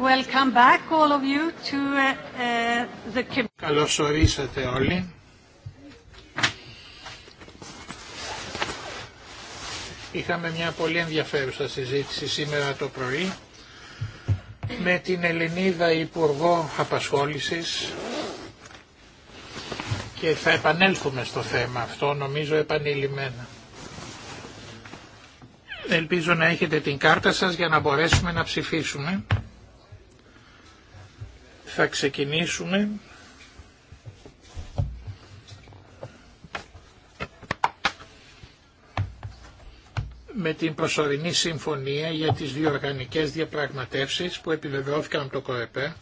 Welcome uh, uh, Καλώς ορίσατε όλοι. Είχαμε μια πολύ ενδιαφέρουσα συζήτηση σήμερα το πρωί με την Ελληνίδα Υπουργό Απασχόλησης και θα επανέλθουμε στο θέμα αυτό νομίζω επανειλημμένα. Ελπίζω να έχετε την κάρτα σας για να μπορέσουμε να ψηφίσουμε. Θα ξεκινήσουμε με την προσωρινή συμφωνία για τις οργανικές διαπραγματεύσεις που επιβεβαιώθηκαν από το ΚΟΕΠΕ.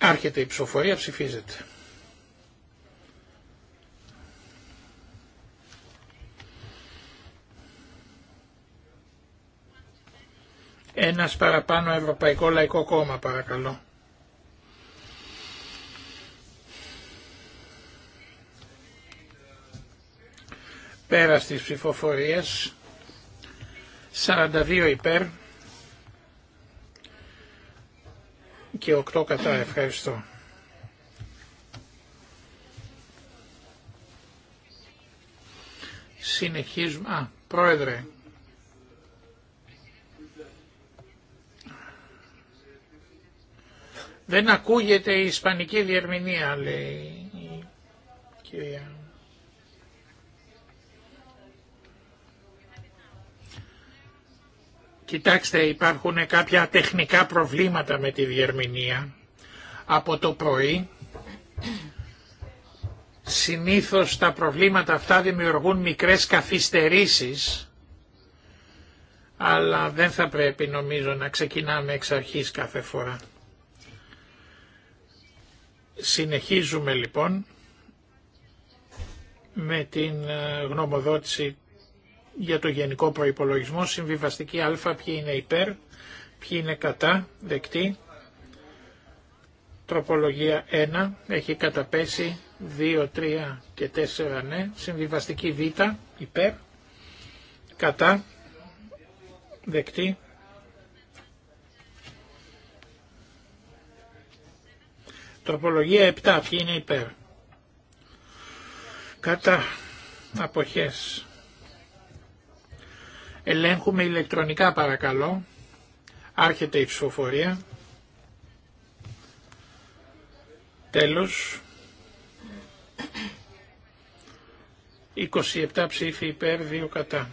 Άρχεται η ψηφοφορία, ψηφίζεται. Ένας παραπάνω Ευρωπαϊκό Λαϊκό Κόμμα παρακαλώ. Πέρα στις ψηφοφορίες 42 υπέρ και 8 κατά. Ευχαριστώ. Συνεχίζουμε. Α, πρόεδρε, Δεν ακούγεται η ισπανική διερμηνία, λέει η κυρία. Κοιτάξτε, υπάρχουν κάποια τεχνικά προβλήματα με τη διερμηνία. Από το πρωί συνήθως τα προβλήματα αυτά δημιουργούν μικρές καθυστερήσεις, αλλά δεν θα πρέπει νομίζω να ξεκινάμε εξ αρχής κάθε φορά. Συνεχίζουμε λοιπόν με την ε, γνωμοδότηση για το γενικό προϋπολογισμό, συμβιβαστική α, ποιοι είναι υπέρ, ποιοι είναι κατά, δεκτή. Τροπολογία 1, έχει καταπέσει 2, 3 και 4 ναι. Συμβιβαστική β, υπέρ, κατά, δεκτή. Τροπολογία 7. Ποιοι είναι υπέρ. Κατά αποχές. Ελέγχουμε ηλεκτρονικά παρακαλώ. Άρχεται η ψηφοφορία. Τέλος. 27 ψήφοι υπέρ, 2 κατά.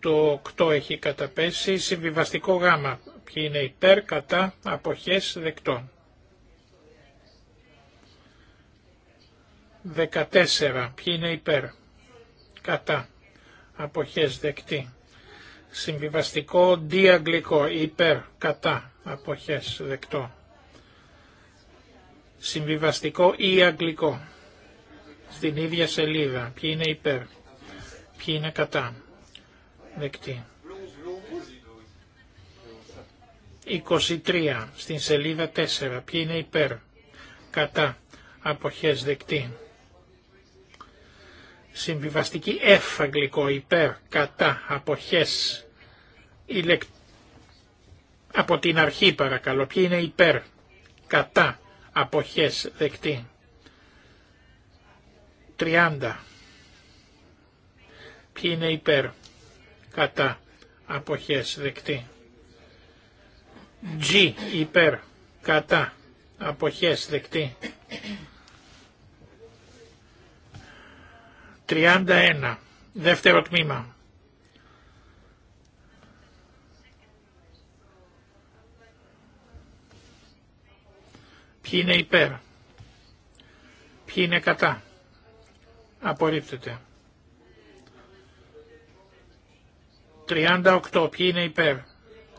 Το 8 έχει καταπέσει. Συμβιβαστικό γάμα. Ποιοι είναι υπέρ, κατά, αποχές, δεκτών. 14. Ποιοι είναι υπέρ, κατά, αποχές, δεκτή. Συμβιβαστικό διαγλικό υπέρ, κατά, αποχές, δεκτό. Συμβιβαστικό ή αγγλικό, στην ίδια σελίδα, ποιοι είναι υπέρ, ποιοι είναι κατά, δεκτή. 23 στην σελίδα 4. Ποιοι είναι υπέρ. Κατά. Αποχές δεκτή. Συμβιβαστική F αγγλικό υπέρ. Κατά. Αποχές. Ηλεκ... Από την αρχή παρακαλώ. Ποιοι είναι υπέρ. Κατά. Αποχές δεκτή. 30. Ποιοι είναι υπέρ. Κατά. Αποχές δεκτή. G υπέρ κατά αποχές δεκτή. 31 δεύτερο τμήμα. Ποιοι είναι υπέρ. Ποιοι είναι κατά. Απορρίπτεται. 38. Ποιοι είναι υπέρ.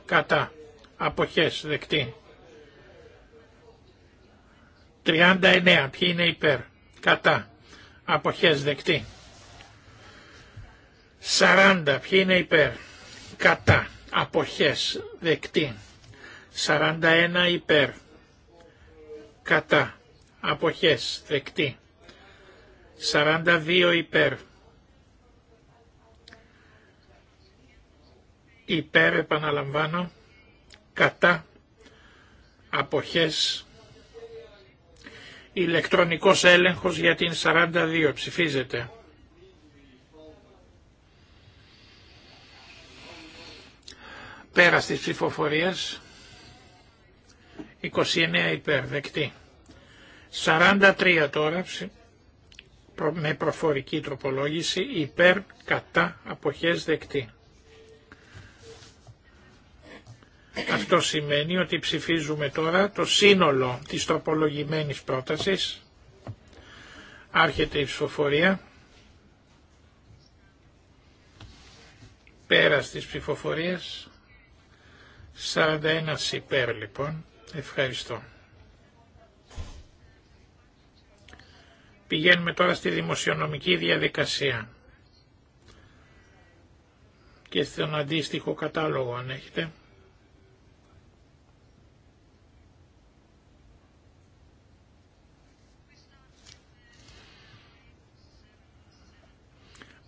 Κατά. Αποχές δεκτή. 39. Ποιοι είναι υπέρ. Κατά. Αποχές δεκτή. 40. Ποιοι είναι υπέρ. Κατά. Αποχές δεκτή. 41 υπέρ. Κατά. Αποχές δεκτή. 42 υπέρ. Υπέρ επαναλαμβάνω κατά αποχές ηλεκτρονικός έλεγχος για την 42 ψηφίζεται. Πέρα της ψηφοφορίας 29 υπέρ δεκτή. 43 τώρα με προφορική τροπολόγηση υπέρ κατά αποχές δεκτή. Αυτό σημαίνει ότι ψηφίζουμε τώρα το σύνολο της τροπολογημένης πρότασης. Άρχεται η ψηφοφορία. Πέρας της ψηφοφορίας. 41 υπέρ λοιπόν. Ευχαριστώ. Πηγαίνουμε τώρα στη δημοσιονομική διαδικασία και στον αντίστοιχο κατάλογο αν έχετε.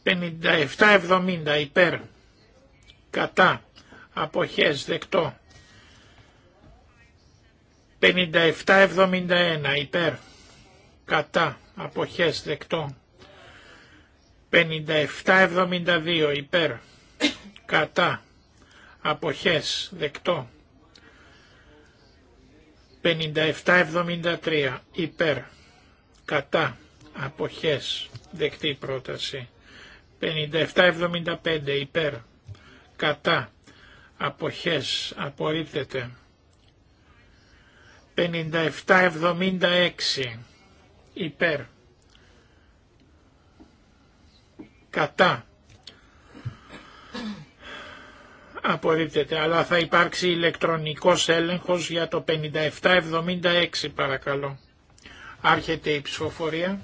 57-70 υπέρ κατά αποχές δεκτό 5771 71 υπέρ κατά αποχές δεκτό 57-72 υπέρ κατά αποχές δεκτό 57-73 υπέρ κατά αποχές δεκτή πρόταση 5775 υπέρ κατά αποχές απορρίπτεται 5776 υπέρ κατά απορρίπτεται αλλά θα υπάρξει ηλεκτρονικός έλεγχος για το 5776 παρακαλώ άρχεται η ψηφοφορία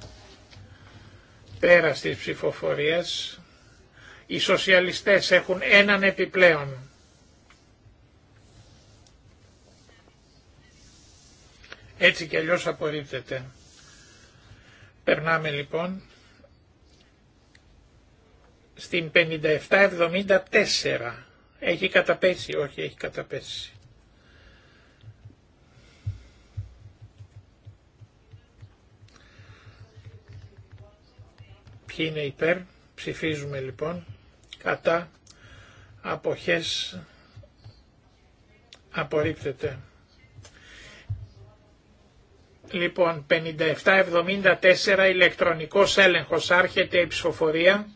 Πέρα της ψηφοφορίας, οι σοσιαλιστές έχουν έναν επιπλέον. Έτσι κι αλλιώς απορρίπτεται. Περνάμε λοιπόν στην 5774. Έχει καταπέσει, όχι έχει καταπέσει. Ποιοι είναι υπέρ, ψηφίζουμε λοιπόν, κατά, αποχές, απορρίπτεται. Λοιπόν, 5774 ηλεκτρονικός έλεγχος άρχεται η ψηφοφορία,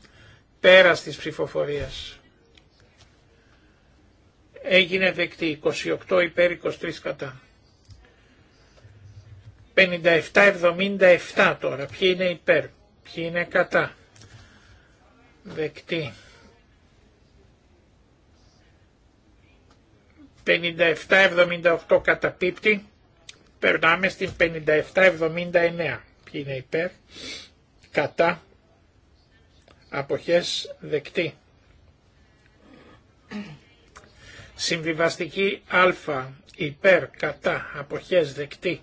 πέρας της ψηφοφορίας. Έγινε δεκτή, 28 υπέρ, 23 κατά. 5777 τώρα, ποιοι είναι υπέρ Ποιοι είναι κατά. Δεκτή. 57-78 καταπίπτει. Περνάμε στην 57-79. Ποιοι είναι υπέρ. Κατά. Αποχές δεκτή. Συμβιβαστική α υπέρ κατά αποχές δεκτή.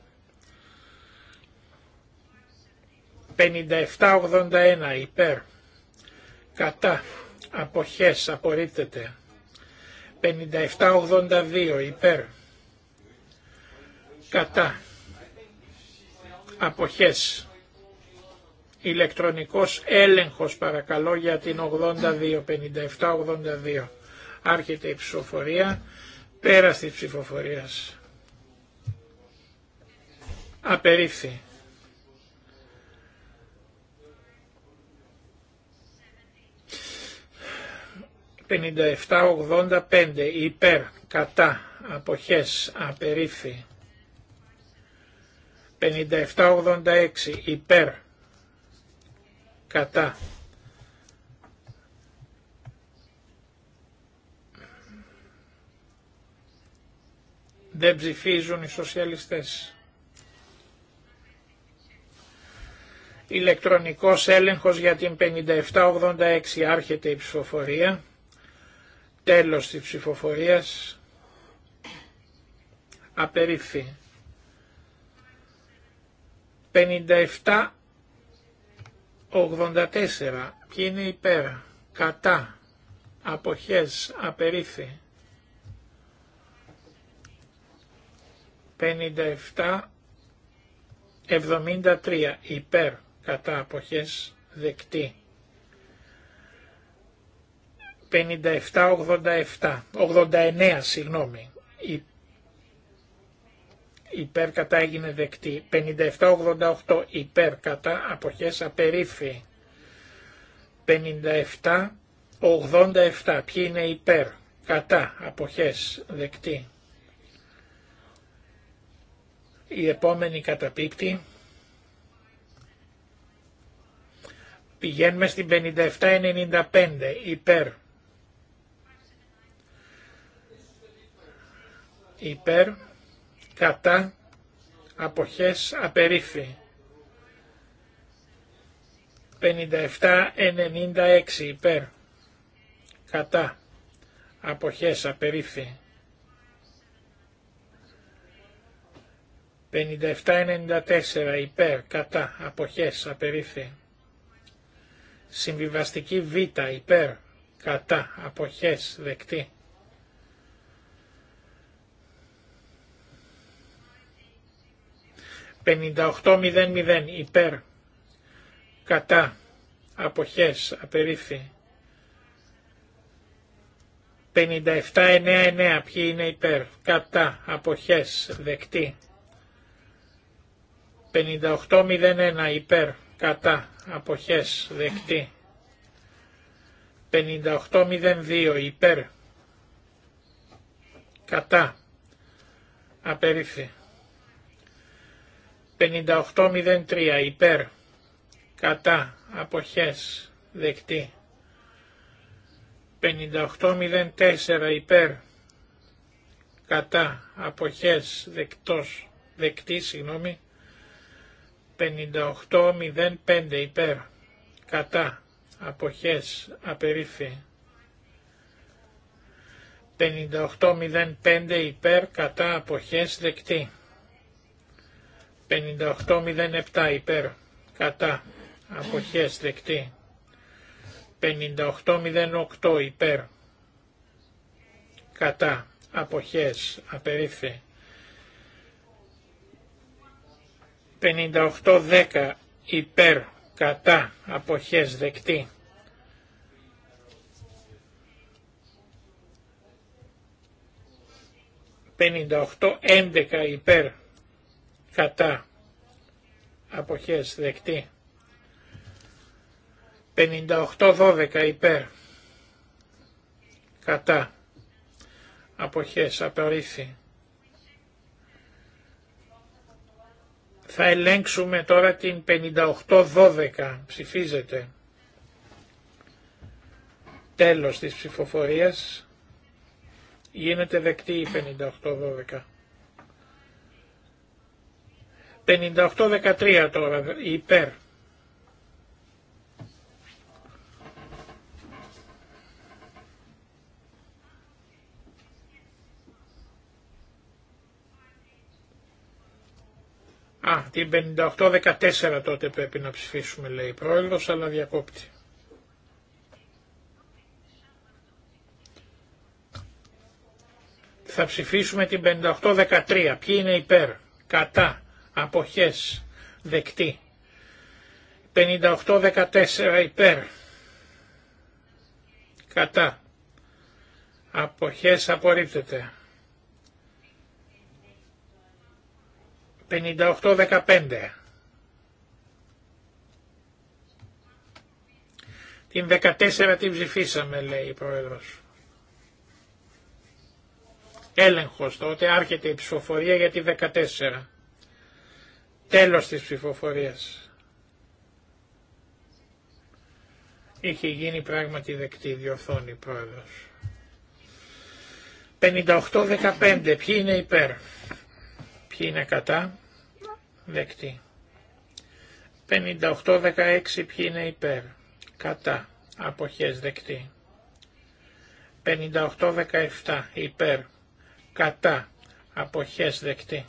5781 υπέρ κατά αποχές απορρίπτεται 5782 υπέρ κατά αποχές ηλεκτρονικός έλεγχος παρακαλώ για την 82 5782 άρχεται η ψηφοφορία πέραστη ψηφοφορίας απερίφθη 5785 υπέρ κατά αποχές απερίφη 5786 υπέρ κατά δεν ψηφίζουν οι σοσιαλιστές. Ηλεκτρονικός έλεγχος για την 5786 άρχεται η ψηφοφορία. Τέλος της ψηφοφορίας. Απερίφθη. 57-84. Ποιοι είναι υπέρ. Κατά. Αποχές. Απερίφθη. 57-73. Υπέρ. Κατά. Αποχές. Δεκτή. 57-87, 89 συγγνώμη, κατά έγινε δεκτή, 88 υπερκατά υπέρ κατά αποχές απερίφη, 57-87 ποιοι είναι υπέρ κατά αποχές δεκτή. Η επόμενη καταπίπτη Πηγαίνουμε στην 57-95 υπέρ υπέρ, κατά, αποχές, απερίφη. 57-96 υπέρ, κατά, αποχές, απερίφη. 57-94 υπέρ, κατά, αποχές, Απερίφη. Συμβιβαστική β, υπέρ, κατά, αποχές, δεκτή. 58.00 υπέρ κατά αποχές απερίφθη 57.99 ποιοι είναι υπέρ κατά αποχές δεκτή 58.01 υπέρ κατά αποχές δεκτή 58.02 υπέρ κατά απερίφθη 5803 υπέρ, κατά, αποχές, δεκτή. 5804 υπέρ, κατά, αποχές, δεκτός, δεκτή, συγγνώμη. 5805 υπέρ, κατά, αποχές, απερίφη. 5805 υπέρ, κατά, αποχές, δεκτή. 5807 υπέρ κατά αποχές δεκτή. 5808 υπέρ κατά αποχές απερίφη. 5810 υπέρ κατά αποχές δεκτή. 5811 υπέρ κατά αποχές δεκτή 58-12 υπέρ κατά αποχές απορρίφθη θα ελέγξουμε τώρα την 58-12 ψηφίζεται τέλος της ψηφοφορίας γίνεται δεκτή η 58-12 58-13 τώρα, υπέρ. Α, την 58-14 τότε πρέπει να ψηφίσουμε λέει η πρόεδρος, αλλά διακόπτει. Θα ψηφίσουμε την 58-13. Ποιοι είναι υπέρ, κατά, αποχές δεκτή. 58-14 υπέρ κατά αποχές απορρίπτεται. 58-15 Την 14 την ψηφίσαμε λέει η Πρόεδρος. Έλεγχος τότε άρχεται η ψηφοφορία για τη 14. Τέλος της ψηφοφορίας. Είχε γίνει πράγματι δεκτή διορθώνει πρόεδρος. 58-15. Ποιοι είναι υπέρ. Ποιοι είναι κατά. Δεκτή. 58-16. Ποιοι είναι υπέρ. Κατά. Αποχές δεκτή. 58-17. Υπέρ. Κατά. Αποχές δεκτή.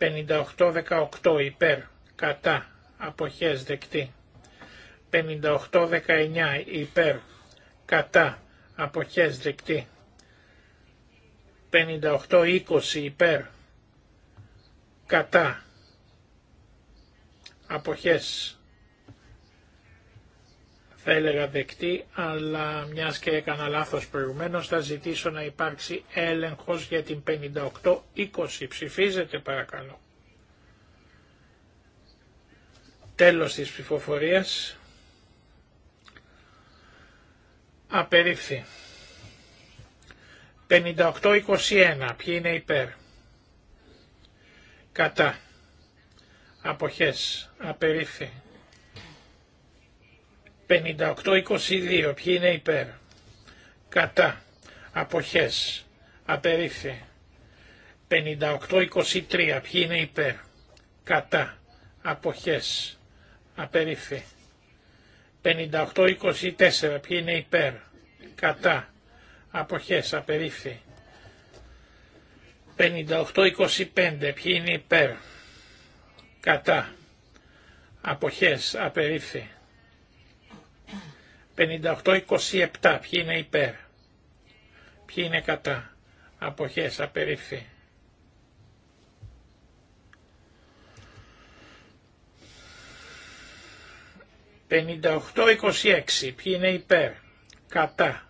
58-18 υπέρ, κατά, αποχές δεκτή. 58-19 υπέρ, κατά, αποχές δεκτή. 58-20 υπέρ, κατά, αποχές θα έλεγα δεκτή, αλλά μιας και έκανα λάθος προηγουμένως θα ζητήσω να υπάρξει έλεγχος για την 58-20. Ψηφίζετε παρακαλώ. Τέλος της ψηφοφορίας. Απερίφθη. 58-21. Ποιοι είναι υπέρ. Κατά. Αποχές. Απερίφθη. 58-22 ποιοι είναι υπέρ. Κατά. Αποχές. Απερίφθη. 58-23 ποιοι είναι υπέρ. Κατά. Αποχές. Απερίφθη. 58-24 ποιοι είναι υπέρ. Κατά. Αποχές. Απερίφθη. 58-25 ποιοι είναι υπέρ. Κατά. Αποχές. Απερίφθη. 58-27 ποιοι είναι υπέρ, ποιοι είναι κατά, αποχές απεριφθεί. ποιοι είναι υπέρ, κατά,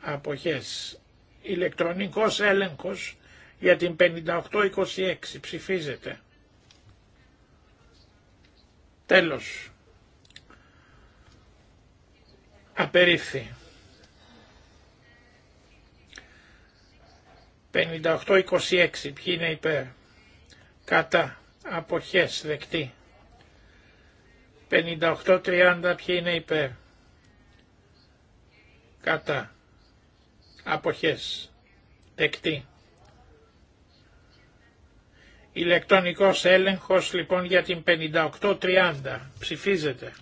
αποχές, ηλεκτρονικός έλεγχος για την 58-26 ψηφίζεται. Τέλος. Απερίφθη. 58-26. Ποιοι είναι υπέρ. Κατά. Αποχές. Δεκτή. 58-30. Ποιοι είναι υπέρ. Κατά. Αποχές. Δεκτή. Ηλεκτρονικός έλεγχος λοιπόν για την 58.30 30 Ψηφίζεται.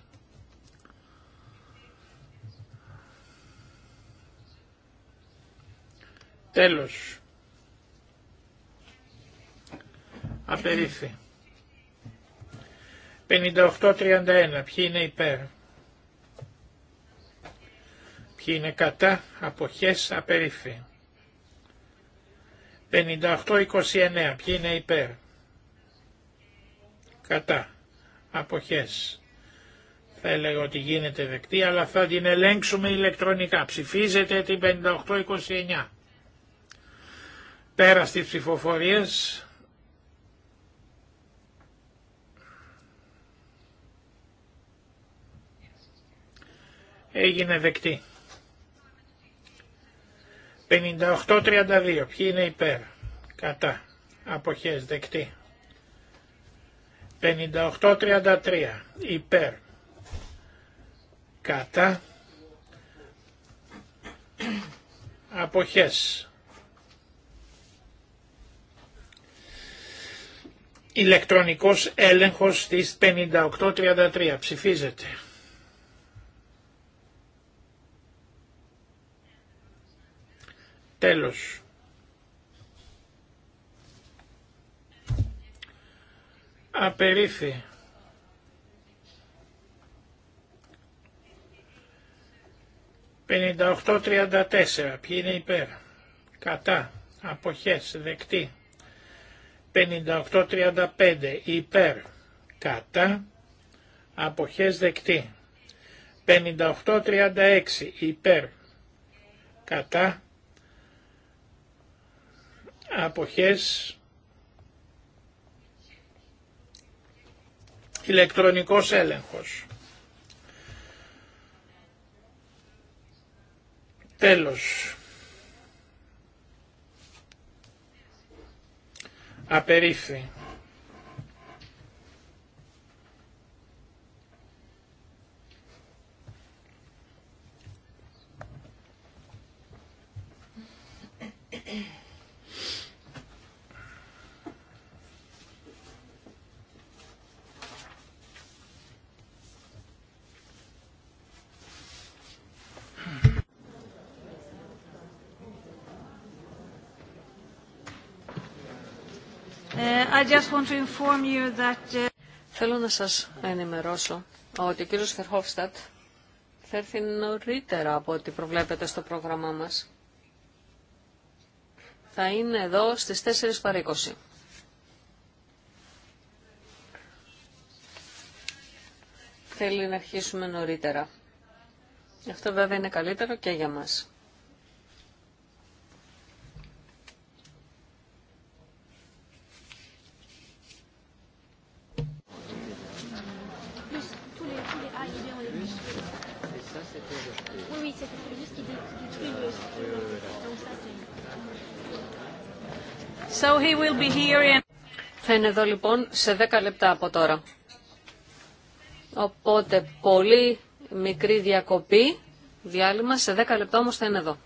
Τέλος. Απερίφθη. 58-31. Ποιοι είναι υπέρ. Ποιοι είναι κατά. Αποχές. Απερίφθη. 58-29. Ποιοι είναι υπέρ. Κατά. Αποχές. Θα έλεγα ότι γίνεται δεκτή, αλλά θα την ελέγξουμε ηλεκτρονικά. Ψηφίζεται την 58-29. Πέρα τη ψηφοφορία. Έγινε δεκτή. 58-32. Ποιοι είναι υπέρ. Κατά. Αποχές δεκτή. 58-33. Υπέρ. Κατά. Αποχές. ηλεκτρονικός έλεγχος της 5833. Ψηφίζεται. Τέλος. Απερίφη. 5834. οκτώ τριάντα τέσσερα. Ποιοι είναι υπέρ. Κατά. Αποχές. Δεκτή. 58-35 υπέρ κατά αποχές δεκτή. 58-36 υπέρ κατά αποχές ηλεκτρονικός έλεγχος. Τέλος. Απερίφθη. Ε, ε, Θέλω να σας ενημερώσω ότι ο κύριος Φερχόφστατ θα έρθει νωρίτερα από ό,τι προβλέπετε στο πρόγραμμά μας. Θα είναι εδώ στις 4 παρα 20. Θέλει να αρχίσουμε νωρίτερα. Αυτό βέβαια είναι καλύτερο και για μας. Θα είναι εδώ λοιπόν σε 10 λεπτά από τώρα. Οπότε πολύ μικρή διακοπή, διάλειμμα, σε 10 λεπτά όμως θα είναι εδώ.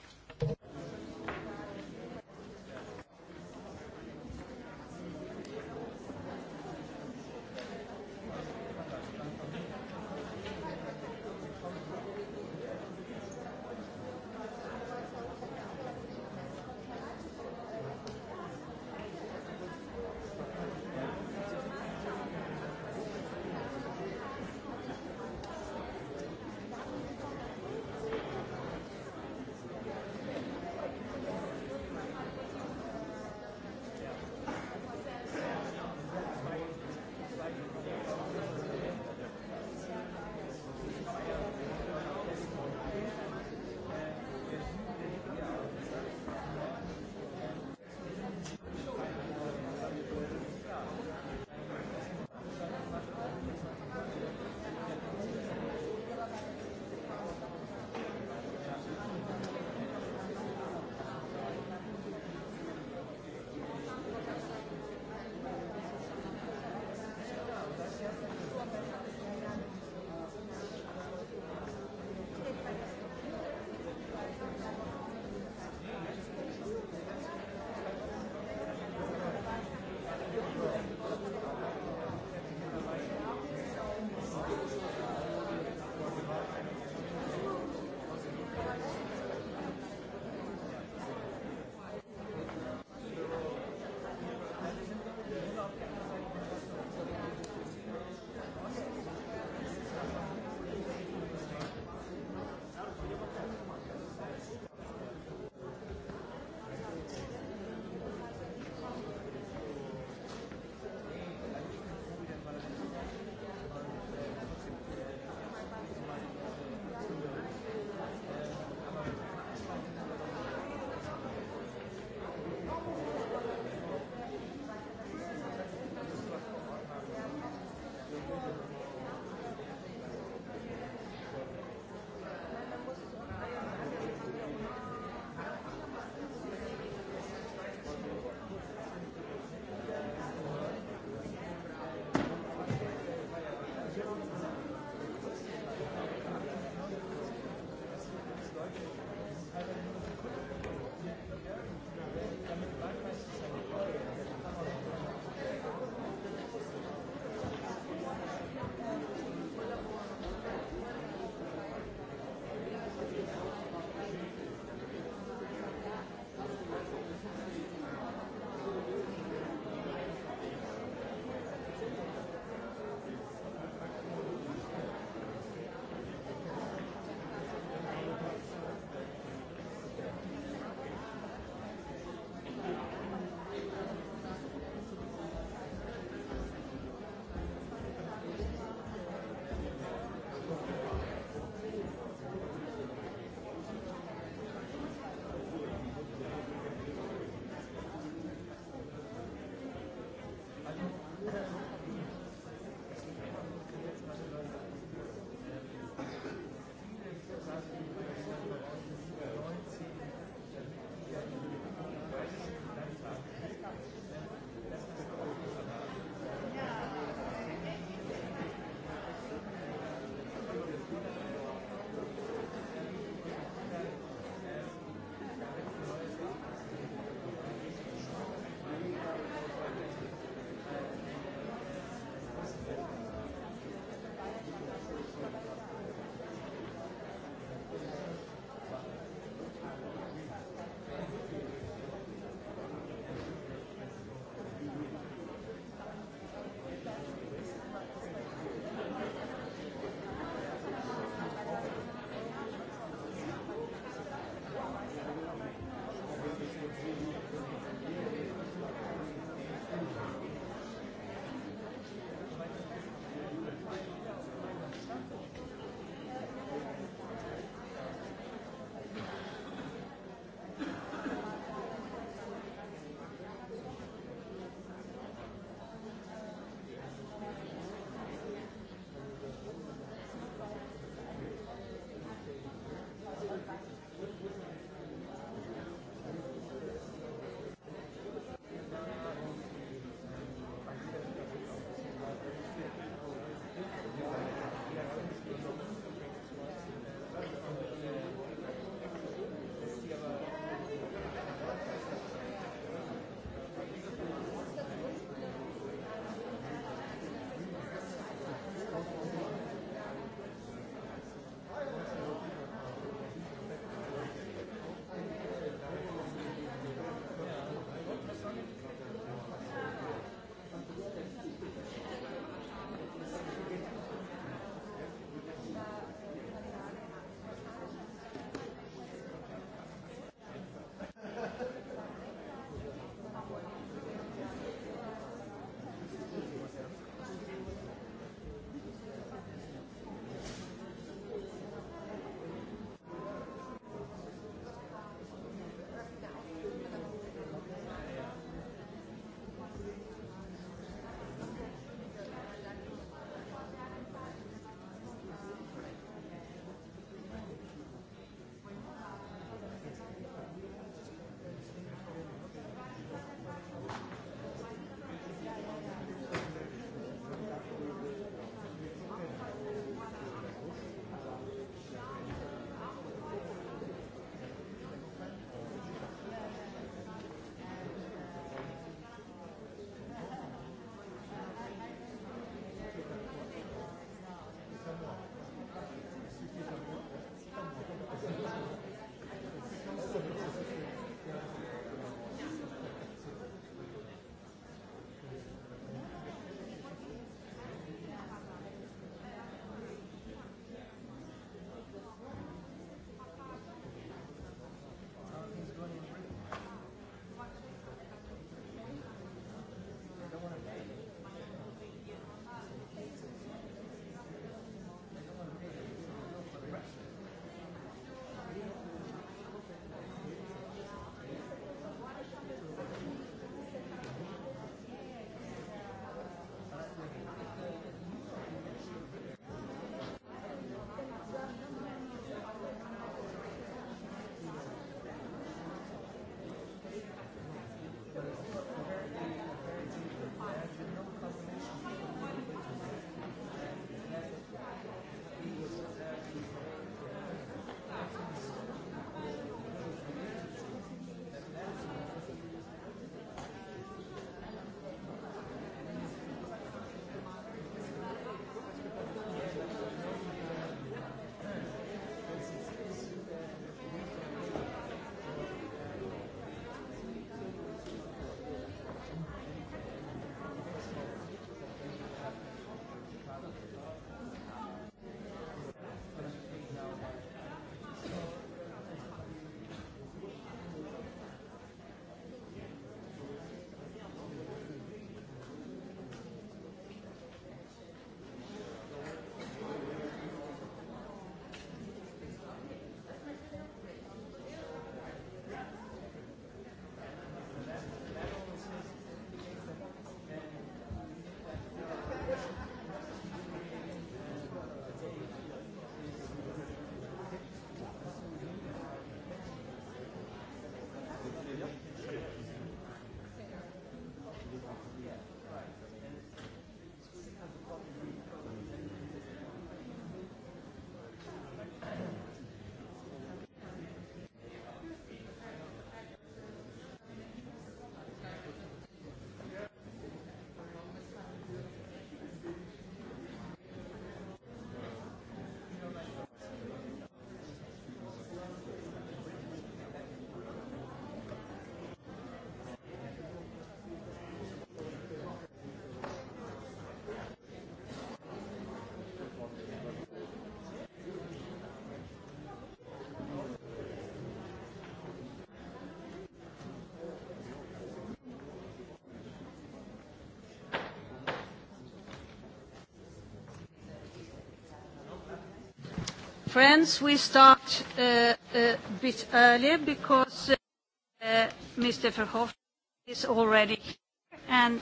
Friends, we start a uh, uh, bit earlier because uh, Mr. Verhofstadt is already here, and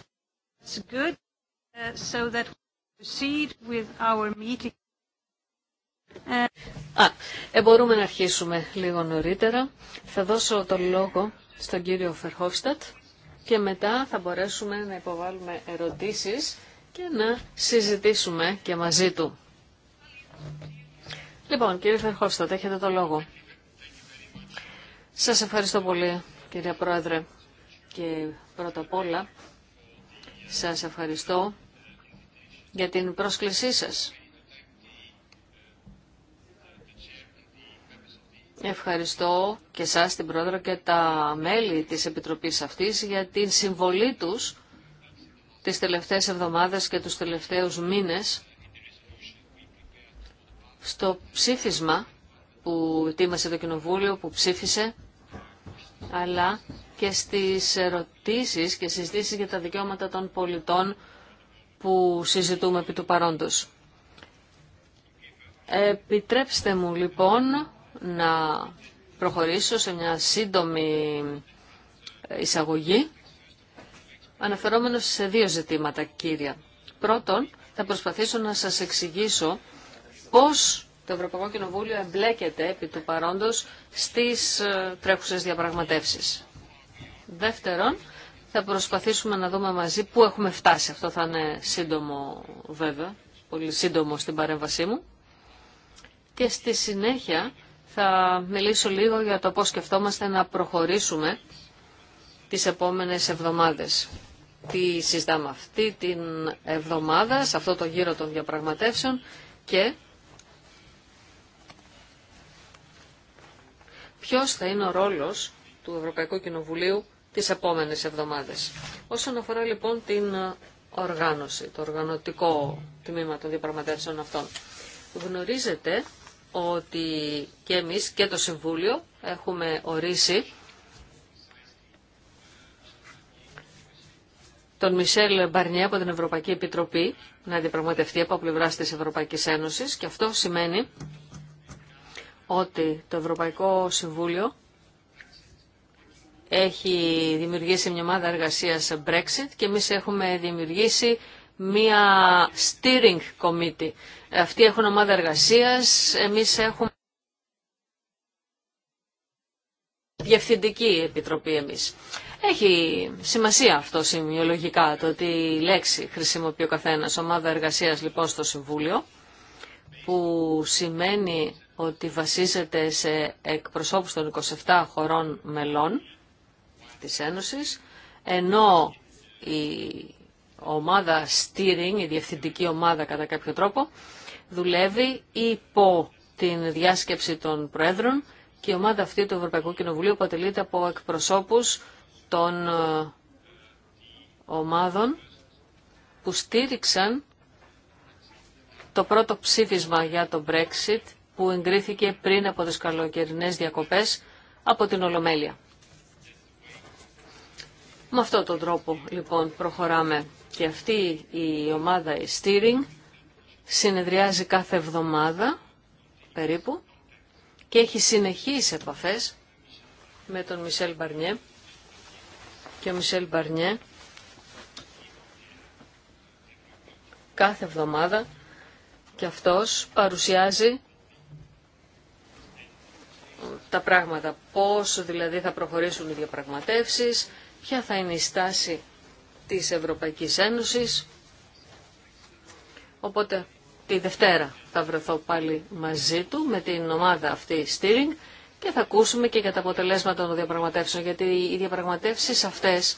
it's good so that we proceed with our meeting. Α, ε, μπορούμε να αρχίσουμε λίγο νωρίτερα. Θα δώσω το λόγο στον κύριο Φερχόφστατ και μετά θα μπορέσουμε να υποβάλουμε ερωτήσεις και να συζητήσουμε και μαζί του. Λοιπόν, κύριε Φερχόφστατ, έχετε το λόγο. Σας ευχαριστώ πολύ, κύριε Πρόεδρε. Και πρώτα απ' όλα, σας ευχαριστώ για την πρόσκλησή σας. Ευχαριστώ και σας την Πρόεδρο και τα μέλη της Επιτροπής αυτής για την συμβολή τους τις τελευταίες εβδομάδες και τους τελευταίους μήνες στο ψήφισμα που ετοίμασε το Κοινοβούλιο, που ψήφισε, αλλά και στις ερωτήσεις και συζητήσεις για τα δικαιώματα των πολιτών που συζητούμε επί του παρόντος. Επιτρέψτε μου λοιπόν να προχωρήσω σε μια σύντομη εισαγωγή αναφερόμενος σε δύο ζητήματα κύρια. Πρώτον, θα προσπαθήσω να σας εξηγήσω πώς το Ευρωπαϊκό Κοινοβούλιο εμπλέκεται επί του παρόντος στις ε, τρέχουσες διαπραγματεύσεις. Δεύτερον, θα προσπαθήσουμε να δούμε μαζί πού έχουμε φτάσει. Αυτό θα είναι σύντομο βέβαια, πολύ σύντομο στην παρέμβασή μου. Και στη συνέχεια θα μιλήσω λίγο για το πώς σκεφτόμαστε να προχωρήσουμε τις επόμενες εβδομάδες. Τι συζητάμε αυτή την εβδομάδα, σε αυτό το γύρο των διαπραγματεύσεων και ποιος θα είναι ο ρόλος του Ευρωπαϊκού Κοινοβουλίου τις επόμενες εβδομάδες. Όσον αφορά λοιπόν την ε, οργάνωση, το οργανωτικό τμήμα των διαπραγματεύσεων αυτών. Γνωρίζετε ότι και εμείς και το Συμβούλιο έχουμε ορίσει τον Μισελ Μπαρνιέ από την Ευρωπαϊκή Επιτροπή να διαπραγματευτεί από πλευρά τη Ευρωπαϊκή Ένωση και αυτό σημαίνει ότι το Ευρωπαϊκό Συμβούλιο έχει δημιουργήσει μια ομάδα εργασίας Brexit και εμείς έχουμε δημιουργήσει μια steering committee. Αυτοί έχουν ομάδα εργασίας, εμείς έχουμε διευθυντική επιτροπή εμείς. Έχει σημασία αυτό σημειολογικά το ότι η λέξη χρησιμοποιεί ο καθένας ομάδα εργασίας λοιπόν στο Συμβούλιο που σημαίνει ότι βασίζεται σε εκπροσώπους των 27 χωρών μελών της Ένωσης, ενώ η ομάδα steering, η διευθυντική ομάδα κατά κάποιο τρόπο, δουλεύει υπό την διάσκεψη των Προέδρων και η ομάδα αυτή του Ευρωπαϊκού Κοινοβουλίου αποτελείται από εκπροσώπους των ε, ομάδων που στήριξαν το πρώτο ψήφισμα για το Brexit που εγκρίθηκε πριν από τις καλοκαιρινές διακοπές από την Ολομέλεια. Με αυτόν τον τρόπο λοιπόν προχωράμε και αυτή η ομάδα η steering συνεδριάζει κάθε εβδομάδα περίπου και έχει συνεχείς επαφές με τον Μισελ Μπαρνιέ και ο Μισελ Μπαρνιέ κάθε εβδομάδα και αυτός παρουσιάζει τα πράγματα. Πώς δηλαδή θα προχωρήσουν οι διαπραγματεύσεις, ποια θα είναι η στάση της Ευρωπαϊκής Ένωσης. Οπότε τη Δευτέρα θα βρεθώ πάλι μαζί του με την ομάδα αυτή steering και θα ακούσουμε και για τα αποτελέσματα των διαπραγματεύσεων γιατί οι διαπραγματεύσεις αυτές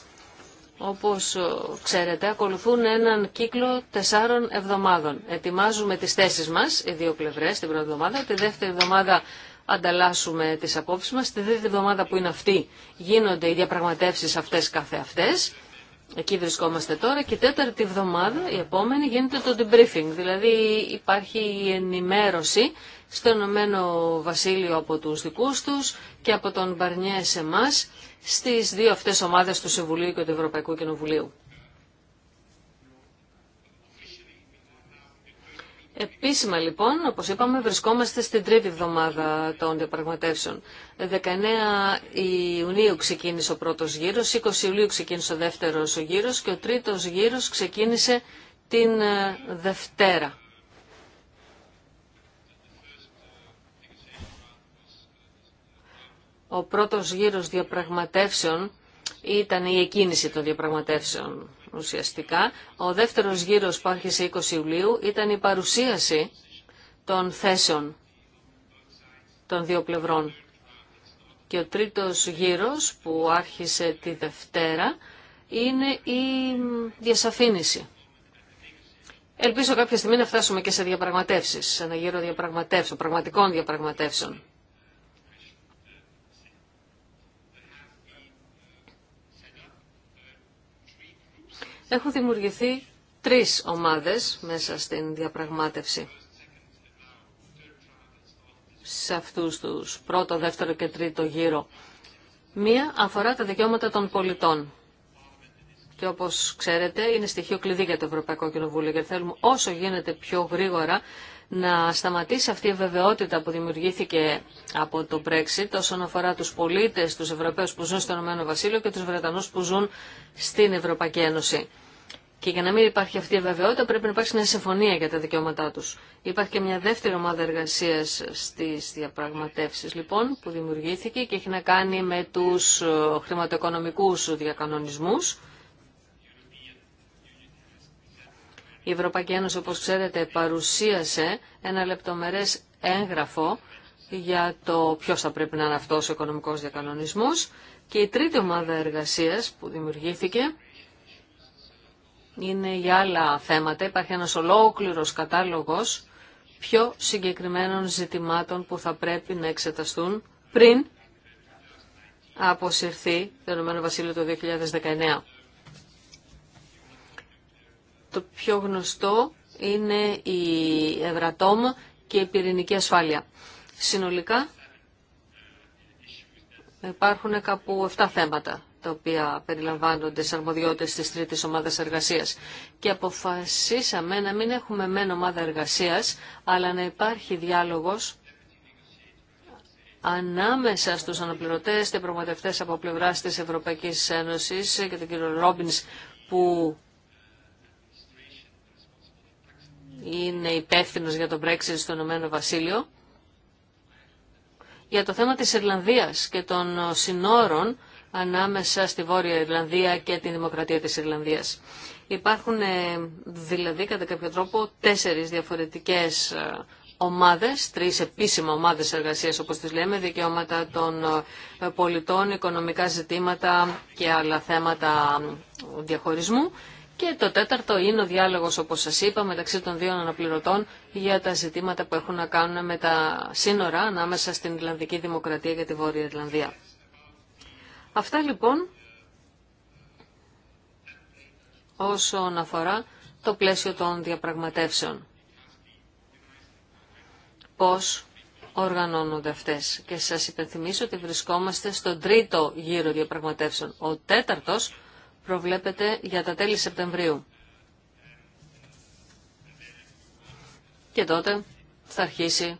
όπως ε, ξέρετε ακολουθούν έναν κύκλο τεσσάρων εβδομάδων. Ετοιμάζουμε τις θέσεις μας, οι δύο πλευρές την πρώτη εβδομάδα, τη δεύτερη εβδομάδα ανταλλάσσουμε τι απόψει μα. στη δεύτερη εβδομάδα που είναι αυτή γίνονται οι διαπραγματεύσει αυτές κάθε αυτές. Εκεί βρισκόμαστε τώρα και τέταρτη εβδομάδα, η επόμενη, γίνεται το debriefing. Δηλαδή υπάρχει η ενημέρωση στο Ενωμένο Βασίλειο από τους δικούς τους και από τον Μπαρνιέ σε εμά στις δύο αυτές ομάδες του Συμβουλίου και του Ευρωπαϊκού Κοινοβουλίου. Επίσημα λοιπόν, όπως είπαμε, βρισκόμαστε στην τρίτη εβδομάδα των διαπραγματεύσεων. 19 Ιουνίου ξεκίνησε ο πρώτος γύρος, 20 Ιουλίου ξεκίνησε ο δεύτερος γύρος και ο τρίτος γύρος ξεκίνησε την ε, Δευτέρα. Ο πρώτος γύρος διαπραγματεύσεων ήταν η εκκίνηση των διαπραγματεύσεων ουσιαστικά. Ο δεύτερος γύρος που άρχισε 20 Ιουλίου ήταν η παρουσίαση των θέσεων των δύο πλευρών. Και ο τρίτος γύρος που άρχισε τη Δευτέρα είναι η διασαφήνιση. Ελπίζω κάποια στιγμή να φτάσουμε και σε διαπραγματεύσεις, σε ένα γύρο διαπραγματεύσεων, πραγματικών διαπραγματεύσεων. Έχουν δημιουργηθεί τρεις ομάδες μέσα στην διαπραγμάτευση. Σε αυτούς τους πρώτο, δεύτερο και τρίτο γύρο. Μία αφορά τα δικαιώματα των πολιτών. Και όπως ξέρετε είναι στοιχείο κλειδί για το Ευρωπαϊκό Κοινοβούλιο και θέλουμε όσο γίνεται πιο γρήγορα να σταματήσει αυτή η βεβαιότητα που δημιουργήθηκε από το Brexit όσον αφορά τους πολίτες, τους Ευρωπαίους που ζουν στον Ηνωμένο Βασίλειο και τους Βρετανούς που ζουν στην Ευρωπαϊκή Ένωση. Και για να μην υπάρχει αυτή η βεβαιότητα πρέπει να υπάρξει μια συμφωνία για τα δικαιώματά τους. Υπάρχει και μια δεύτερη ομάδα εργασίας στις διαπραγματεύσεις λοιπόν που δημιουργήθηκε και έχει να κάνει με τους ε, χρηματοοικονομικούς διακανονισμούς Η Ευρωπαϊκή Ένωση, όπως ξέρετε, παρουσίασε ένα λεπτομερές έγγραφο για το ποιος θα πρέπει να είναι αυτός ο οικονομικός διακανονισμός. Και η τρίτη ομάδα εργασίας που δημιουργήθηκε είναι για άλλα θέματα. Υπάρχει ένας ολόκληρος κατάλογος πιο συγκεκριμένων ζητημάτων που θα πρέπει να εξεταστούν πριν αποσυρθεί το ΕΒ το 2019. Το πιο γνωστό είναι η Ευρατόμ και η πυρηνική ασφάλεια. Συνολικά υπάρχουν κάπου 7 θέματα τα οποία περιλαμβάνονται σε αρμοδιότητες της τρίτης ομάδας εργασίας. Και αποφασίσαμε να μην έχουμε μεν ομάδα εργασίας, αλλά να υπάρχει διάλογος ανάμεσα στους αναπληρωτές και από πλευράς της Ευρωπαϊκής Ένωσης και τον κύριο Ρόμπινς που είναι υπεύθυνο για τον Brexit στον Ηνωμένο Βασίλειο. Για το θέμα της Ιρλανδίας και των συνόρων ανάμεσα στη Βόρεια Ιρλανδία και τη Δημοκρατία της Ιρλανδίας. Υπάρχουν ε, δηλαδή κατά κάποιο τρόπο τέσσερις διαφορετικές ε, ομάδες, τρεις επίσημα ομάδες εργασίας όπως τις λέμε, δικαιώματα των ε, πολιτών, οικονομικά ζητήματα και άλλα θέματα διαχωρισμού και το τέταρτο είναι ο διάλογος, όπως σας είπα, μεταξύ των δύο αναπληρωτών για τα ζητήματα που έχουν να κάνουν με τα σύνορα ανάμεσα στην Ιρλανδική Δημοκρατία και τη Βόρεια Ιρλανδία. Αυτά λοιπόν όσον αφορά το πλαίσιο των διαπραγματεύσεων. Πώς οργανώνονται αυτές. Και σας υπενθυμίσω ότι βρισκόμαστε στον τρίτο γύρο διαπραγματεύσεων. Ο τέταρτος προβλέπεται για τα τέλη Σεπτεμβρίου. Και τότε θα αρχίσει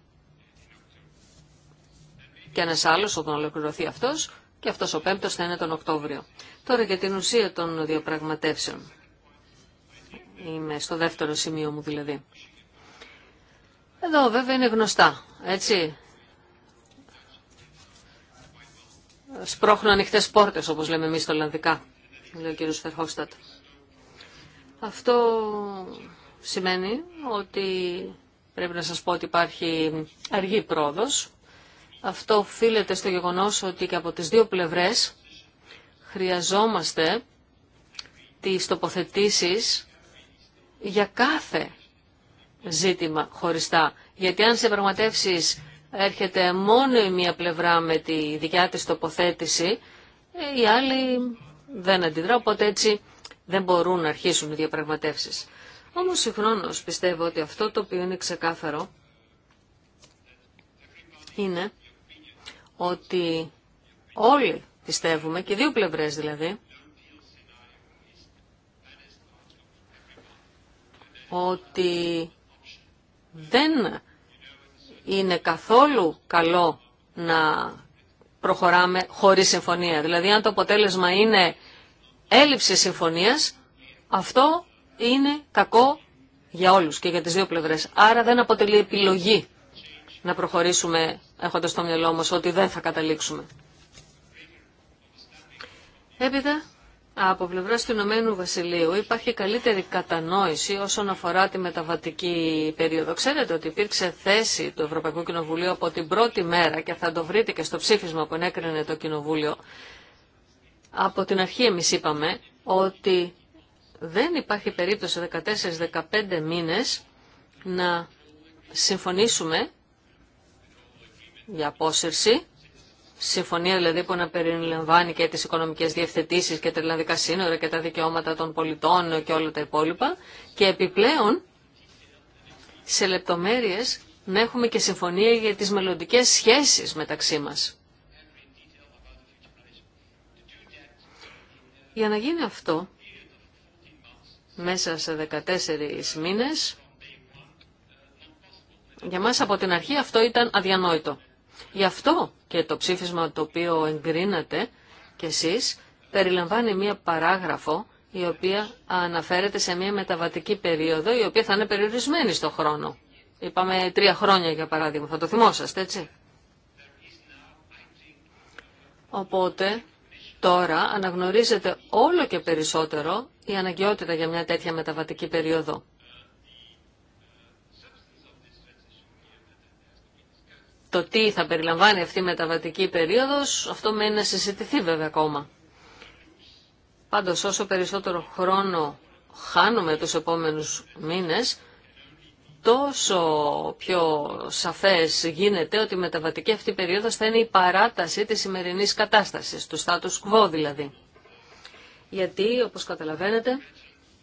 και ένα άλλο όταν ολοκληρωθεί αυτός και αυτός ο πέμπτος θα είναι τον Οκτώβριο. Τώρα για την ουσία των διαπραγματεύσεων. Είμαι στο δεύτερο σημείο μου δηλαδή. Εδώ βέβαια είναι γνωστά, έτσι. Σπρώχνουν ανοιχτέ πόρτες όπως λέμε εμείς στο Ολλανδικά λέει ο κύριος Φερχόστατ. Αυτό σημαίνει ότι πρέπει να σας πω ότι υπάρχει αργή πρόοδος. Αυτό οφείλεται στο γεγονός ότι και από τις δύο πλευρές χρειαζόμαστε τις τοποθετήσεις για κάθε ζήτημα χωριστά. Γιατί αν σε πραγματεύσεις έρχεται μόνο η μία πλευρά με τη δικιά της τοποθέτηση, η ε, άλλη δεν αντιδρά, οπότε έτσι δεν μπορούν να αρχίσουν οι διαπραγματεύσεις. Όμως συγχρόνω πιστεύω ότι αυτό το οποίο είναι ξεκάθαρο είναι ότι όλοι πιστεύουμε, και δύο πλευρές δηλαδή, ότι δεν είναι καθόλου καλό να προχωράμε χωρίς συμφωνία. Δηλαδή αν το αποτέλεσμα είναι έλλειψη συμφωνίας, αυτό είναι κακό για όλους και για τις δύο πλευρές. Άρα δεν αποτελεί επιλογή να προχωρήσουμε έχοντας το μυαλό μας ότι δεν θα καταλήξουμε. Έπειτα, από πλευρά του Ηνωμένου Βασιλείου υπάρχει καλύτερη κατανόηση όσον αφορά τη μεταβατική περίοδο. Ξέρετε ότι υπήρξε θέση του Ευρωπαϊκού Κοινοβουλίου από την πρώτη μέρα και θα το βρείτε και στο ψήφισμα που ενέκρινε το Κοινοβούλιο. Από την αρχή εμείς είπαμε ότι δεν υπάρχει περίπτωση 14-15 μήνες να συμφωνήσουμε για απόσυρση συμφωνία δηλαδή που να περιλαμβάνει και τις οικονομικές διευθετήσεις και τα ελληνικά σύνορα και τα δικαιώματα των πολιτών και όλα τα υπόλοιπα και επιπλέον σε λεπτομέρειες να έχουμε και συμφωνία για τις μελλοντικέ σχέσεις μεταξύ μας. Για να γίνει αυτό, μέσα σε 14 μήνες, για μας από την αρχή αυτό ήταν αδιανόητο. Γι' αυτό και το ψήφισμα το οποίο εγκρίνατε κι εσείς περιλαμβάνει μία παράγραφο η οποία αναφέρεται σε μία μεταβατική περίοδο η οποία θα είναι περιορισμένη στο χρόνο. Είπαμε τρία χρόνια για παράδειγμα, θα το θυμόσαστε έτσι. Οπότε τώρα αναγνωρίζεται όλο και περισσότερο η αναγκαιότητα για μια τέτοια μεταβατική περίοδο. Το τι θα περιλαμβάνει αυτή η μεταβατική περίοδος, αυτό μένει να συζητηθεί βέβαια ακόμα. Πάντως όσο περισσότερο χρόνο χάνουμε τους επόμενους μήνες, τόσο πιο σαφές γίνεται ότι η μεταβατική αυτή περίοδος θα είναι η παράταση της σημερινής κατάστασης, του status quo δηλαδή. Γιατί, όπως καταλαβαίνετε,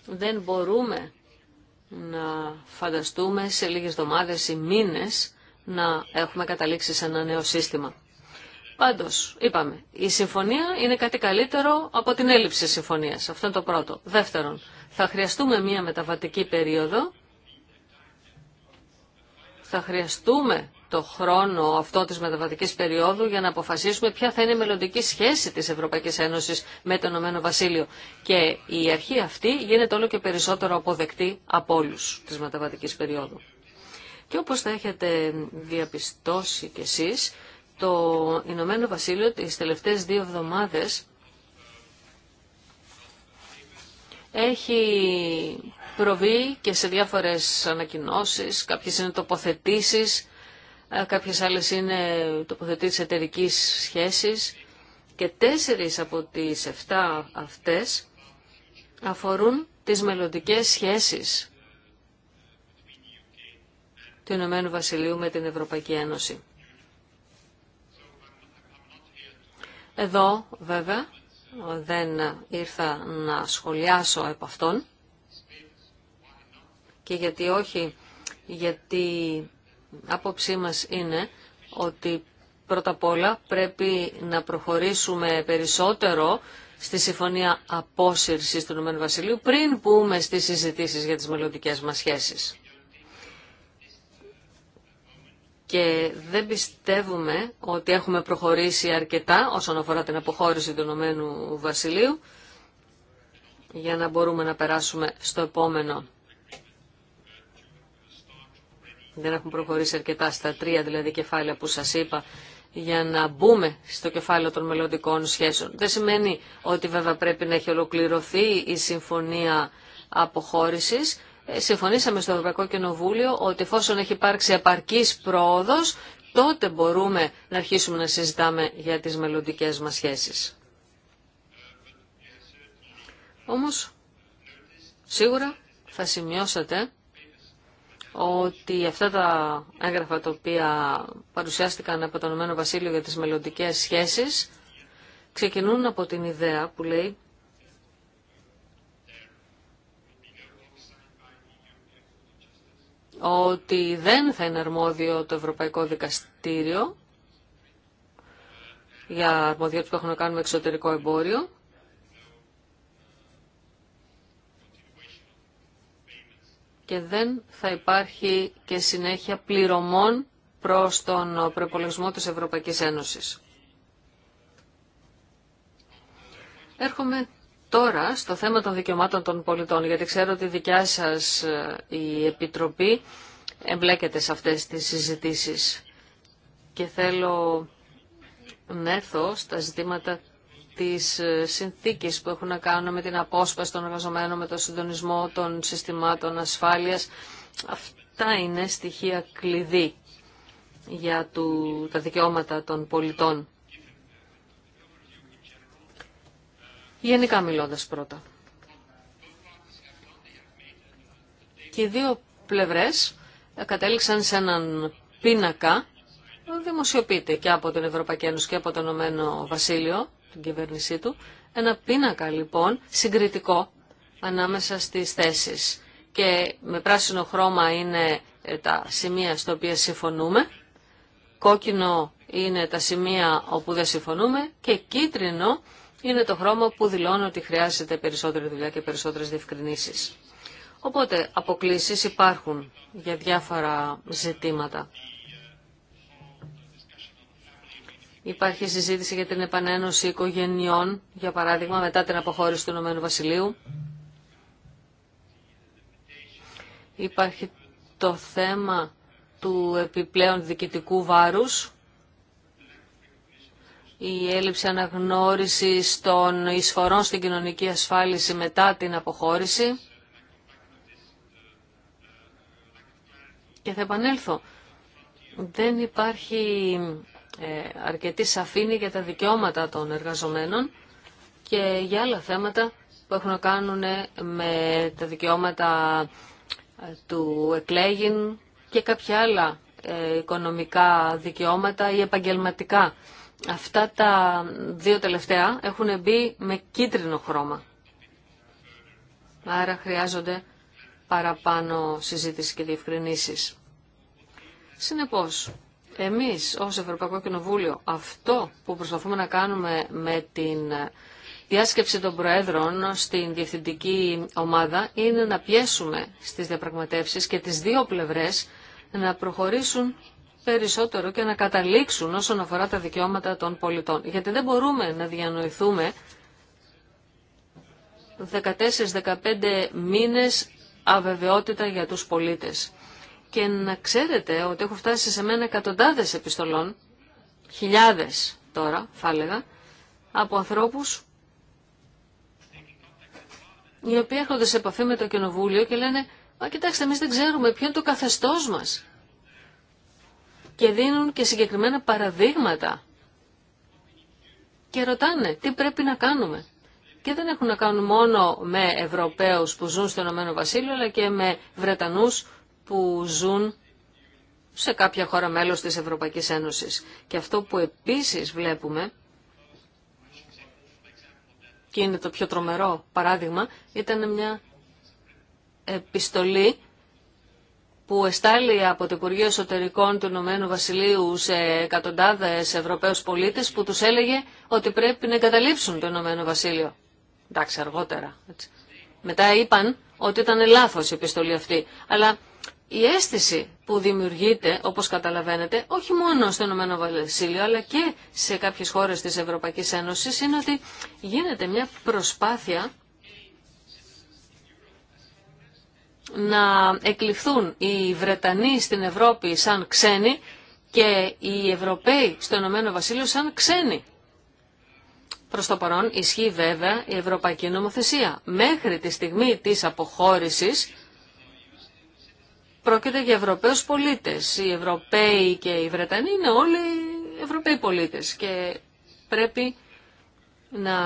δεν μπορούμε να φανταστούμε σε λίγες εβδομάδες ή μήνες να έχουμε καταλήξει σε ένα νέο σύστημα. Πάντως, είπαμε, η συμφωνία είναι κάτι καλύτερο από την έλλειψη συμφωνίας. Αυτό είναι το πρώτο. Δεύτερον, θα χρειαστούμε μία μεταβατική περίοδο. Θα χρειαστούμε το χρόνο αυτό της μεταβατικής περίοδου για να αποφασίσουμε ποια θα είναι η μελλοντική σχέση της Ευρωπαϊκής Ένωσης με το Ηνωμένο Βασίλειο. Και η αρχή αυτή γίνεται όλο και περισσότερο αποδεκτή από όλους της μεταβατικής περίοδου. Και όπως θα έχετε διαπιστώσει κι εσείς, το Ηνωμένο Βασίλειο τις τελευταίες δύο εβδομάδες έχει προβεί και σε διάφορες ανακοινώσεις, κάποιες είναι τοποθετήσεις, ε, κάποιες άλλες είναι τοποθετήσεις εταιρική σχέσης και τέσσερις από τις εφτά αυτές αφορούν τις μελλοντικέ σχέσεις του Ηνωμένου Βασιλείου με την Ευρωπαϊκή Ένωση. Εδώ βέβαια δεν ήρθα να σχολιάσω από αυτόν και γιατί όχι, γιατί άποψή μας είναι ότι πρώτα απ' όλα πρέπει να προχωρήσουμε περισσότερο στη συμφωνία απόσυρσης του Ηνωμένου Βασιλείου πριν πούμε στις συζητήσεις για τις μελλοντικέ μας σχέσεις και δεν πιστεύουμε ότι έχουμε προχωρήσει αρκετά όσον αφορά την αποχώρηση του Ηνωμένου Βασιλείου για να μπορούμε να περάσουμε στο επόμενο. Δεν έχουμε προχωρήσει αρκετά στα τρία δηλαδή κεφάλαια που σας είπα για να μπούμε στο κεφάλαιο των μελλοντικών σχέσεων. Δεν σημαίνει ότι βέβαια πρέπει να έχει ολοκληρωθεί η συμφωνία αποχώρησης, ε, συμφωνήσαμε στο Ευρωπαϊκό Κοινοβούλιο ότι εφόσον έχει υπάρξει επαρκής πρόοδος, τότε μπορούμε να αρχίσουμε να συζητάμε για τις μελλοντικέ μας σχέσεις. Όμως, σίγουρα θα σημειώσατε ότι αυτά τα έγγραφα τα οποία παρουσιάστηκαν από τον Ηνωμένο Βασίλειο για τις μελλοντικέ σχέσεις ξεκινούν από την ιδέα που λέει ότι δεν θα είναι αρμόδιο το Ευρωπαϊκό Δικαστήριο για αρμοδιότητες που έχουν να κάνουν εξωτερικό εμπόριο. Και δεν θα υπάρχει και συνέχεια πληρωμών προς τον προπολογισμό της Ευρωπαϊκής Ένωσης. Έρχομαι Τώρα, στο θέμα των δικαιωμάτων των πολιτών, γιατί ξέρω ότι η δικιά σας ε, η Επιτροπή εμπλέκεται σε αυτές τις συζητήσεις και θέλω να έρθω στα ζητήματα της ε, συνθήκης που έχουν να κάνουν με την απόσπαση των εργαζομένων, με τον συντονισμό των συστημάτων ασφάλειας. Αυτά είναι στοιχεία κλειδί για τα δικαιώματα των πολιτών. Γενικά μιλώντας πρώτα. Και οι δύο πλευρές κατέληξαν σε έναν πίνακα δημοσιοποιείται και από την Ευρωπαϊκή Ένωση και από το Ηνωμένο Βασίλειο, την κυβέρνησή του. Ένα πίνακα λοιπόν συγκριτικό ανάμεσα στις θέσεις. Και με πράσινο χρώμα είναι ε, τα σημεία στα οποία συμφωνούμε, κόκκινο είναι τα σημεία όπου δεν συμφωνούμε και κίτρινο είναι το χρώμα που δηλώνει ότι χρειάζεται περισσότερη δουλειά και περισσότερες διευκρινήσεις. Οπότε αποκλήσεις υπάρχουν για διάφορα ζητήματα. Υπάρχει συζήτηση για την επανένωση οικογενειών, για παράδειγμα, μετά την αποχώρηση του Ηνωμένου Βασιλείου. Υπάρχει το θέμα του επιπλέον διοικητικού βάρους η έλλειψη αναγνώρισης των εισφορών στην κοινωνική ασφάλιση μετά την αποχώρηση. Και θα επανέλθω. Δεν υπάρχει ε, αρκετή σαφήνη για τα δικαιώματα των εργαζομένων και για άλλα θέματα που έχουν να κάνουν ε, με τα δικαιώματα ε, του εκλέγην και κάποια άλλα οικονομικά δικαιώματα ή επαγγελματικά. Αυτά τα δύο τελευταία έχουν μπει με κίτρινο χρώμα. Άρα χρειάζονται παραπάνω συζήτηση και διευκρινήσεις. Συνεπώς, εμείς ως Ευρωπαϊκό Κοινοβούλιο αυτό που προσπαθούμε να κάνουμε με την διάσκεψη των Προέδρων στην Διευθυντική Ομάδα είναι να πιέσουμε στις διαπραγματεύσεις και τις δύο πλευρές να προχωρήσουν περισσότερο και να καταλήξουν όσον αφορά τα δικαιώματα των πολιτών. Γιατί δεν μπορούμε να διανοηθούμε 14-15 μήνες αβεβαιότητα για τους πολίτες. Και να ξέρετε ότι έχω φτάσει σε μένα εκατοντάδες επιστολών, χιλιάδες τώρα θα έλεγα, από ανθρώπους οι οποίοι έρχονται σε επαφή με το Κοινοβούλιο και λένε «Μα κοιτάξτε, εμείς δεν ξέρουμε ποιο είναι το καθεστώς μας» και δίνουν και συγκεκριμένα παραδείγματα και ρωτάνε τι πρέπει να κάνουμε. Και δεν έχουν να κάνουν μόνο με Ευρωπαίους που ζουν στο Ηνωμένο Βασίλειο, αλλά και με Βρετανούς που ζουν σε κάποια χώρα μέλος της Ευρωπαϊκής Ένωσης. Και αυτό που επίσης βλέπουμε, και είναι το πιο τρομερό παράδειγμα, ήταν μια επιστολή που εστάλει από το Υπουργείο Εσωτερικών του Ηνωμένου Βασιλείου σε εκατοντάδε Ευρωπαίου πολίτες που τους έλεγε ότι πρέπει να εγκαταλείψουν το Ηνωμένο Βασίλειο. Εντάξει, αργότερα. Μετά είπαν ότι ήταν λάθος η επιστολή αυτή. Αλλά η αίσθηση που δημιουργείται, όπως καταλαβαίνετε, όχι μόνο στο Ηνωμένο Βασίλειο, αλλά και σε κάποιες χώρες της Ευρωπαϊκής Ένωσης, είναι ότι γίνεται μια προσπάθεια να εκλειφθούν οι Βρετανοί στην Ευρώπη σαν ξένοι και οι Ευρωπαίοι στο Ηνωμένο Βασίλειο σαν ξένοι. Προς το παρόν ισχύει βέβαια η Ευρωπαϊκή Νομοθεσία. Μέχρι τη στιγμή της αποχώρησης πρόκειται για Ευρωπαίους πολίτες. Οι Ευρωπαίοι και οι Βρετανοί είναι όλοι Ευρωπαίοι πολίτες και πρέπει να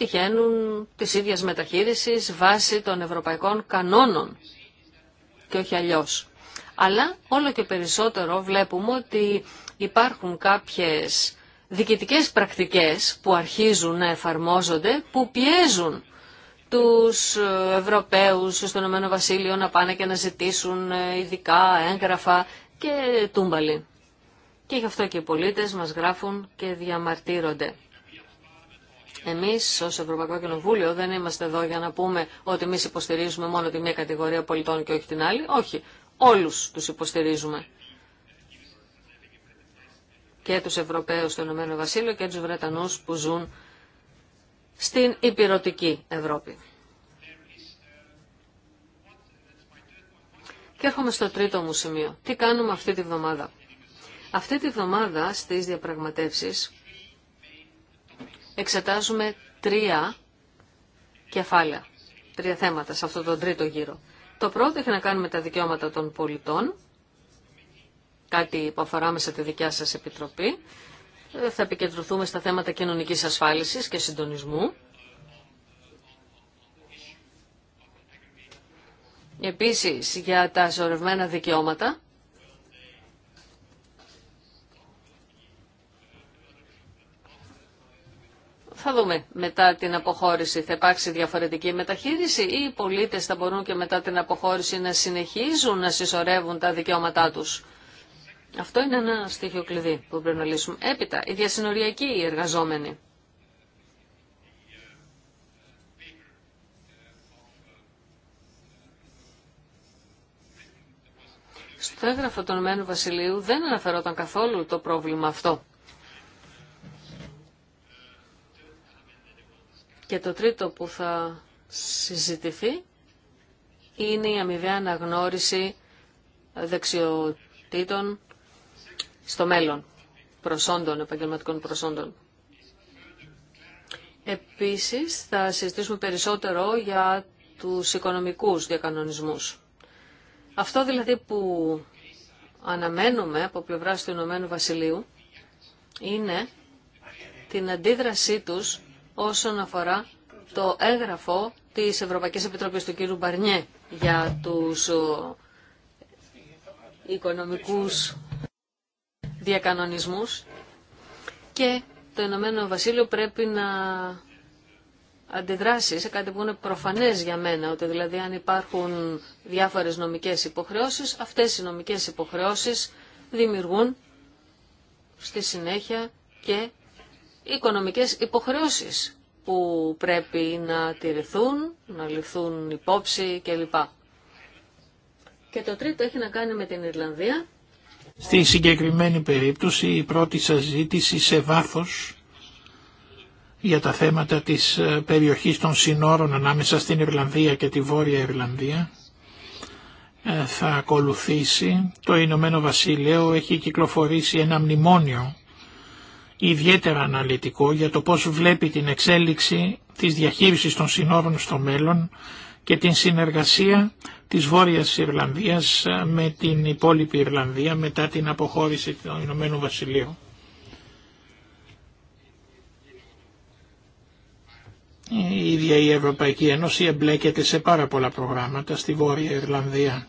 τυχαίνουν της ίδιας μεταχείρισης βάσει των ευρωπαϊκών κανόνων και όχι αλλιώς. Αλλά όλο και περισσότερο βλέπουμε ότι υπάρχουν κάποιες δικητικές πρακτικές που αρχίζουν να εφαρμόζονται, που πιέζουν τους Ευρωπαίους στον Ηνωμένο Βασίλειο να πάνε και να ζητήσουν ε, ειδικά έγγραφα και τούμπαλοι. Και γι' αυτό και οι πολίτες μας γράφουν και διαμαρτύρονται. Εμείς ως Ευρωπαϊκό Κοινοβούλιο δεν είμαστε εδώ για να πούμε ότι εμεί υποστηρίζουμε μόνο τη μία κατηγορία πολιτών και όχι την άλλη. Όχι. Όλους τους υποστηρίζουμε. Και τους Ευρωπαίους στο Ηνωμένο Βασίλειο και τους Βρετανούς που ζουν στην υπηρετική Ευρώπη. Και έρχομαι στο τρίτο μου σημείο. Τι κάνουμε αυτή τη βδομάδα. Αυτή τη βδομάδα στις διαπραγματεύσεις εξετάζουμε τρία κεφάλαια, τρία θέματα σε αυτόν τον τρίτο γύρο. Το πρώτο έχει να κάνει με τα δικαιώματα των πολιτών, κάτι που αφορά μέσα τη δικιά σας επιτροπή. Ε, θα επικεντρωθούμε στα θέματα κοινωνικής ασφάλισης και συντονισμού. Επίσης, για τα ζωρευμένα δικαιώματα, Θα δούμε μετά την αποχώρηση. Θα υπάρξει διαφορετική μεταχείριση ή οι πολίτες θα μπορούν και μετά την αποχώρηση να συνεχίζουν να συσσωρεύουν τα δικαιώματά τους. Αυτό είναι ένα στοιχείο κλειδί που πρέπει να λύσουμε. Έπειτα, οι διασυνοριακοί οι εργαζόμενοι. Στο έγγραφο των ΗΠΑ Βασιλείου δεν αναφερόταν καθόλου το πρόβλημα αυτό. Και το τρίτο που θα συζητηθεί είναι η αμοιβαία αναγνώριση δεξιοτήτων στο μέλλον, προσόντων, επαγγελματικών προσόντων. Επίσης θα συζητήσουμε περισσότερο για τους οικονομικούς διακανονισμούς. Αυτό δηλαδή που αναμένουμε από πλευράς του Ηνωμένου Βασιλείου είναι την αντίδρασή τους όσον αφορά το έγγραφο της Ευρωπαϊκής Επιτροπής του κ. Μπαρνιέ για τους οικονομικούς διακανονισμούς και το Ηνωμένο Βασίλειο πρέπει να αντιδράσει σε κάτι που είναι προφανές για μένα, ότι δηλαδή αν υπάρχουν διάφορες νομικές υποχρεώσεις, αυτές οι νομικές υποχρεώσεις δημιουργούν στη συνέχεια και οικονομικές υποχρεώσεις που πρέπει να τηρηθούν, να ληφθούν υπόψη κλπ. Και το τρίτο έχει να κάνει με την Ιρλανδία. Στη συγκεκριμένη περίπτωση η πρώτη σας ζήτηση σε βάθος για τα θέματα της ε, περιοχής των συνόρων ανάμεσα στην Ιρλανδία και τη Βόρεια Ιρλανδία ε, θα ακολουθήσει. Το Ηνωμένο Βασίλειο έχει κυκλοφορήσει ένα μνημόνιο ιδιαίτερα αναλυτικό για το πώς βλέπει την εξέλιξη της διαχείρισης των συνόρων στο μέλλον και την συνεργασία της Βόρειας Ιρλανδίας ε, με την υπόλοιπη Ιρλανδία μετά την αποχώρηση του Ηνωμένου Βασιλείου. Η ίδια η Ευρωπαϊκή Ένωση εμπλέκεται σε πάρα πολλά προγράμματα στη Βόρεια Ιρλανδία.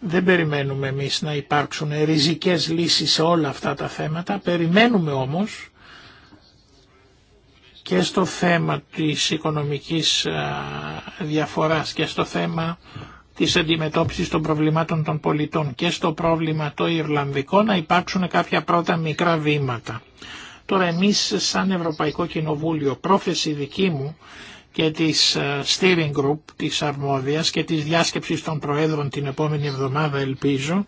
Δεν περιμένουμε εμείς να υπάρξουν ριζικές λύσεις σε όλα αυτά τα θέματα, περιμένουμε όμως και στο θέμα της οικονομικής διαφοράς και στο θέμα της αντιμετώπισης των προβλημάτων των πολιτών και στο πρόβλημα το Ιρλανδικό να υπάρξουν κάποια πρώτα μικρά βήματα. Τώρα εμείς σαν Ευρωπαϊκό Κοινοβούλιο, πρόθεση δική μου και της ε, steering group της αρμόδιας και της διάσκεψης των προέδρων την επόμενη εβδομάδα ελπίζω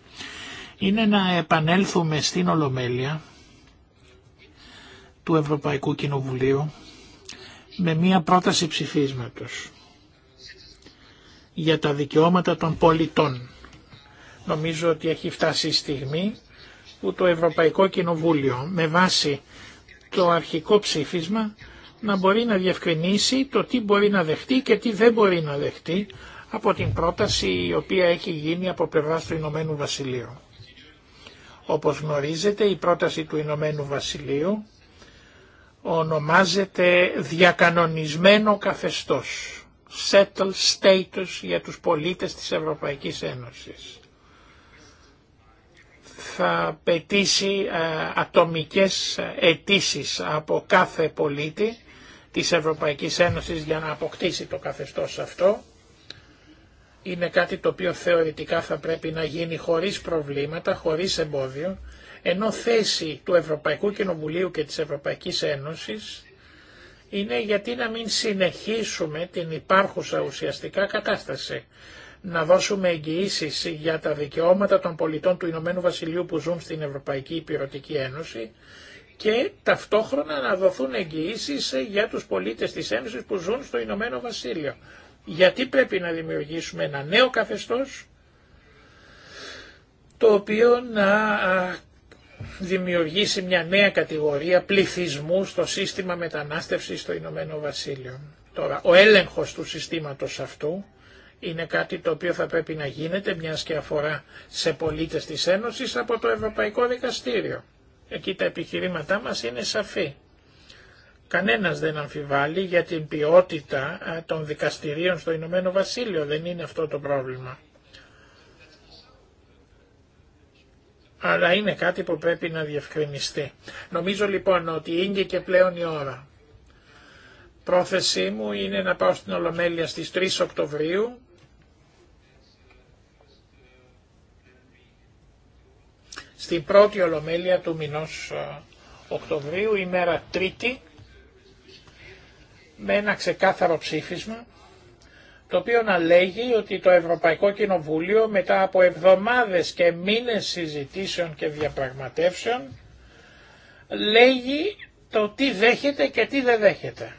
είναι να επανέλθουμε στην Ολομέλεια του Ευρωπαϊκού Κοινοβουλίου με μία πρόταση ψηφίσματος για τα δικαιώματα των πολιτών. Νομίζω ότι έχει φτάσει η στιγμή που το Ευρωπαϊκό Κοινοβούλιο με βάση το αρχικό ψήφισμα να μπορεί να διευκρινίσει το τι μπορεί να δεχτεί και τι δεν μπορεί να δεχτεί από την πρόταση η οποία έχει γίνει από πλευρά του Ηνωμένου Βασιλείου. Όπως γνωρίζετε η πρόταση του Ηνωμένου Βασιλείου ονομάζεται διακανονισμένο καθεστώς, settled status για τους πολίτες της Ευρωπαϊκής Ένωσης. Θα πετύσει ε, ατομικές αιτήσει από κάθε πολίτη της Ευρωπαϊκής Ένωσης για να αποκτήσει το καθεστώς αυτό. Είναι κάτι το οποίο θεωρητικά θα πρέπει να γίνει χωρίς προβλήματα, χωρίς εμπόδιο, ενώ θέση του Ευρωπαϊκού Κοινοβουλίου και της Ευρωπαϊκής Ένωσης είναι γιατί να μην συνεχίσουμε την υπάρχουσα ουσιαστικά κατάσταση. Να δώσουμε εγγυήσει για τα δικαιώματα των πολιτών του Ηνωμένου Βασιλείου που ζουν στην Ευρωπαϊκή Υπηρετική Ένωση και ταυτόχρονα να δοθούν εγγυήσεις για τους πολίτες της Ένωσης που ζουν στο Ηνωμένο Βασίλειο. Γιατί πρέπει να δημιουργήσουμε ένα νέο καθεστώς το οποίο να δημιουργήσει μια νέα κατηγορία πληθυσμού στο σύστημα μετανάστευσης στο Ηνωμένο Βασίλειο. Τώρα, ο έλεγχος του συστήματος αυτού είναι κάτι το οποίο θα πρέπει να γίνεται μιας και αφορά σε πολίτες της Ένωσης από το Ευρωπαϊκό Δικαστήριο. Εκεί τα επιχειρήματά μας είναι σαφή. Κανένας δεν αμφιβάλλει για την ποιότητα των δικαστηρίων στο Ηνωμένο Βασίλειο. Δεν είναι αυτό το πρόβλημα. Αλλά είναι κάτι που πρέπει να διευκρινιστεί. Νομίζω λοιπόν ότι είναι και πλέον η ώρα. Πρόθεσή μου είναι να πάω στην Ολομέλεια στις 3 Οκτωβρίου την πρώτη ολομέλεια του μηνός ε, Οκτωβρίου, ημέρα Τρίτη, με ένα ξεκάθαρο ψήφισμα, το οποίο να λέγει ότι το Ευρωπαϊκό Κοινοβούλιο μετά από εβδομάδες και μήνες συζητήσεων και διαπραγματεύσεων, λέγει το τι δέχεται και τι δεν δέχεται.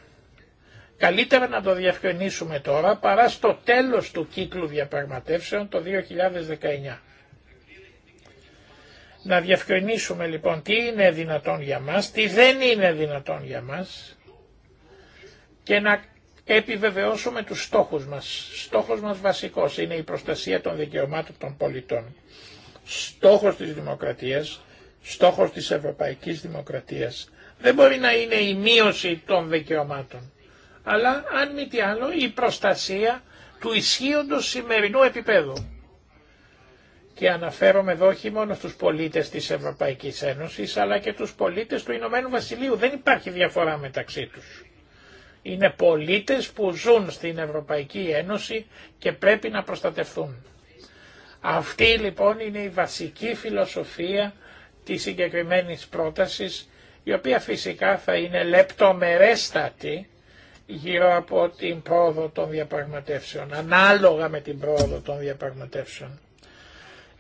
Καλύτερα να το διευκρινίσουμε τώρα παρά στο τέλος του κύκλου διαπραγματεύσεων το 2019. Να διευκρινίσουμε λοιπόν τι είναι δυνατόν για μας, τι δεν είναι δυνατόν για μας και να επιβεβαιώσουμε τους στόχους μας. Στόχος μας βασικός είναι η προστασία των δικαιωμάτων των πολιτών. Στόχος της δημοκρατίας, στόχος της ευρωπαϊκής δημοκρατίας δεν μπορεί να είναι η μείωση των δικαιωμάτων, αλλά αν μη τι άλλο η προστασία του ισχύοντος σημερινού επίπεδου και αναφέρομαι εδώ όχι μόνο στους πολίτες της Ευρωπαϊκής Ένωσης αλλά και τους πολίτες του Ηνωμένου Βασιλείου. Δεν υπάρχει διαφορά μεταξύ τους. Είναι πολίτες που ζουν στην Ευρωπαϊκή Ένωση και πρέπει να προστατευτούν. Αυτή λοιπόν είναι η βασική φιλοσοφία της συγκεκριμένη πρότασης η οποία φυσικά θα είναι λεπτομερέστατη γύρω από την πρόοδο των διαπραγματεύσεων, ανάλογα με την πρόοδο των διαπραγματεύσεων.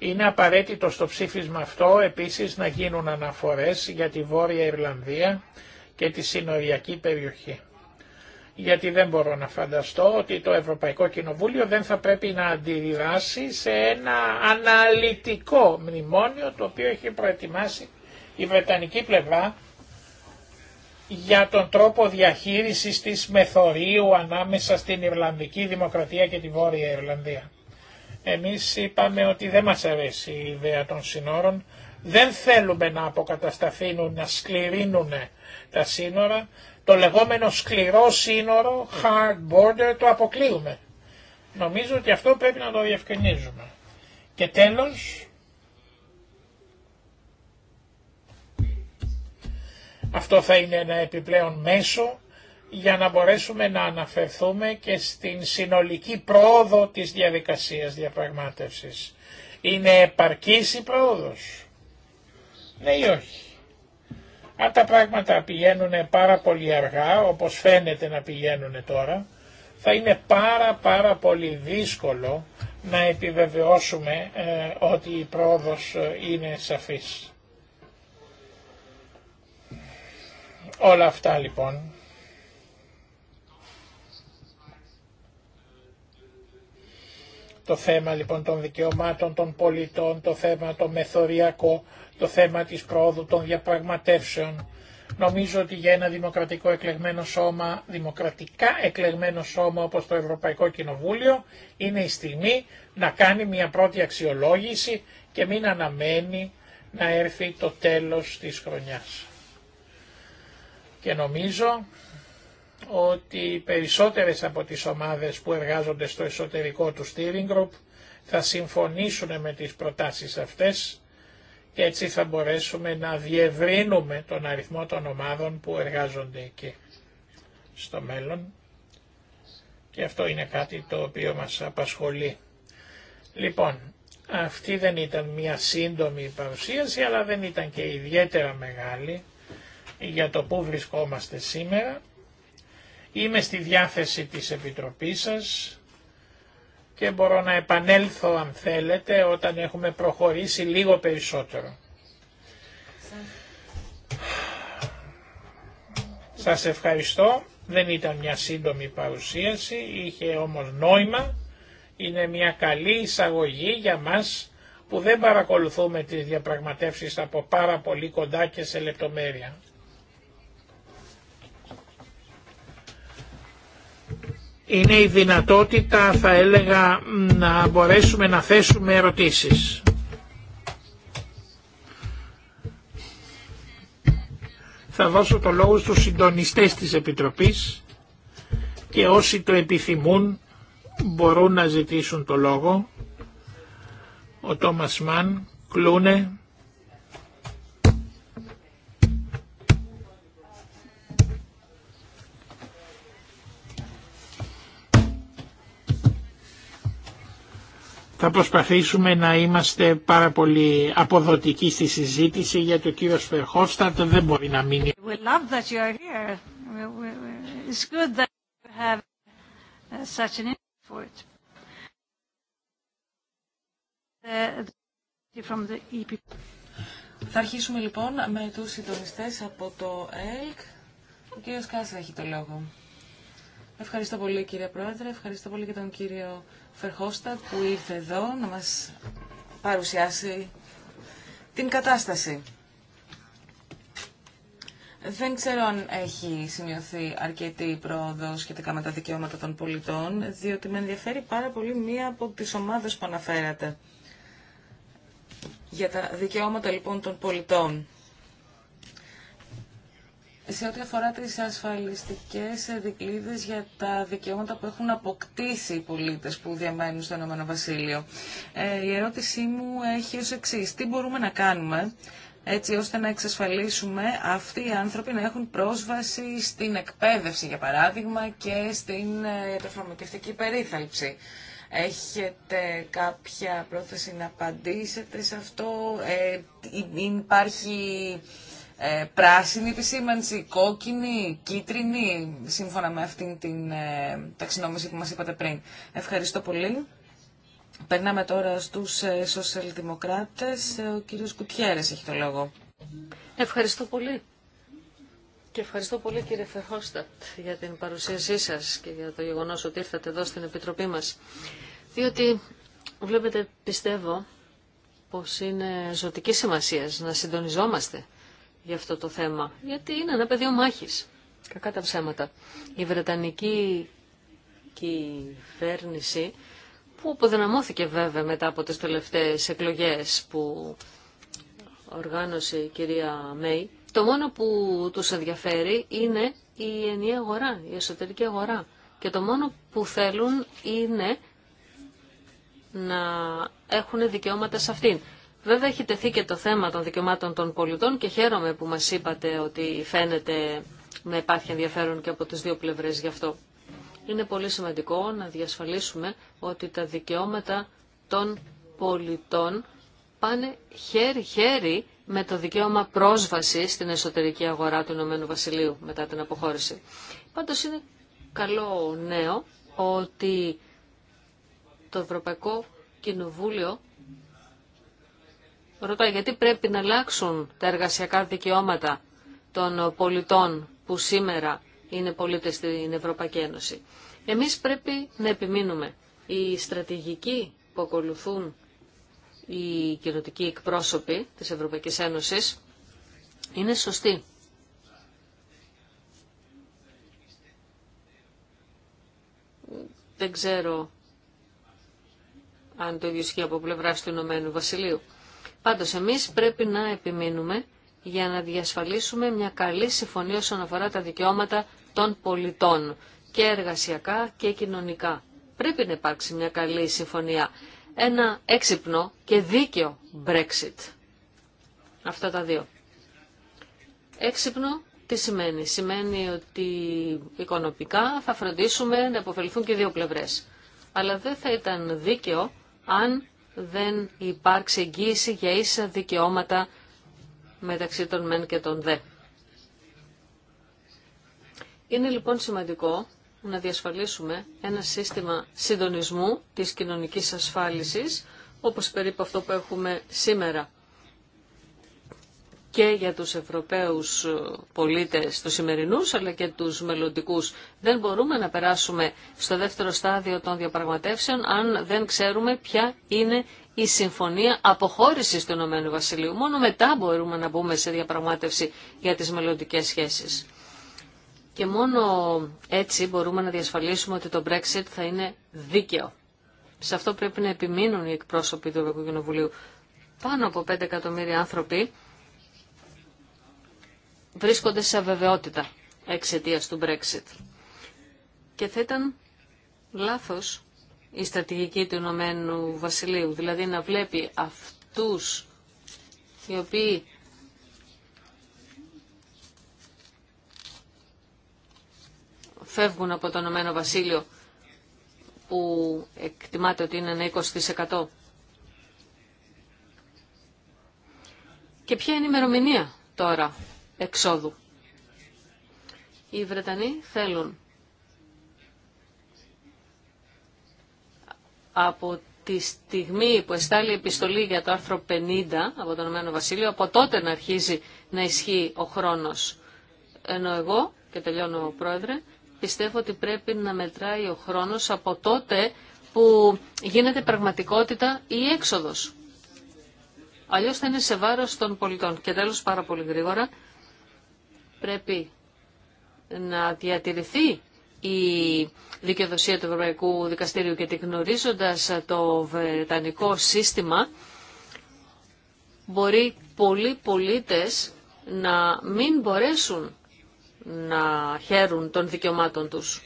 Είναι απαραίτητο στο ψήφισμα αυτό επίσης να γίνουν αναφορές για τη Βόρεια Ιρλανδία και τη συνοριακή περιοχή. Γιατί δεν μπορώ να φανταστώ ότι το Ευρωπαϊκό Κοινοβούλιο δεν θα πρέπει να αντιδράσει σε ένα αναλυτικό μνημόνιο το οποίο έχει προετοιμάσει η Βρετανική πλευρά για τον τρόπο διαχείρισης της μεθορίου ανάμεσα στην Ιρλανδική Δημοκρατία και τη Βόρεια Ιρλανδία. Εμείς είπαμε ότι δεν μας αρέσει η ιδέα των συνόρων, δεν θέλουμε να αποκατασταθούν, να σκληρύνουν τα σύνορα. Το λεγόμενο σκληρό σύνορο, hard border, το αποκλείουμε. Νομίζω ότι αυτό πρέπει να το διευκρινίζουμε. Και τέλος, αυτό θα είναι ένα επιπλέον μέσο για να μπορέσουμε να αναφερθούμε και στην συνολική πρόοδο της διαδικασίας διαπραγμάτευσης. Είναι επαρκής η πρόοδος. Ναι ή όχι. Αν τα πράγματα πηγαίνουν πάρα πολύ αργά, όπως φαίνεται να πηγαίνουν τώρα, θα είναι πάρα πάρα πολύ δύσκολο να επιβεβαιώσουμε ε, ότι η πρόοδος ε, είναι σαφής. Όλα αυτά λοιπόν Το θέμα λοιπόν των δικαιωμάτων των πολιτών, το θέμα το μεθοριακό, το θέμα της πρόοδου των διαπραγματεύσεων. Νομίζω ότι για ένα δημοκρατικό εκλεγμένο σώμα, δημοκρατικά εκλεγμένο σώμα όπως το Ευρωπαϊκό Κοινοβούλιο, είναι η στιγμή να κάνει μια πρώτη αξιολόγηση και μην αναμένει να έρθει το τέλος της χρονιάς. Και νομίζω ότι περισσότερες από τις ομάδες που εργάζονται στο εσωτερικό του steering group θα συμφωνήσουν με τις προτάσεις αυτές και έτσι θα μπορέσουμε να διευρύνουμε τον αριθμό των ομάδων που εργάζονται εκεί στο μέλλον και αυτό είναι κάτι το οποίο μας απασχολεί. Λοιπόν, αυτή δεν ήταν μια σύντομη παρουσίαση αλλά δεν ήταν και ιδιαίτερα μεγάλη για το που βρισκόμαστε σήμερα. Είμαι στη διάθεση της Επιτροπής σας και μπορώ να επανέλθω αν θέλετε όταν έχουμε προχωρήσει λίγο περισσότερο. Σας ευχαριστώ. Δεν ήταν μια σύντομη παρουσίαση, είχε όμως νόημα. Είναι μια καλή εισαγωγή για μας που δεν παρακολουθούμε τις διαπραγματεύσεις από πάρα πολύ κοντά και σε λεπτομέρεια. είναι η δυνατότητα θα έλεγα να μπορέσουμε να θέσουμε ερωτήσεις. Θα δώσω το λόγο στους συντονιστές της Επιτροπής και όσοι το επιθυμούν μπορούν να ζητήσουν το λόγο. Ο Τόμας Μαν, Κλούνε, Θα προσπαθήσουμε να είμαστε πάρα πολύ αποδοτικοί στη συζήτηση γιατί ο κύριο Φερχόφστατ δεν μπορεί να μείνει. Θα αρχίσουμε λοιπόν με τους συντονιστές από το ΕΛΚ. Ο κύριος Κάσης έχει το λόγο. Ευχαριστώ πολύ κύριε Πρόεδρε, ευχαριστώ πολύ και τον κύριο Φερχόστατ που ήρθε εδώ να μας παρουσιάσει την κατάσταση. Δεν ξέρω αν έχει σημειωθεί αρκετή πρόοδο σχετικά με τα δικαιώματα των πολιτών, διότι με ενδιαφέρει πάρα πολύ μία από τις ομάδες που αναφέρατε. Για τα δικαιώματα λοιπόν των πολιτών σε ό,τι αφορά τις ασφαλιστικές δικλείδες για τα δικαιώματα που έχουν αποκτήσει οι πολίτες που διαμένουν στο Ηνωμένο Βασίλειο. Ε, η ερώτησή μου έχει ως εξή. Τι μπορούμε να κάνουμε έτσι ώστε να εξασφαλίσουμε αυτοί οι άνθρωποι να έχουν πρόσβαση στην εκπαίδευση, για παράδειγμα, και στην ιατροφαρμακευτική ε, περίθαλψη. Έχετε κάποια πρόθεση να απαντήσετε σε αυτό, ε, υπάρχει ε, πράσινη επισήμανση, κόκκινη, κίτρινη, σύμφωνα με αυτήν την ε, ταξινόμηση που μας είπατε πριν. Ευχαριστώ πολύ. Περνάμε τώρα στους ε, σοσιαλδημοκράτες. Ε, ο κύριος Κουτιέρες έχει το λόγο. Ευχαριστώ πολύ. Και ευχαριστώ πολύ κύριε Φερχόστα για την παρουσίασή σας και για το γεγονός ότι ήρθατε εδώ στην Επιτροπή μας. Διότι βλέπετε πιστεύω πως είναι ζωτική σημασία να συντονιζόμαστε για αυτό το θέμα, γιατί είναι ένα πεδίο μάχης. Κακά τα ψέματα. Η Βρετανική κυβέρνηση, που αποδυναμώθηκε βέβαια μετά από τις τελευταίες εκλογές που οργάνωσε η κυρία Μέη, το μόνο που τους ενδιαφέρει είναι η ενιαία αγορά, η εσωτερική αγορά. Και το μόνο που θέλουν είναι να έχουν δικαιώματα σε αυτήν. Βέβαια έχει τεθεί και το θέμα των δικαιωμάτων των πολιτών και χαίρομαι που μας είπατε ότι φαίνεται να υπάρχει ενδιαφέρον και από τις δύο πλευρές γι' αυτό. Είναι πολύ σημαντικό να διασφαλίσουμε ότι τα δικαιώματα των πολιτών πάνε χέρι-χέρι με το δικαίωμα πρόσβαση στην εσωτερική αγορά του Ηνωμένου Βασιλείου μετά την αποχώρηση. Πάντως είναι καλό νέο ότι το Ευρωπαϊκό Κοινοβούλιο ρωτάει γιατί πρέπει να αλλάξουν τα εργασιακά δικαιώματα των πολιτών που σήμερα είναι πολίτες στην Ευρωπαϊκή Ένωση. Εμείς πρέπει να επιμείνουμε. Η στρατηγική που ακολουθούν οι κοινωτικοί εκπρόσωποι της Ευρωπαϊκής Ένωσης είναι σωστή. Δεν ξέρω αν το ίδιο από πλευρά του Ηνωμένου Βασιλείου. Πάντως εμείς πρέπει να επιμείνουμε για να διασφαλίσουμε μια καλή συμφωνία όσον αφορά τα δικαιώματα των πολιτών και εργασιακά και κοινωνικά. Πρέπει να υπάρξει μια καλή συμφωνία. Ένα έξυπνο και δίκαιο Brexit. Αυτά τα δύο. Έξυπνο τι σημαίνει. Σημαίνει ότι οικονομικά θα φροντίσουμε να υποφεληθούν και δύο πλευρές. Αλλά δεν θα ήταν δίκαιο αν δεν υπάρξει εγγύηση για ίσα δικαιώματα μεταξύ των μεν και των δε. Είναι λοιπόν σημαντικό να διασφαλίσουμε ένα σύστημα συντονισμού της κοινωνικής ασφάλισης, όπως περίπου αυτό που έχουμε σήμερα και για τους Ευρωπαίους πολίτες του σημερινούς αλλά και τους μελλοντικούς. Δεν μπορούμε να περάσουμε στο δεύτερο στάδιο των διαπραγματεύσεων αν δεν ξέρουμε ποια είναι η συμφωνία αποχώρησης του Ηνωμένου Βασιλείου. Μόνο μετά μπορούμε να μπούμε σε διαπραγμάτευση για τις μελλοντικές σχέσεις. Και μόνο έτσι μπορούμε να διασφαλίσουμε ότι το Brexit θα είναι δίκαιο. Σε αυτό πρέπει να επιμείνουν οι εκπρόσωποι του Ευρωπαϊκού Κοινοβουλίου. Πάνω από 5 εκατομμύρια άνθρωποι βρίσκονται σε αβεβαιότητα εξαιτία του Brexit. Και θα ήταν λάθος η στρατηγική του Ηνωμένου Βασιλείου, δηλαδή να βλέπει αυτούς οι οποίοι φεύγουν από το Ηνωμένο Βασίλειο που εκτιμάται ότι είναι ένα 20%. Και ποια είναι η ημερομηνία τώρα εξόδου. Οι Βρετανοί θέλουν από τη στιγμή που εστάλει η επιστολή για το άρθρο 50 από τον Ηνωμένο Βασίλειο, από τότε να αρχίζει να ισχύει ο χρόνος. Ενώ εγώ, και τελειώνω ο πρόεδρε, πιστεύω ότι πρέπει να μετράει ο χρόνος από τότε που γίνεται πραγματικότητα η έξοδος. Αλλιώς θα είναι σε βάρος των πολιτών. Και τέλος πάρα πολύ γρήγορα, πρέπει να διατηρηθεί η δικαιοδοσία του Ευρωπαϊκού Δικαστήριου και τη γνωρίζοντας το βρετανικό σύστημα μπορεί πολλοί πολίτες να μην μπορέσουν να χαίρουν των δικαιωμάτων τους.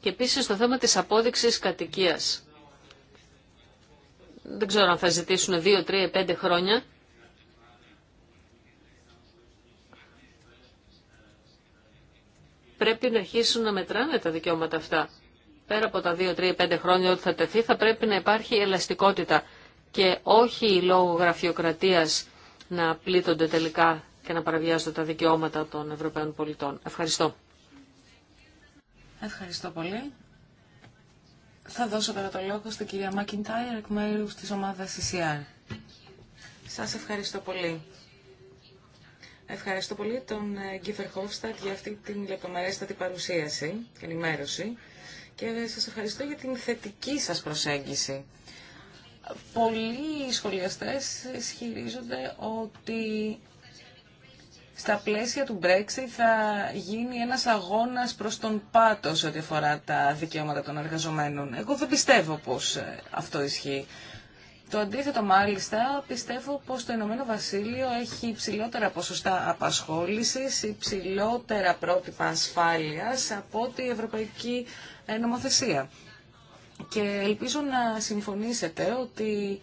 Και επίσης το θέμα της απόδειξης κατοικίας. Δεν ξέρω αν θα ζητήσουν 2, 3, 5 χρόνια πρέπει να αρχίσουν να μετράνε τα δικαιώματα αυτά. Πέρα από τα 2, 3, 5 χρόνια ότι θα τεθεί, θα πρέπει να υπάρχει ελαστικότητα και όχι λόγω γραφειοκρατίας να πλήττονται τελικά και να παραβιάζονται τα δικαιώματα των Ευρωπαίων πολιτών. Ευχαριστώ. Ευχαριστώ πολύ. Θα δώσω τώρα το λόγο στην κυρία Μακιντάιρ εκ μέρου τη ομάδα CCR. Σα ευχαριστώ πολύ. Ευχαριστώ πολύ τον ε, Γκίφερ Χόφστατ για αυτή την λεπτομερέστατη παρουσίαση και ενημέρωση και ε, σας ευχαριστώ για την θετική σας προσέγγιση. Πολλοί σχολιαστές ισχυρίζονται ότι στα πλαίσια του Brexit θα γίνει ένας αγώνας προς τον πάτο σε ό,τι αφορά τα δικαιώματα των εργαζομένων. Εγώ δεν πιστεύω πως ε, αυτό ισχύει. Το αντίθετο μάλιστα πιστεύω πως το Ηνωμένο Βασίλειο έχει υψηλότερα ποσοστά απασχόλησης, υψηλότερα πρότυπα ασφάλειας από ό,τι Ευρωπαϊκή ε, Νομοθεσία. Και ελπίζω να συμφωνήσετε ότι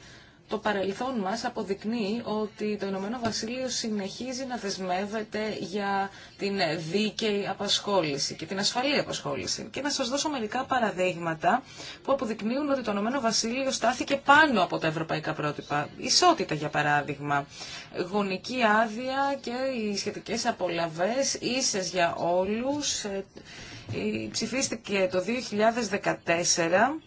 το παρελθόν μας αποδεικνύει ότι το Ηνωμένο Βασίλειο συνεχίζει να δεσμεύεται για την δίκαιη απασχόληση και την ασφαλή απασχόληση. Και να σας δώσω μερικά παραδείγματα που αποδεικνύουν ότι το Ηνωμένο Βασίλειο στάθηκε πάνω από τα ευρωπαϊκά πρότυπα. Ισότητα για παράδειγμα, γονική άδεια και οι σχετικές απολαβές ίσες για όλους. Ε, ψηφίστηκε το 2014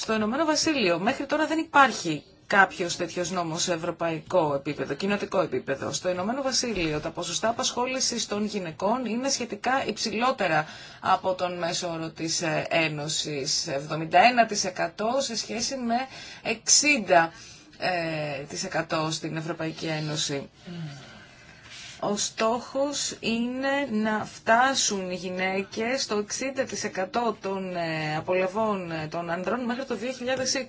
στο Ηνωμένο Βασίλειο μέχρι τώρα δεν υπάρχει κάποιο τέτοιο νόμο σε ευρωπαϊκό επίπεδο, κοινοτικό επίπεδο. Στο Ηνωμένο Βασίλειο τα ποσοστά απασχόληση των γυναικών είναι σχετικά υψηλότερα από τον μέσο όρο τη Ένωση. 71% σε σχέση με 60% ε, στην Ευρωπαϊκή Ένωση. Ο στόχος είναι να φτάσουν οι γυναίκες στο 60% των ε, απολευών ε, των ανδρών μέχρι το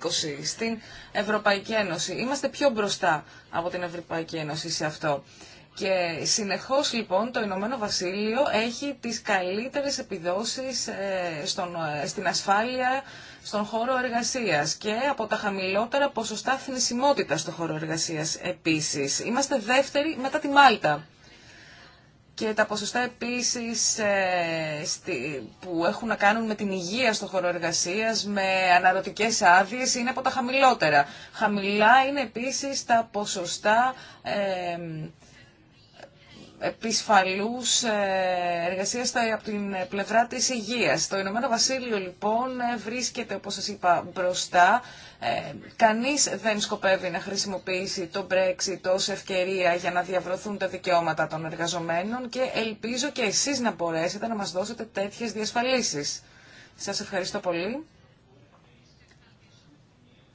2020 στην Ευρωπαϊκή Ένωση. Είμαστε πιο μπροστά από την Ευρωπαϊκή Ένωση σε αυτό. Και συνεχώς λοιπόν το Ηνωμένο Βασίλειο έχει τις καλύτερες επιδόσεις ε, στην ασφάλεια στον χώρο εργασίας και από τα χαμηλότερα ποσοστά θνησιμότητα στον χώρο εργασίας επίσης. Είμαστε δεύτεροι μετά τη Μάλτα και τα ποσοστά επίσης ε, που έχουν να κάνουν με την υγεία στο χώρο εργασίας, με αναρωτικές άδειες, είναι από τα χαμηλότερα. Χαμηλά είναι επίσης τα ποσοστά ε, επισφαλούς ε, εργασίας από την πλευρά της υγείας. Το Ηνωμένο Βασίλειο λοιπόν βρίσκεται, όπως σας είπα, μπροστά ε, κανείς δεν σκοπεύει να χρησιμοποιήσει το Brexit ως ευκαιρία για να διαβρωθούν τα δικαιώματα των εργαζομένων και ελπίζω και εσείς να μπορέσετε να μας δώσετε τέτοιες διασφαλίσεις. Σας ευχαριστώ πολύ.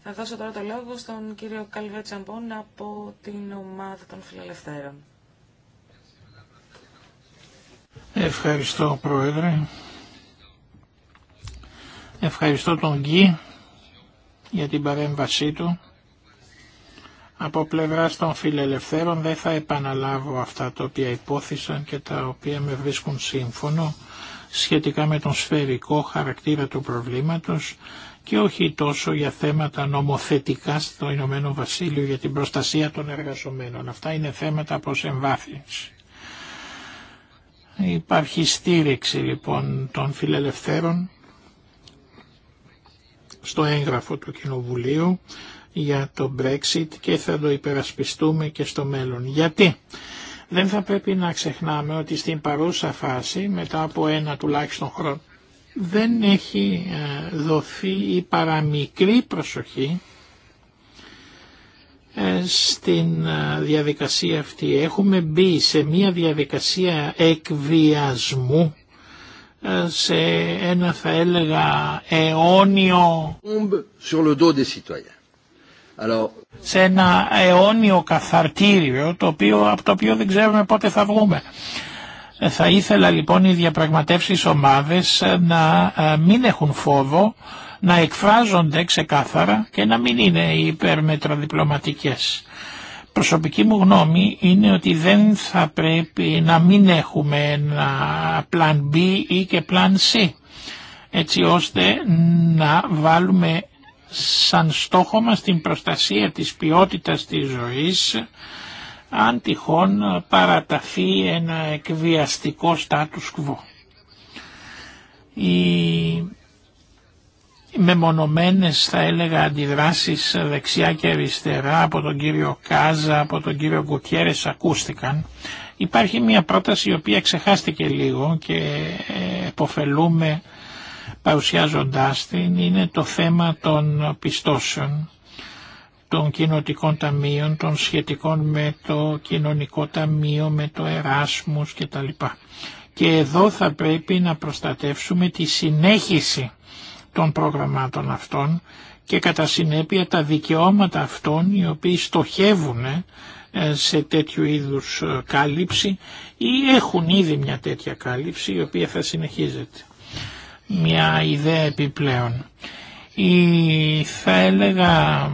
Θα δώσω τώρα το λόγο στον κύριο Καλβέ Τσαμπών από την ομάδα των φιλελευθέρων. Ευχαριστώ Πρόεδρε. Ευχαριστώ τον Γκί για την παρέμβασή του. Από πλευράς των φιλελευθέρων δεν θα επαναλάβω αυτά τα οποία υπόθησαν και τα οποία με βρίσκουν σύμφωνο σχετικά με τον σφαιρικό χαρακτήρα του προβλήματος και όχι τόσο για θέματα νομοθετικά στο Ηνωμένο Βασίλειο για την προστασία των εργαζομένων. Αυτά είναι θέματα προς εμβάθυνση. Υπάρχει στήριξη λοιπόν των φιλελευθέρων στο έγγραφο του Κοινοβουλίου για το Brexit και θα το υπερασπιστούμε και στο μέλλον. Γιατί δεν θα πρέπει να ξεχνάμε ότι στην παρούσα φάση, μετά από ένα τουλάχιστον χρόνο, δεν έχει ε, δοθεί η παραμικρή προσοχή ε, στην ε, διαδικασία αυτή. Έχουμε μπει σε μια διαδικασία εκβιασμού σε ένα θα έλεγα αιώνιο σε ένα αιώνιο καθαρτήριο το οποίο, από το οποίο δεν ξέρουμε πότε θα βγούμε. Θα ήθελα λοιπόν οι διαπραγματεύσεις ομάδες να ε, μην έχουν φόβο, να εκφράζονται ξεκάθαρα και να μην είναι υπερμετροδιπλωματικές προσωπική μου γνώμη είναι ότι δεν θα πρέπει να μην έχουμε ένα plan B ή και plan C έτσι ώστε να βάλουμε σαν στόχο μας την προστασία της ποιότητας της ζωής αν τυχόν παραταθεί ένα εκβιαστικό status quo. Η μεμονωμένες θα έλεγα αντιδράσεις δεξιά και αριστερά από τον κύριο Κάζα, από τον κύριο Γκουτιέρες ακούστηκαν. Υπάρχει μια πρόταση η οποία ξεχάστηκε λίγο και ε, εποφελούμε παρουσιάζοντάς την, είναι το θέμα των πιστώσεων των κοινοτικών ταμείων, των σχετικών με το κοινωνικό ταμείο, με το Εράσμους κτλ. Και εδώ θα πρέπει να προστατεύσουμε τη συνέχιση των προγραμμάτων αυτών και κατά συνέπεια τα δικαιώματα αυτών οι οποίοι στοχεύουν ε, σε τέτοιου είδους ε, κάλυψη ή έχουν ήδη μια τέτοια κάλυψη η οποία θα συνεχίζεται. Μια ιδέα επιπλέον. Η, θα έλεγα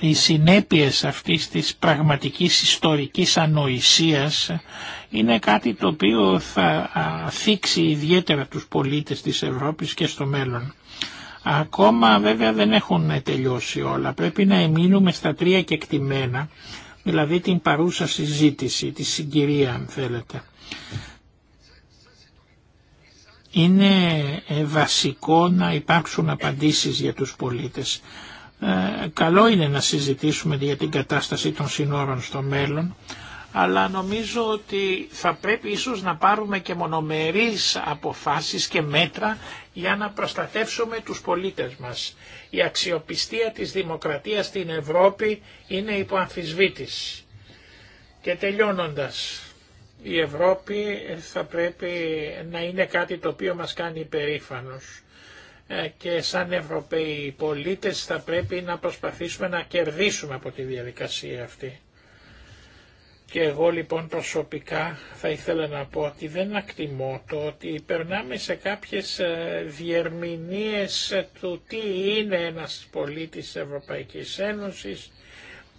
οι συνέπειες αυτής της πραγματικής ιστορικής ανοησίας είναι κάτι το οποίο θα θίξει ιδιαίτερα τους πολίτες της Ευρώπης και στο μέλλον. Ακόμα βέβαια δεν έχουν τελειώσει όλα. Πρέπει να εμείνουμε στα τρία κεκτημένα, δηλαδή την παρούσα συζήτηση, τη συγκυρία αν θέλετε. Είναι ε, βασικό να υπάρξουν απαντήσεις για τους πολίτες. Ε, καλό είναι να συζητήσουμε για την κατάσταση των συνόρων στο μέλλον, αλλά νομίζω ότι θα πρέπει ίσως να πάρουμε και μονομερείς αποφάσεις και μέτρα για να προστατεύσουμε τους πολίτες μας. Η αξιοπιστία της δημοκρατίας στην Ευρώπη είναι υπό αμφισβήτηση. Και τελειώνοντας, η Ευρώπη θα πρέπει να είναι κάτι το οποίο μας κάνει περήφανος. Ε, και σαν Ευρωπαίοι πολίτες θα πρέπει να προσπαθήσουμε να κερδίσουμε από τη διαδικασία αυτή. Και εγώ λοιπόν προσωπικά θα ήθελα να πω ότι δεν ακτιμώ το ότι περνάμε σε κάποιες ε, διερμηνίες ε, του τι είναι ένας πολίτης της Ευρωπαϊκής Ένωσης,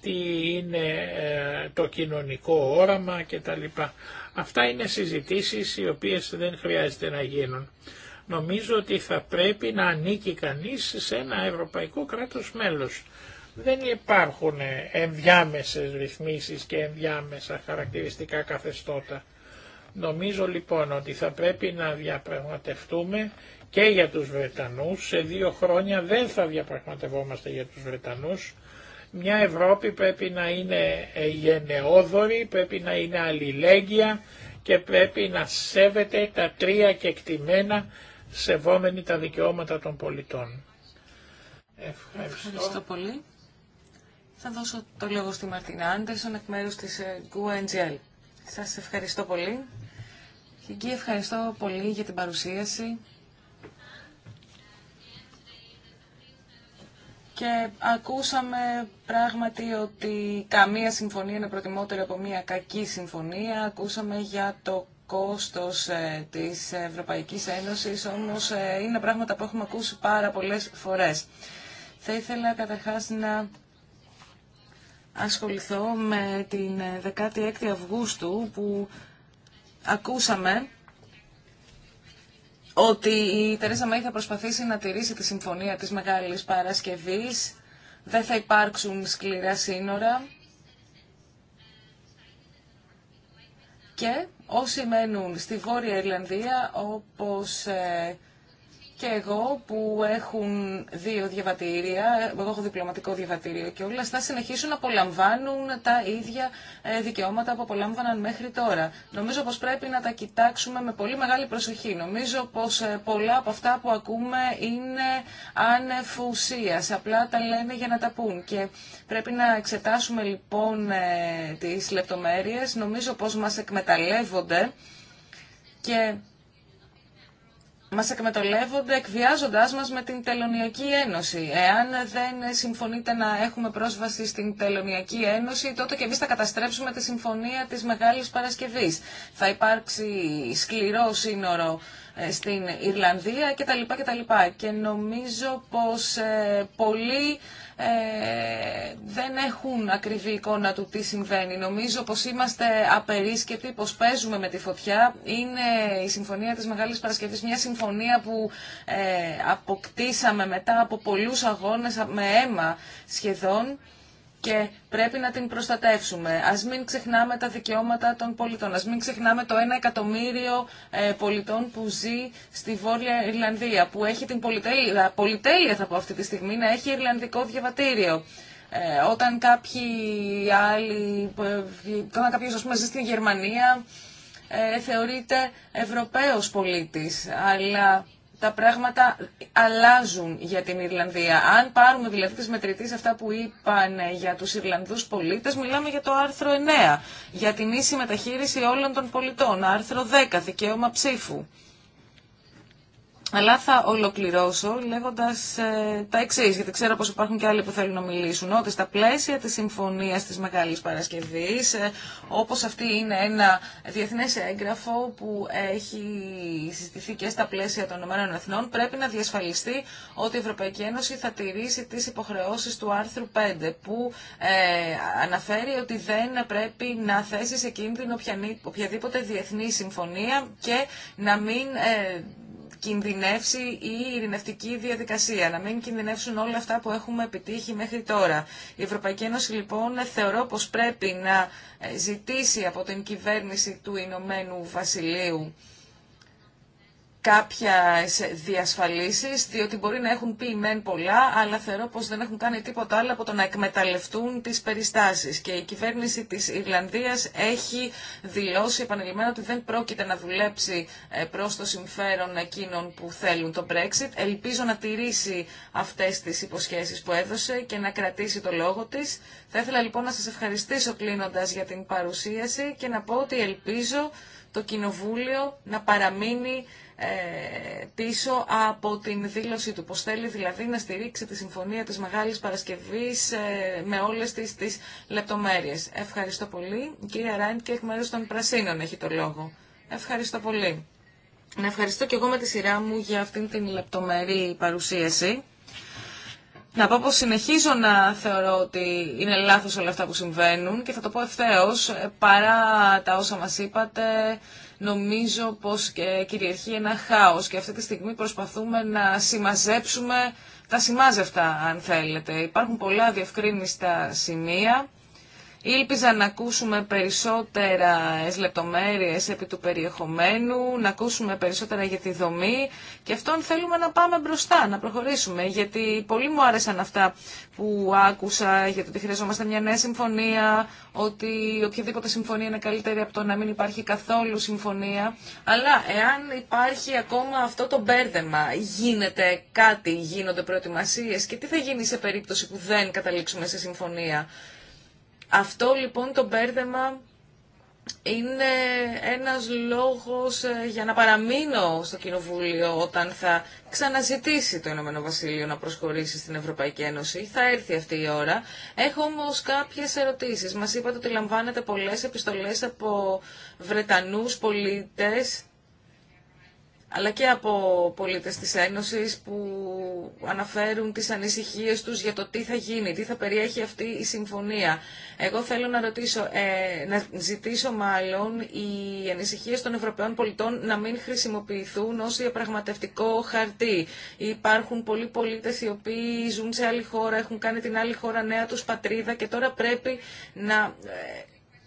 τι είναι ε, το κοινωνικό όραμα κτλ. Αυτά είναι συζητήσεις οι οποίες δεν χρειάζεται να γίνουν. Νομίζω ότι θα πρέπει να ανήκει κανείς σε ένα ευρωπαϊκό κράτος μέλος δεν υπάρχουν ενδιάμεσες ρυθμίσεις και ενδιάμεσα χαρακτηριστικά καθεστώτα. Νομίζω λοιπόν ότι θα πρέπει να διαπραγματευτούμε και για τους Βρετανούς, σε δύο χρόνια δεν θα διαπραγματευόμαστε για τους Βρετανούς, μια Ευρώπη πρέπει να είναι γενναιόδορη, πρέπει να είναι αλληλέγγυα και πρέπει να σέβεται τα τρία κεκτημένα σεβόμενη τα δικαιώματα των πολιτών. Ευχαριστώ. Ευχαριστώ πολύ. Θα δώσω το λόγο στη Μαρτίνα Άντερσον εκ μέρους της GUNGL. Ε, Σας ευχαριστώ πολύ. Και εγώ ευχαριστώ πολύ για την παρουσίαση. Και ακούσαμε πράγματι ότι καμία συμφωνία είναι προτιμότερη από μια κακή συμφωνία. Ακούσαμε για το κόστος ε, της Ευρωπαϊκής Ένωσης, όμως ε, είναι πράγματα που έχουμε ακούσει πάρα πολλές φορές. Θα ήθελα καταρχάς να ασχοληθώ με την 16η Αυγούστου που ακούσαμε ότι η Τερέσα Μέη θα προσπαθήσει να τηρήσει τη συμφωνία της Μεγάλης Παρασκευής, δεν θα υπάρξουν σκληρά σύνορα και όσοι μένουν στη Βόρεια Ιρλανδία όπως ε, και εγώ που έχουν δύο διαβατήρια, εγώ έχω διπλωματικό διαβατήριο και όλα θα συνεχίσουν να απολαμβάνουν τα ίδια ε, δικαιώματα που απολάμβαναν μέχρι τώρα. Νομίζω πως πρέπει να τα κοιτάξουμε με πολύ μεγάλη προσοχή. Νομίζω πως ε, πολλά από αυτά που ακούμε είναι ουσίας. απλά τα λένε για να τα πούν. Και πρέπει να εξετάσουμε λοιπόν ε, τις λεπτομέρειες. Νομίζω πως μας εκμεταλλεύονται και μας εκμεταλλεύονται εκβιάζοντάς μας με την Τελωνιακή Ένωση. Εάν δεν συμφωνείτε να έχουμε πρόσβαση στην Τελωνιακή Ένωση, τότε και εμείς θα καταστρέψουμε τη συμφωνία της Μεγάλης Παρασκευής. Θα υπάρξει σκληρό σύνορο ε, στην Ιρλανδία κτλ. κτλ. Και νομίζω πως ε, πολλοί ε, δεν έχουν ακριβή εικόνα του τι συμβαίνει. Νομίζω πως είμαστε απερίσκεπτοι, πως παίζουμε με τη φωτιά. Είναι η Συμφωνία της Μεγάλης Παρασκευής, μια συμφωνία που ε, αποκτήσαμε μετά από πολλούς αγώνες, με αίμα σχεδόν και πρέπει να την προστατεύσουμε. Ας μην ξεχνάμε τα δικαιώματα των πολιτών. Ας μην ξεχνάμε το ένα εκατομμύριο ε, πολιτών που ζει στη Βόρεια Ιρλανδία, που έχει την πολυτέλεια, πολυτέλεια θα πω αυτή τη στιγμή, να έχει Ιρλανδικό διαβατήριο. Ε, όταν κάποιοι άλλοι, ε, όταν κάποιος ζει στην Γερμανία, ε, θεωρείται Ευρωπαίος πολίτης, αλλά τα πράγματα αλλάζουν για την Ιρλανδία. Αν πάρουμε δηλαδή τις μετρητής αυτά που είπαν για τους Ιρλανδούς πολίτες, μιλάμε για το άρθρο 9, για την ίση μεταχείριση όλων των πολιτών, άρθρο 10, δικαίωμα ψήφου. Αλλά θα ολοκληρώσω λέγοντα ε, τα εξή, γιατί ξέρω πώ υπάρχουν και άλλοι που θέλουν να μιλήσουν, ότι στα πλαίσια τη συμφωνία τη μεγάλη παρασκευή, ε, όπως αυτή είναι ένα διεθνέ έγγραφο που έχει συζητηθεί και στα πλαίσια των ΗΠΑ πρέπει να διασφαλιστεί ότι η Ευρωπαϊκή Ένωση θα τηρήσει τι υποχρεώσει του άρθρου 5, που ε, αναφέρει ότι δεν πρέπει να θέσει σε κίνδυνο οποιαδήποτε διεθνή συμφωνία και να μην... Ε, κινδυνεύσει η ειρηνευτική διαδικασία, να μην κινδυνεύσουν όλα αυτά που έχουμε επιτύχει μέχρι τώρα. Η Ευρωπαϊκή Ένωση λοιπόν θεωρώ πως πρέπει να ε, ζητήσει από την κυβέρνηση του Ηνωμένου Βασιλείου κάποια διασφαλίσει διότι μπορεί να έχουν πει μεν πολλά, αλλά θεωρώ πω δεν έχουν κάνει τίποτα άλλο από το να εκμεταλλευτούν τι περιστάσει. Και η κυβέρνηση τη Ιρλανδία έχει δηλώσει επανειλημμένα ότι δεν πρόκειται να δουλέψει ε, προ το συμφέρον εκείνων που θέλουν το Brexit. Ελπίζω να τηρήσει αυτέ τι υποσχέσει που έδωσε και να κρατήσει το λόγο τη. Θα ήθελα λοιπόν να σα ευχαριστήσω κλείνοντα για την παρουσίαση και να πω ότι ελπίζω το Κοινοβούλιο να παραμείνει ε, πίσω από την δήλωσή του, πως θέλει δηλαδή να στηρίξει τη Συμφωνία της Μεγάλης Παρασκευής ε, με όλες τις, τις λεπτομέρειες. Ευχαριστώ πολύ. κύριε κυρία Ράιντ και εκ μέρους των Πρασίνων έχει το λόγο. Ευχαριστώ πολύ. Να ευχαριστώ και εγώ με τη σειρά μου για αυτήν την λεπτομερή παρουσίαση. Να πω πως συνεχίζω να θεωρώ ότι είναι λάθος όλα αυτά που συμβαίνουν και θα το πω ευθέως, ε, παρά τα όσα μας είπατε, νομίζω πως και κυριαρχεί ένα χάος και αυτή τη στιγμή προσπαθούμε να συμμαζέψουμε τα σημάζευτα, αν θέλετε. Υπάρχουν πολλά διευκρίνηστα σημεία Ήλπιζα να ακούσουμε περισσότερα λεπτομέρειε επί του περιεχομένου, να ακούσουμε περισσότερα για τη δομή και αυτόν θέλουμε να πάμε μπροστά, να προχωρήσουμε, γιατί πολύ μου άρεσαν αυτά που άκουσα για το ότι χρειαζόμαστε μια νέα συμφωνία, ότι οποιαδήποτε συμφωνία είναι καλύτερη από το να μην υπάρχει καθόλου συμφωνία, αλλά εάν υπάρχει ακόμα αυτό το μπέρδεμα, γίνεται κάτι, γίνονται προετοιμασίες και τι θα γίνει σε περίπτωση που δεν καταλήξουμε σε συμφωνία. Αυτό λοιπόν το μπέρδεμα είναι ένας λόγος ε, για να παραμείνω στο Κοινοβούλιο όταν θα ξαναζητήσει το Ηνωμένο Βασίλειο να προσχωρήσει στην Ευρωπαϊκή Ένωση. Θα έρθει αυτή η ώρα. Έχω όμως κάποιες ερωτήσεις. Μας είπατε ότι λαμβάνετε πολλές επιστολές από Βρετανούς πολίτες αλλά και από πολίτες της Ένωσης που αναφέρουν τις ανησυχίες τους για το τι θα γίνει, τι θα περιέχει αυτή η συμφωνία. Εγώ θέλω να, ρωτήσω, ε, να ζητήσω μάλλον οι ανησυχίες των Ευρωπαίων πολιτών να μην χρησιμοποιηθούν ως διαπραγματευτικό χαρτί. Υπάρχουν πολλοί πολίτες οι οποίοι ζουν σε άλλη χώρα, έχουν κάνει την άλλη χώρα νέα τους πατρίδα και τώρα πρέπει να ε,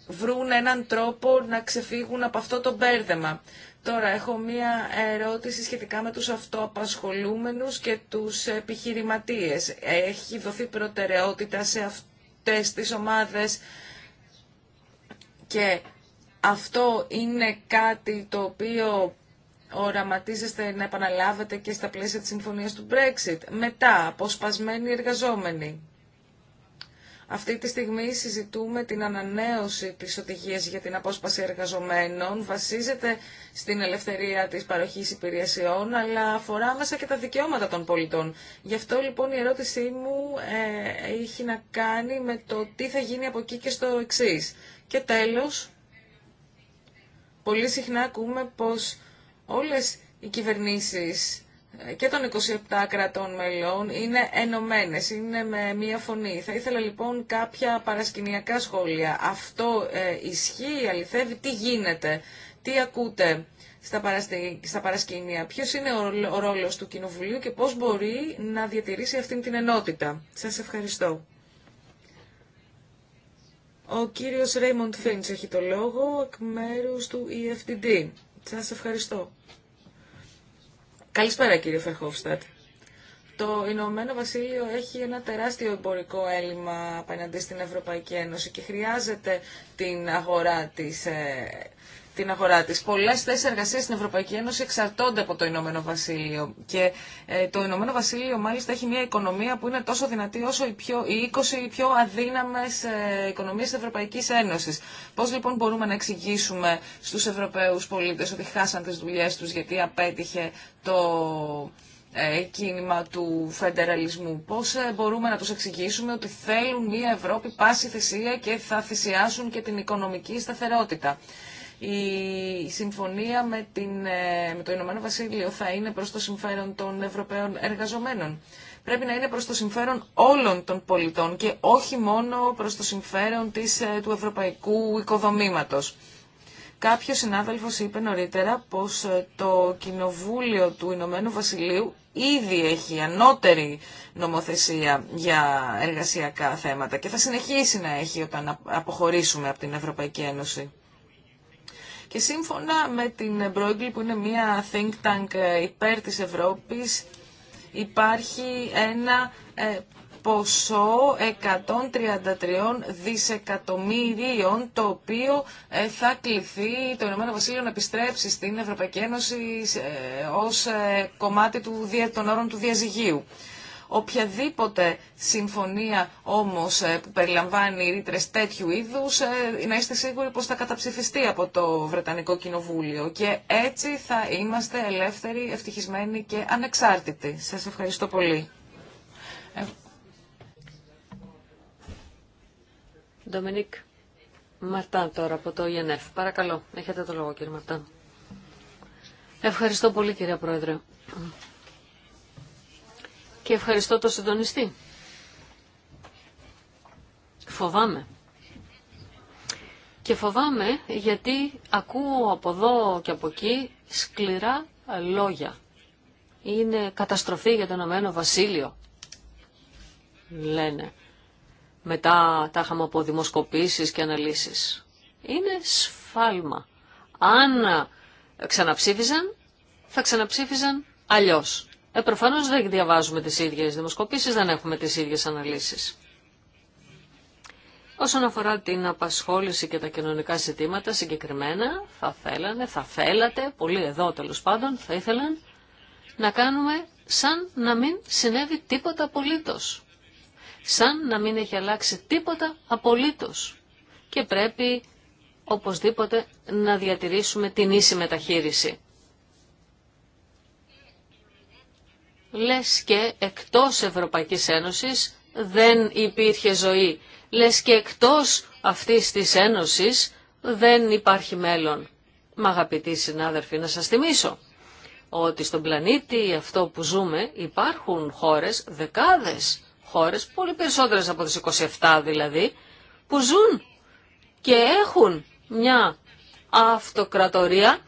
βρουν έναν τρόπο να ξεφύγουν από αυτό το μπέρδεμα. Τώρα έχω μία ερώτηση σχετικά με τους αυτοαπασχολούμενους και τους επιχειρηματίες. Έχει δοθεί προτεραιότητα σε αυτές τις ομάδες και αυτό είναι κάτι το οποίο οραματίζεστε να επαναλάβετε και στα πλαίσια της συμφωνίας του Brexit. Μετά, αποσπασμένοι εργαζόμενοι. Αυτή τη στιγμή συζητούμε την ανανέωση της οδηγίας για την απόσπαση εργαζομένων. Βασίζεται στην ελευθερία της παροχής υπηρεσιών, αλλά αφορά μέσα και τα δικαιώματα των πολιτών. Γι' αυτό λοιπόν η ερώτησή μου ε, έχει να κάνει με το τι θα γίνει από εκεί και στο εξή. Και τέλος, πολύ συχνά ακούμε πως όλες οι κυβερνήσεις και των 27 κρατών μελών είναι ενωμένε, είναι με μία φωνή. Θα ήθελα λοιπόν κάποια παρασκηνιακά σχόλια. Αυτό ε, ισχύει, αληθεύει, τι γίνεται, τι ακούτε στα, παρασκηνία, ποιος είναι ο, ρόλος του Κοινοβουλίου και πώς μπορεί να διατηρήσει αυτήν την ενότητα. Σας ευχαριστώ. Ο κύριος Ρέιμοντ Φίντς έχει το λόγο εκ μέρους του EFTD. Σας ευχαριστώ. Καλησπέρα κύριε Φερχόφστατ. Το Ηνωμένο Βασίλειο έχει ένα τεράστιο εμπορικό έλλειμμα απέναντι στην Ευρωπαϊκή Ένωση και χρειάζεται την αγορά της ε, την αγορά της. Πολλές θέσεις εργασίας στην Ευρωπαϊκή Ένωση εξαρτώνται από το Ηνωμένο Βασίλειο και ε, το Ηνωμένο Βασίλειο μάλιστα έχει μια οικονομία που είναι τόσο δυνατή όσο οι, πιο, οι 20 πιο αδύναμες ε, οικονομίες της Ευρωπαϊκής Ένωσης. Πώς λοιπόν μπορούμε να εξηγήσουμε στους Ευρωπαίους πολίτες ότι χάσαν τις δουλειές τους γιατί απέτυχε το ε, κίνημα του φεντεραλισμού. Πώς μπορούμε να τους εξηγήσουμε ότι θέλουν μια Ευρώπη πάση θυσία και θα θυσιάσουν και την οικονομική σταθερότητα η συμφωνία με, την, ε, με το Ηνωμένο Βασίλειο θα είναι προς το συμφέρον των Ευρωπαίων εργαζομένων. Πρέπει να είναι προς το συμφέρον όλων των πολιτών και όχι μόνο προς το συμφέρον της, ε, του ευρωπαϊκού οικοδομήματος. Κάποιο συνάδελφος είπε νωρίτερα πως ε, το Κοινοβούλιο του Ηνωμένου Βασιλείου ήδη έχει ανώτερη νομοθεσία για εργασιακά θέματα και θα συνεχίσει να έχει όταν αποχωρήσουμε από την Ευρωπαϊκή Ένωση. Και σύμφωνα με την Bruegel που είναι μια think tank ε, υπέρ της Ευρώπης υπάρχει ένα ε, ποσό 133 δισεκατομμυρίων το οποίο ε, θα κληθεί το Ηνωμένο Βασίλειο να επιστρέψει στην Ευρωπαϊκή Ένωση ως κομμάτι του, των όρων του διαζυγίου. Οποιαδήποτε συμφωνία όμως ε, που περιλαμβάνει ρήτρε τέτοιου είδους, ε, να είστε σίγουροι πως θα καταψηφιστεί από το Βρετανικό Κοινοβούλιο και έτσι θα είμαστε ελεύθεροι, ευτυχισμένοι και ανεξάρτητοι. Σας ευχαριστώ πολύ. Ε, Ντομινίκ Μαρτάν τώρα από το ΙΕΝΕΦ. Παρακαλώ, έχετε το λόγο κύριε Μαρτάν. Ευχαριστώ πολύ κύριε Πρόεδρε και ευχαριστώ τον συντονιστή. Φοβάμαι. Και φοβάμαι γιατί ακούω από εδώ και από εκεί σκληρά λόγια. Είναι καταστροφή για τον Αμένο Βασίλειο, λένε. Μετά τα είχαμε από δημοσκοπήσεις και αναλύσεις. Είναι σφάλμα. Αν ξαναψήφιζαν, θα ξαναψήφιζαν αλλιώς. Ε, δεν διαβάζουμε τις ίδιε δημοσκοπήσει, δεν έχουμε τις ίδιε αναλύσεις. Όσον αφορά την απασχόληση και τα κοινωνικά ζητήματα συγκεκριμένα, θα θέλανε, θα θέλατε, πολύ εδώ τέλο πάντων θα ήθελαν να κάνουμε σαν να μην συνέβη τίποτα απολύτως. Σαν να μην έχει αλλάξει τίποτα απολύτως. Και πρέπει οπωσδήποτε να διατηρήσουμε την ίση μεταχείριση. λες και εκτός Ευρωπαϊκής Ένωσης δεν υπήρχε ζωή. Λες και εκτός αυτής της Ένωσης δεν υπάρχει μέλλον. Μα αγαπητοί συνάδελφοι, να σας θυμίσω ότι στον πλανήτη αυτό που ζούμε υπάρχουν χώρες, δεκάδες χώρες, πολύ περισσότερες από τις 27 δηλαδή, που ζουν και έχουν μια αυτοκρατορία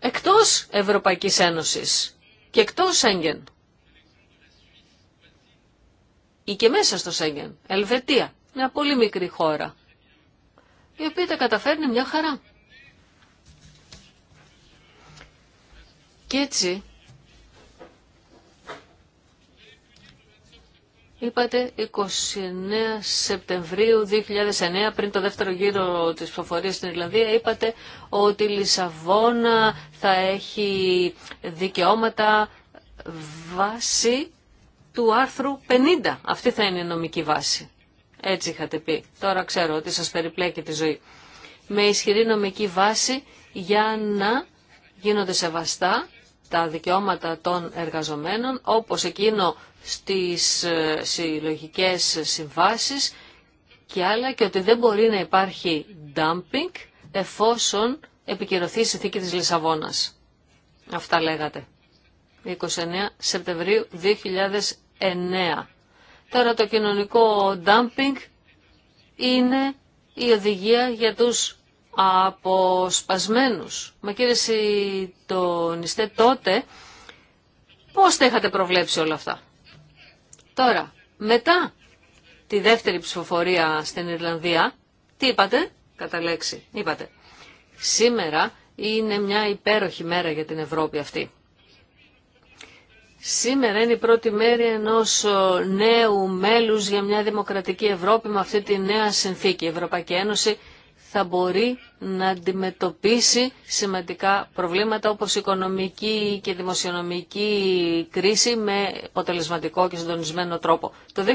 εκτός Ευρωπαϊκής Ένωσης και εκτός Σέγγεν ή και μέσα στο Σέγγεν. Ελβετία, μια πολύ μικρή χώρα, η οποία τα καταφέρνει μια χαρά. Και έτσι, είπατε 29 Σεπτεμβρίου 2009, πριν το δεύτερο γύρο της ψηφοφορίας στην Ιρλανδία, είπατε ότι η Λισαβόνα θα έχει δικαιώματα βάση του άρθρου 50. Αυτή θα είναι η νομική βάση. Έτσι είχατε πει. Τώρα ξέρω ότι σας περιπλέκει τη ζωή. Με ισχυρή νομική βάση για να γίνονται σεβαστά τα δικαιώματα των εργαζομένων, όπως εκείνο στις ε, συλλογικέ συμβάσεις και άλλα, και ότι δεν μπορεί να υπάρχει dumping εφόσον επικυρωθεί η συνθήκη της Λισαβόνας. Αυτά λέγατε. 29 Σεπτεμβρίου Τώρα το κοινωνικό dumping είναι η οδηγία για τους αποσπασμένους. Μα κύριε Σιτονιστέ τότε πώς τα είχατε προβλέψει όλα αυτά. Τώρα, μετά τη δεύτερη ψηφοφορία στην Ιρλανδία, τι είπατε, κατά λέξη, είπατε. Σήμερα είναι μια υπέροχη μέρα για την Ευρώπη αυτή. Σήμερα είναι η πρώτη μέρη ενός ε, νέου μέλους για μια δημοκρατική Ευρώπη με αυτή τη νέα συνθήκη. Η Ευρωπαϊκή Ένωση θα μπορεί να αντιμετωπίσει σημαντικά προβλήματα όπως οικονομική και δημοσιονομική κρίση με αποτελεσματικό και συντονισμένο τρόπο. Το 2009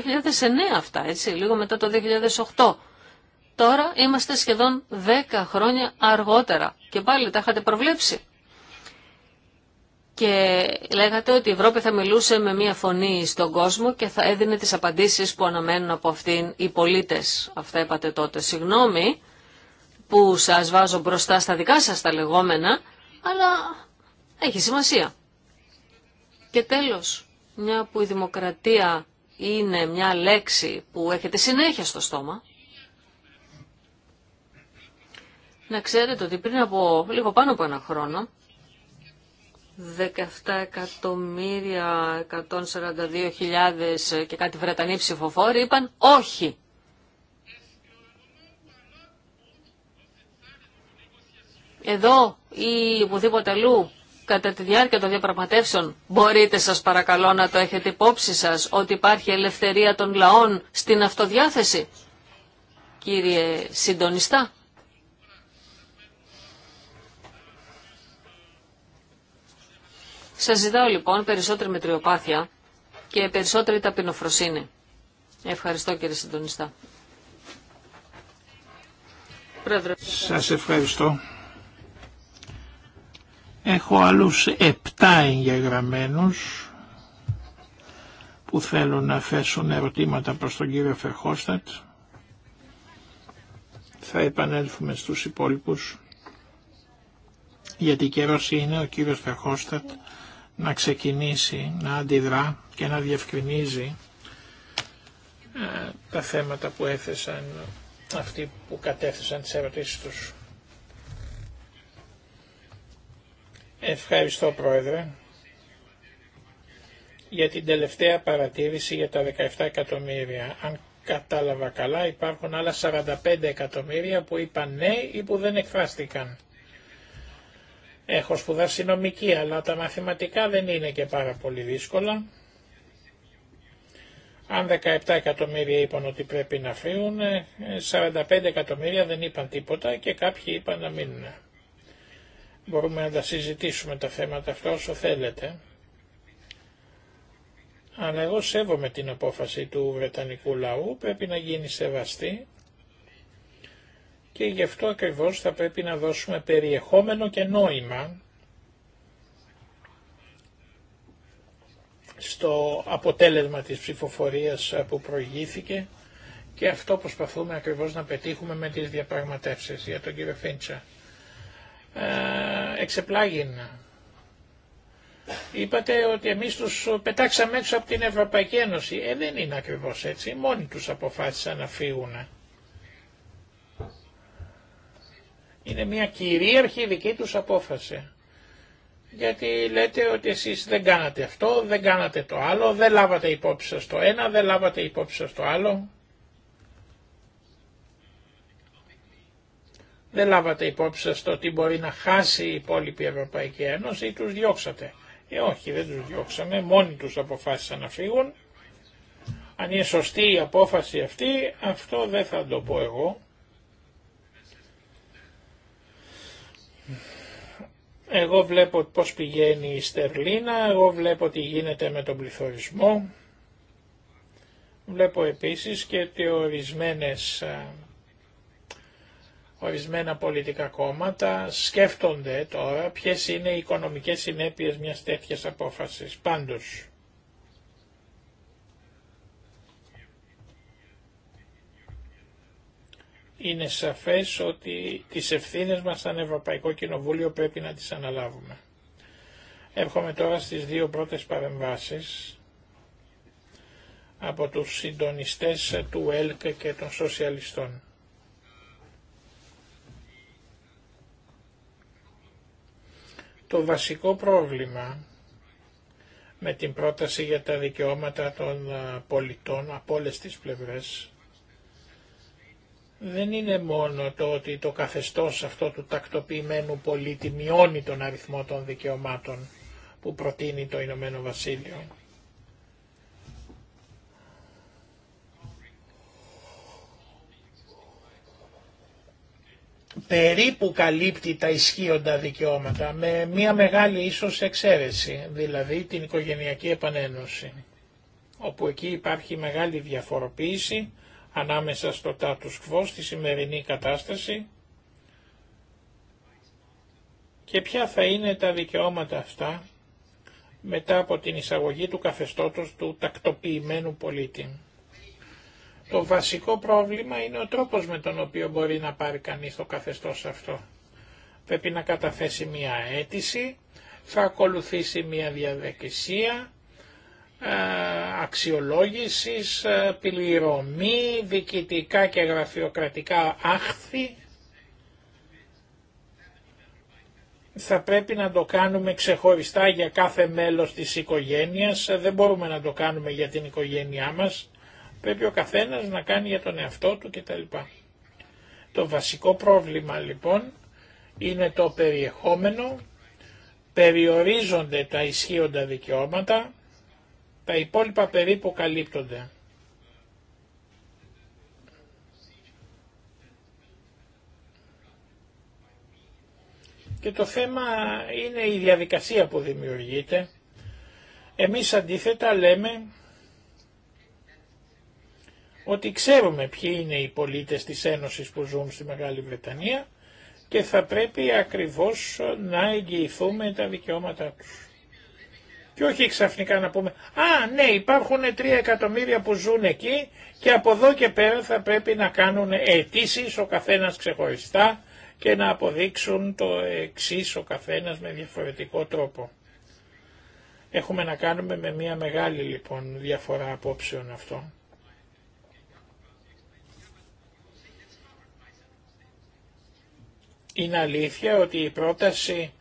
αυτά, έτσι, λίγο μετά το 2008. Τώρα είμαστε σχεδόν 10 χρόνια αργότερα και πάλι τα είχατε προβλέψει και λέγατε ότι η Ευρώπη θα μιλούσε με μία φωνή στον κόσμο και θα έδινε τις απαντήσεις που αναμένουν από αυτήν οι πολίτες. Αυτά είπατε τότε. Συγγνώμη που σας βάζω μπροστά στα δικά σας τα λεγόμενα, αλλά έχει σημασία. Και τέλος, μια που η δημοκρατία είναι μια λέξη που έχετε συνέχεια στο στόμα, να ξέρετε ότι πριν από λίγο πάνω από ένα χρόνο, εκατομμύρια 17.142.000 και κάτι Βρετανοί ψηφοφόροι είπαν όχι. Εδώ ή οπουδήποτε αλλού κατά τη διάρκεια των διαπραγματεύσεων μπορείτε σας παρακαλώ να το έχετε υπόψη σας ότι υπάρχει ελευθερία των λαών στην αυτοδιάθεση. Κύριε συντονιστά. Σα ζητάω λοιπόν περισσότερη μετριοπάθεια και περισσότερη ταπεινοφροσύνη. Ευχαριστώ κύριε συντονιστά. Σας ευχαριστώ. Έχω άλλους επτά εγγεγραμμένους που θέλουν να θέσουν ερωτήματα προς τον κύριο Φερχώστατ. Θα επανέλθουμε στους υπόλοιπους γιατί καιρός είναι ο κύριος Φερχώστατ να ξεκινήσει να αντιδρά και να διευκρινίζει ε, τα θέματα που έθεσαν αυτοί που κατέθεσαν τις ερωτήσεις τους. Ευχαριστώ Πρόεδρε για την τελευταία παρατήρηση για τα 17 εκατομμύρια. Αν κατάλαβα καλά υπάρχουν άλλα 45 εκατομμύρια που είπαν ναι ή που δεν εκφράστηκαν. Έχω σπουδάσει νομική, αλλά τα μαθηματικά δεν είναι και πάρα πολύ δύσκολα. Αν 17 εκατομμύρια είπαν ότι πρέπει να φύγουν, 45 ε, εκατομμύρια δεν είπαν τίποτα και κάποιοι είπαν να μείνουν. Μπορούμε να τα συζητήσουμε τα θέματα αυτά όσο θέλετε. Αλλά εγώ σέβομαι την απόφαση του Βρετανικού λαού, πρέπει να γίνει σεβαστή και γι' αυτό ακριβώς θα πρέπει να δώσουμε περιεχόμενο και νόημα στο αποτέλεσμα της ψηφοφορίας που προηγήθηκε και αυτό προσπαθούμε ακριβώς να πετύχουμε με τις διαπραγματεύσεις για τον κύριο Φίντσα. Ε, Είπατε ότι εμείς τους πετάξαμε έξω από την Ευρωπαϊκή Ένωση. Ε, δεν είναι ακριβώς έτσι. Μόνοι τους αποφάσισαν να φύγουν. είναι μια κυρίαρχη δική τους απόφαση. Γιατί λέτε ότι εσείς δεν κάνατε αυτό, δεν κάνατε το άλλο, δεν λάβατε υπόψη σας το ένα, δεν λάβατε υπόψη σας το άλλο. Δεν λάβατε υπόψη σας το ότι μπορεί να χάσει η υπόλοιπη Ευρωπαϊκή Ένωση ή τους διώξατε. Ε, όχι, δεν τους διώξαμε, μόνοι τους αποφάσισαν να φύγουν. Αν είναι σωστή η απόφαση αυτή, αυτό δεν θα το πω εγώ. Εγώ βλέπω πώς πηγαίνει η στερλίνα, εγώ βλέπω τι γίνεται με τον πληθωρισμό. Βλέπω επίσης και ότι ορισμένες, ορισμένα πολιτικά κόμματα σκέφτονται τώρα ποιες είναι οι οικονομικές συνέπειες μιας τέτοιας απόφασης. Πάντως, είναι σαφές ότι τις ευθύνες μας σαν Ευρωπαϊκό Κοινοβούλιο πρέπει να τις αναλάβουμε. Έρχομαι τώρα στις δύο πρώτες παρεμβάσεις από τους συντονιστές του ΕΛΚ και των σοσιαλιστών. Το βασικό πρόβλημα με την πρόταση για τα δικαιώματα των ε, πολιτών από όλες τις πλευρές δεν είναι μόνο το ότι το καθεστώς αυτό του τακτοποιημένου πολίτη μειώνει τον αριθμό των δικαιωμάτων που προτείνει το Ηνωμένο Βασίλειο. περίπου καλύπτει τα ισχύοντα δικαιώματα με μια μεγάλη ίσως εξαίρεση, δηλαδή την οικογενειακή επανένωση, όπου εκεί υπάρχει μεγάλη διαφοροποίηση ανάμεσα στο τάτους κβο, στη σημερινή κατάσταση και ποια θα είναι τα δικαιώματα αυτά μετά από την εισαγωγή του καθεστώτος του τακτοποιημένου πολίτη. Το βασικό πρόβλημα είναι ο τρόπος με τον οποίο μπορεί να πάρει κανείς το καθεστώς αυτό. Πρέπει να καταθέσει μία αίτηση, θα ακολουθήσει μία διαδικασία, ε, αξιολόγησης, ε, πληρωμή, διοικητικά και γραφειοκρατικά άχθη. Θα πρέπει να το κάνουμε ξεχωριστά για κάθε μέλος της οικογένειας, ε, δεν μπορούμε να το κάνουμε για την οικογένειά μας, πρέπει ο καθένας να κάνει για τον εαυτό του κτλ. Το βασικό πρόβλημα λοιπόν είναι το περιεχόμενο, περιορίζονται τα ισχύοντα δικαιώματα, τα υπόλοιπα περίπου καλύπτονται. Και το θέμα είναι η διαδικασία που δημιουργείται. Εμείς αντίθετα λέμε ότι ξέρουμε ποιοι είναι οι πολίτες της Ένωσης που ζουν στη Μεγάλη Βρετανία και θα πρέπει ακριβώς να εγγυηθούμε τα δικαιώματά τους. Και όχι ξαφνικά να πούμε «Α, ναι, υπάρχουν 3 εκατομμύρια που ζουν εκεί και από εδώ και πέρα θα πρέπει να κάνουν αιτήσει ο καθένας ξεχωριστά και να αποδείξουν το εξή ο καθένας με διαφορετικό τρόπο». Έχουμε να κάνουμε με μια μεγάλη λοιπόν διαφορά απόψεων αυτό. Είναι αλήθεια ότι η πρόταση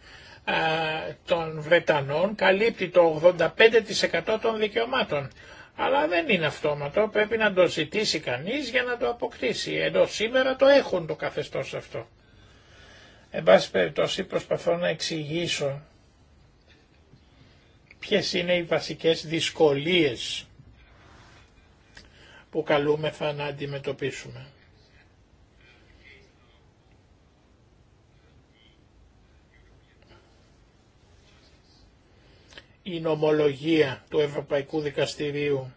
των Βρετανών καλύπτει το 85% των δικαιωμάτων. Αλλά δεν είναι αυτόματο, πρέπει να το ζητήσει κανείς για να το αποκτήσει, Εδώ σήμερα το έχουν το καθεστώς αυτό. Εν πάση περιπτώσει προσπαθώ να εξηγήσω ποιες είναι οι βασικές δυσκολίες που καλούμεθα να αντιμετωπίσουμε. η νομολογία του Ευρωπαϊκού Δικαστηρίου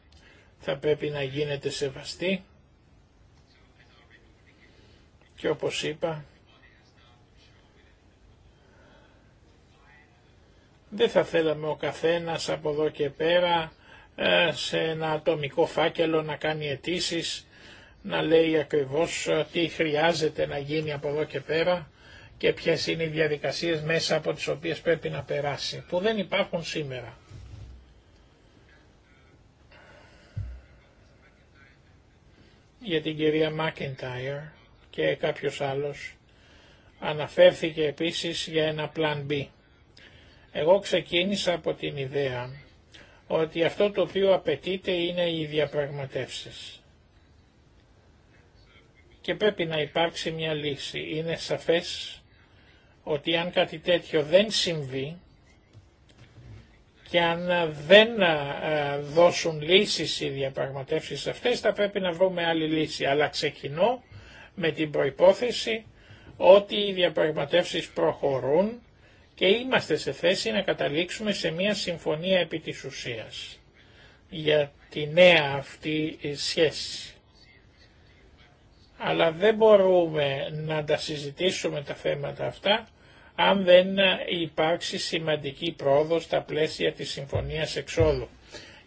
θα πρέπει να γίνεται σεβαστή και όπως είπα δεν θα θέλαμε ο καθένας από εδώ και πέρα ε, σε ένα ατομικό φάκελο να κάνει αιτήσει, να λέει ακριβώς ε, τι χρειάζεται να γίνει από εδώ και πέρα και ποιες είναι οι διαδικασίες μέσα από τις οποίες πρέπει να περάσει, που δεν υπάρχουν σήμερα. Για την κυρία Μάκεντάιρ και κάποιος άλλος αναφέρθηκε επίσης για ένα plan B. Εγώ ξεκίνησα από την ιδέα ότι αυτό το οποίο απαιτείται είναι οι διαπραγματεύσεις και πρέπει να υπάρξει μια λύση. Είναι σαφές ότι αν κάτι τέτοιο δεν συμβεί και αν ε, δεν ε, ε, δώσουν λύσεις οι διαπραγματεύσεις αυτές θα πρέπει να βρούμε άλλη λύση. Αλλά ξεκινώ με την προϋπόθεση ότι οι διαπραγματεύσεις προχωρούν και είμαστε σε θέση να καταλήξουμε σε μια συμφωνία επί της ουσίας για τη νέα αυτή σχέση. Αλλά δεν μπορούμε να τα συζητήσουμε τα θέματα αυτά αν δεν υπάρξει σημαντική πρόοδος στα πλαίσια της Συμφωνίας Εξόδου.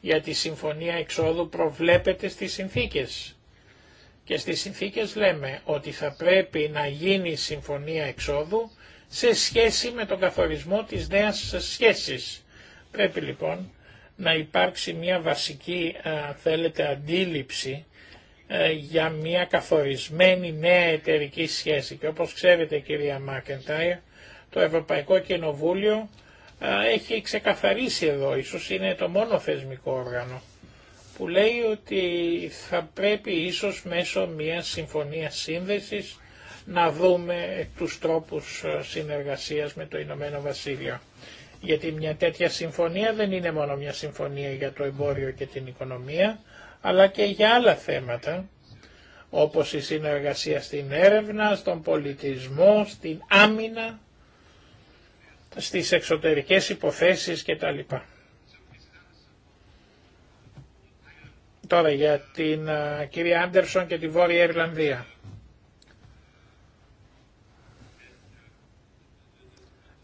Για η Συμφωνία Εξόδου προβλέπεται στις συνθήκες. Και στις συνθήκες λέμε ότι θα πρέπει να γίνει Συμφωνία Εξόδου σε σχέση με τον καθορισμό της νέας σχέσης. Πρέπει λοιπόν να υπάρξει μια βασική, θέλετε, αντίληψη ε, για μια καθορισμένη νέα εταιρική σχέση. Και όπως ξέρετε κυρία Μάκεντάιρ, το Ευρωπαϊκό Κοινοβούλιο έχει ξεκαθαρίσει εδώ, ίσως είναι το μόνο θεσμικό όργανο, που λέει ότι θα πρέπει ίσως μέσω μιας συμφωνίας σύνδεσης να δούμε τους τρόπους συνεργασίας με το Ηνωμένο Βασίλειο. Γιατί μια τέτοια συμφωνία δεν είναι μόνο μια συμφωνία για το εμπόριο και την οικονομία, αλλά και για άλλα θέματα, όπως η συνεργασία στην έρευνα, στον πολιτισμό, στην άμυνα στις εξωτερικές υποθέσεις κτλ. Τώρα για την κυρία Άντερσον και τη Βόρεια Ιρλανδία.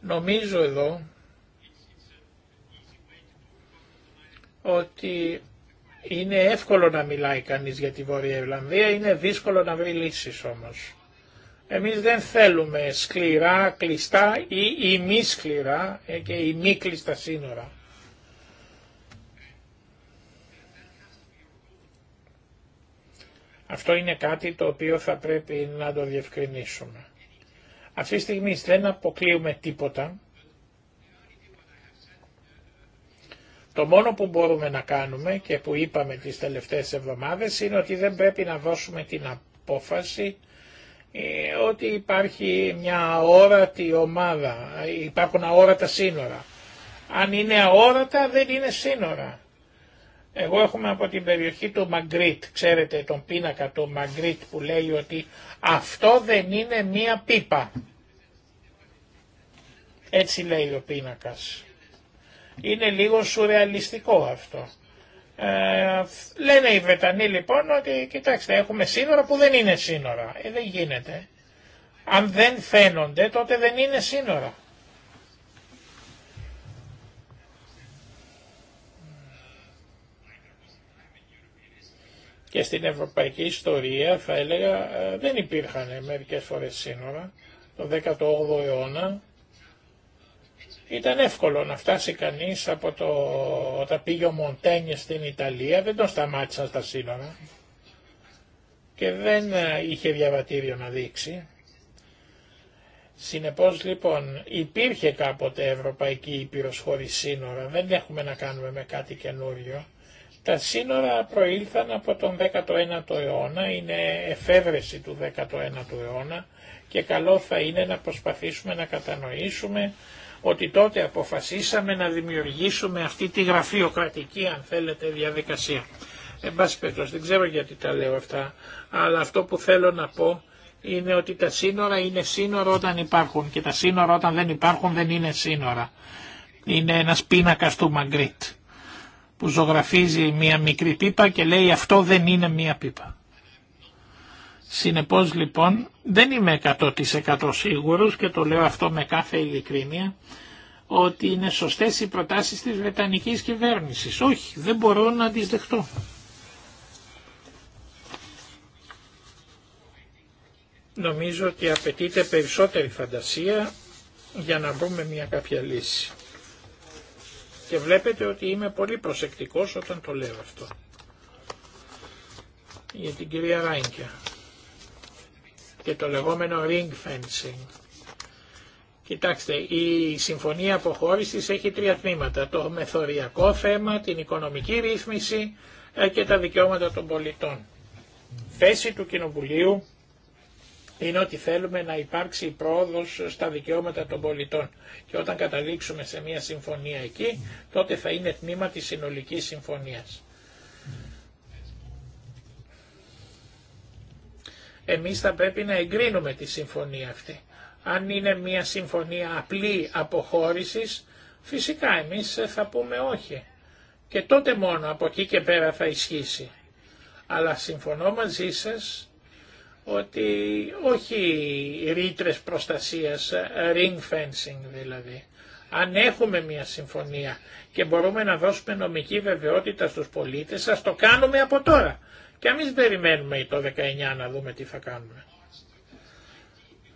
Νομίζω εδώ ότι είναι εύκολο να μιλάει κανείς για τη Βόρεια Ιρλανδία, είναι δύσκολο να βρει λύσεις όμως. Εμείς δεν θέλουμε σκληρά, κλειστά ή ημίσκληρά ε, και κλειστά σύνορα. Αυτό είναι κάτι το οποίο θα πρέπει να το διευκρινίσουμε. Αυτή τη στιγμή δεν αποκλείουμε τίποτα. Το μόνο που μπορούμε να κάνουμε και που είπαμε τις τελευταίες εβδομάδες είναι ότι δεν πρέπει να δώσουμε την απόφαση ε, ότι υπάρχει μια αόρατη ομάδα, υπάρχουν αόρατα σύνορα. Αν είναι αόρατα δεν είναι σύνορα. Εγώ έχουμε από την περιοχή του Μαγκρίτ, ξέρετε τον πίνακα του Μαγκρίτ που λέει ότι αυτό δεν είναι μία πίπα. Έτσι λέει ο πίνακας. Είναι λίγο σουρεαλιστικό αυτό. Ε, λένε οι Βρετανοί λοιπόν ότι κοιτάξτε έχουμε σύνορα που δεν είναι σύνορα. Ε, δεν γίνεται. Αν δεν φαίνονται τότε δεν είναι σύνορα. Και στην ευρωπαϊκή ιστορία θα έλεγα ε, δεν υπήρχαν μερικές φορές σύνορα. Το 18ο αιώνα ήταν εύκολο να φτάσει κανείς από το... όταν πήγε ο Μοντένιε στην Ιταλία, δεν τον σταμάτησαν στα σύνορα και δεν ε, είχε διαβατήριο να δείξει. Συνεπώς λοιπόν υπήρχε κάποτε Ευρωπαϊκή Ήπειρος χωρίς σύνορα, δεν έχουμε να κάνουμε με κάτι καινούριο. Τα σύνορα προήλθαν από τον 19ο αιώνα, είναι εφεύρεση του 19ου αιώνα και καλό θα είναι να προσπαθήσουμε να κατανοήσουμε ότι τότε αποφασίσαμε να δημιουργήσουμε αυτή τη γραφειοκρατική αν θέλετε διαδικασία. Εν πάση δεν ξέρω γιατί τα λέω αυτά, αλλά αυτό που θέλω να πω είναι ότι τα σύνορα είναι σύνορα όταν υπάρχουν και τα σύνορα όταν δεν υπάρχουν δεν είναι σύνορα. Είναι ένας πίνακας του Μαγκρίτ που ζωγραφίζει μια μικρή πίπα και λέει αυτό δεν είναι μια πίπα. Συνεπώς λοιπόν δεν είμαι 100% σίγουρος και το λέω αυτό με κάθε ειλικρίνεια ότι είναι σωστές οι προτάσεις της Βρετανικής κυβέρνησης. Όχι, δεν μπορώ να τις δεχτώ. Νομίζω ότι απαιτείται περισσότερη φαντασία για να βρούμε μια κάποια λύση. Και βλέπετε ότι είμαι πολύ προσεκτικός όταν το λέω αυτό. Για την κυρία Ράινκια και το λεγόμενο ring fencing. Κοιτάξτε, η συμφωνία αποχώρησης έχει τρία τμήματα. Το μεθοριακό θέμα, την οικονομική ρύθμιση ε, και τα δικαιώματα των πολιτών. Θέση του Κοινοβουλίου είναι ότι θέλουμε να υπάρξει πρόοδος στα δικαιώματα των πολιτών. Και όταν καταλήξουμε σε μια συμφωνία εκεί, τότε θα είναι τμήμα της συνολικής συμφωνίας. εμείς θα πρέπει να εγκρίνουμε τη συμφωνία αυτή. Αν είναι μια συμφωνία απλή αποχώρησης, φυσικά εμείς θα πούμε όχι. Και τότε μόνο από εκεί και πέρα θα ισχύσει. Αλλά συμφωνώ μαζί σας ότι όχι ρήτρε προστασίας, ring fencing δηλαδή. Αν έχουμε μια συμφωνία και μπορούμε να δώσουμε νομική βεβαιότητα στους πολίτες, ας το κάνουμε από τώρα. Και εμείς περιμένουμε το 19 να δούμε τι θα κάνουμε.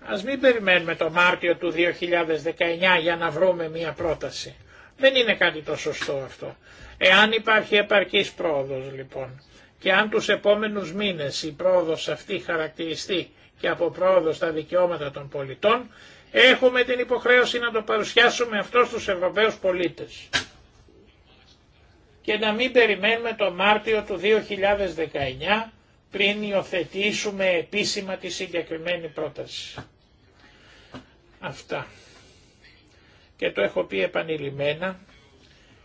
Ας μην περιμένουμε το Μάρτιο του 2019 για να βρούμε μία πρόταση. Δεν είναι κάτι το σωστό αυτό. Εάν υπάρχει επαρκής πρόοδος λοιπόν και αν τους επόμενους μήνες η πρόοδος αυτή χαρακτηριστεί και από πρόοδο στα δικαιώματα των πολιτών, έχουμε την υποχρέωση να το παρουσιάσουμε αυτό στους Ευρωπαίους πολίτες και να μην περιμένουμε το Μάρτιο του 2019 πριν υιοθετήσουμε επίσημα τη συγκεκριμένη πρόταση. Αυτά. Και το έχω πει επανειλημμένα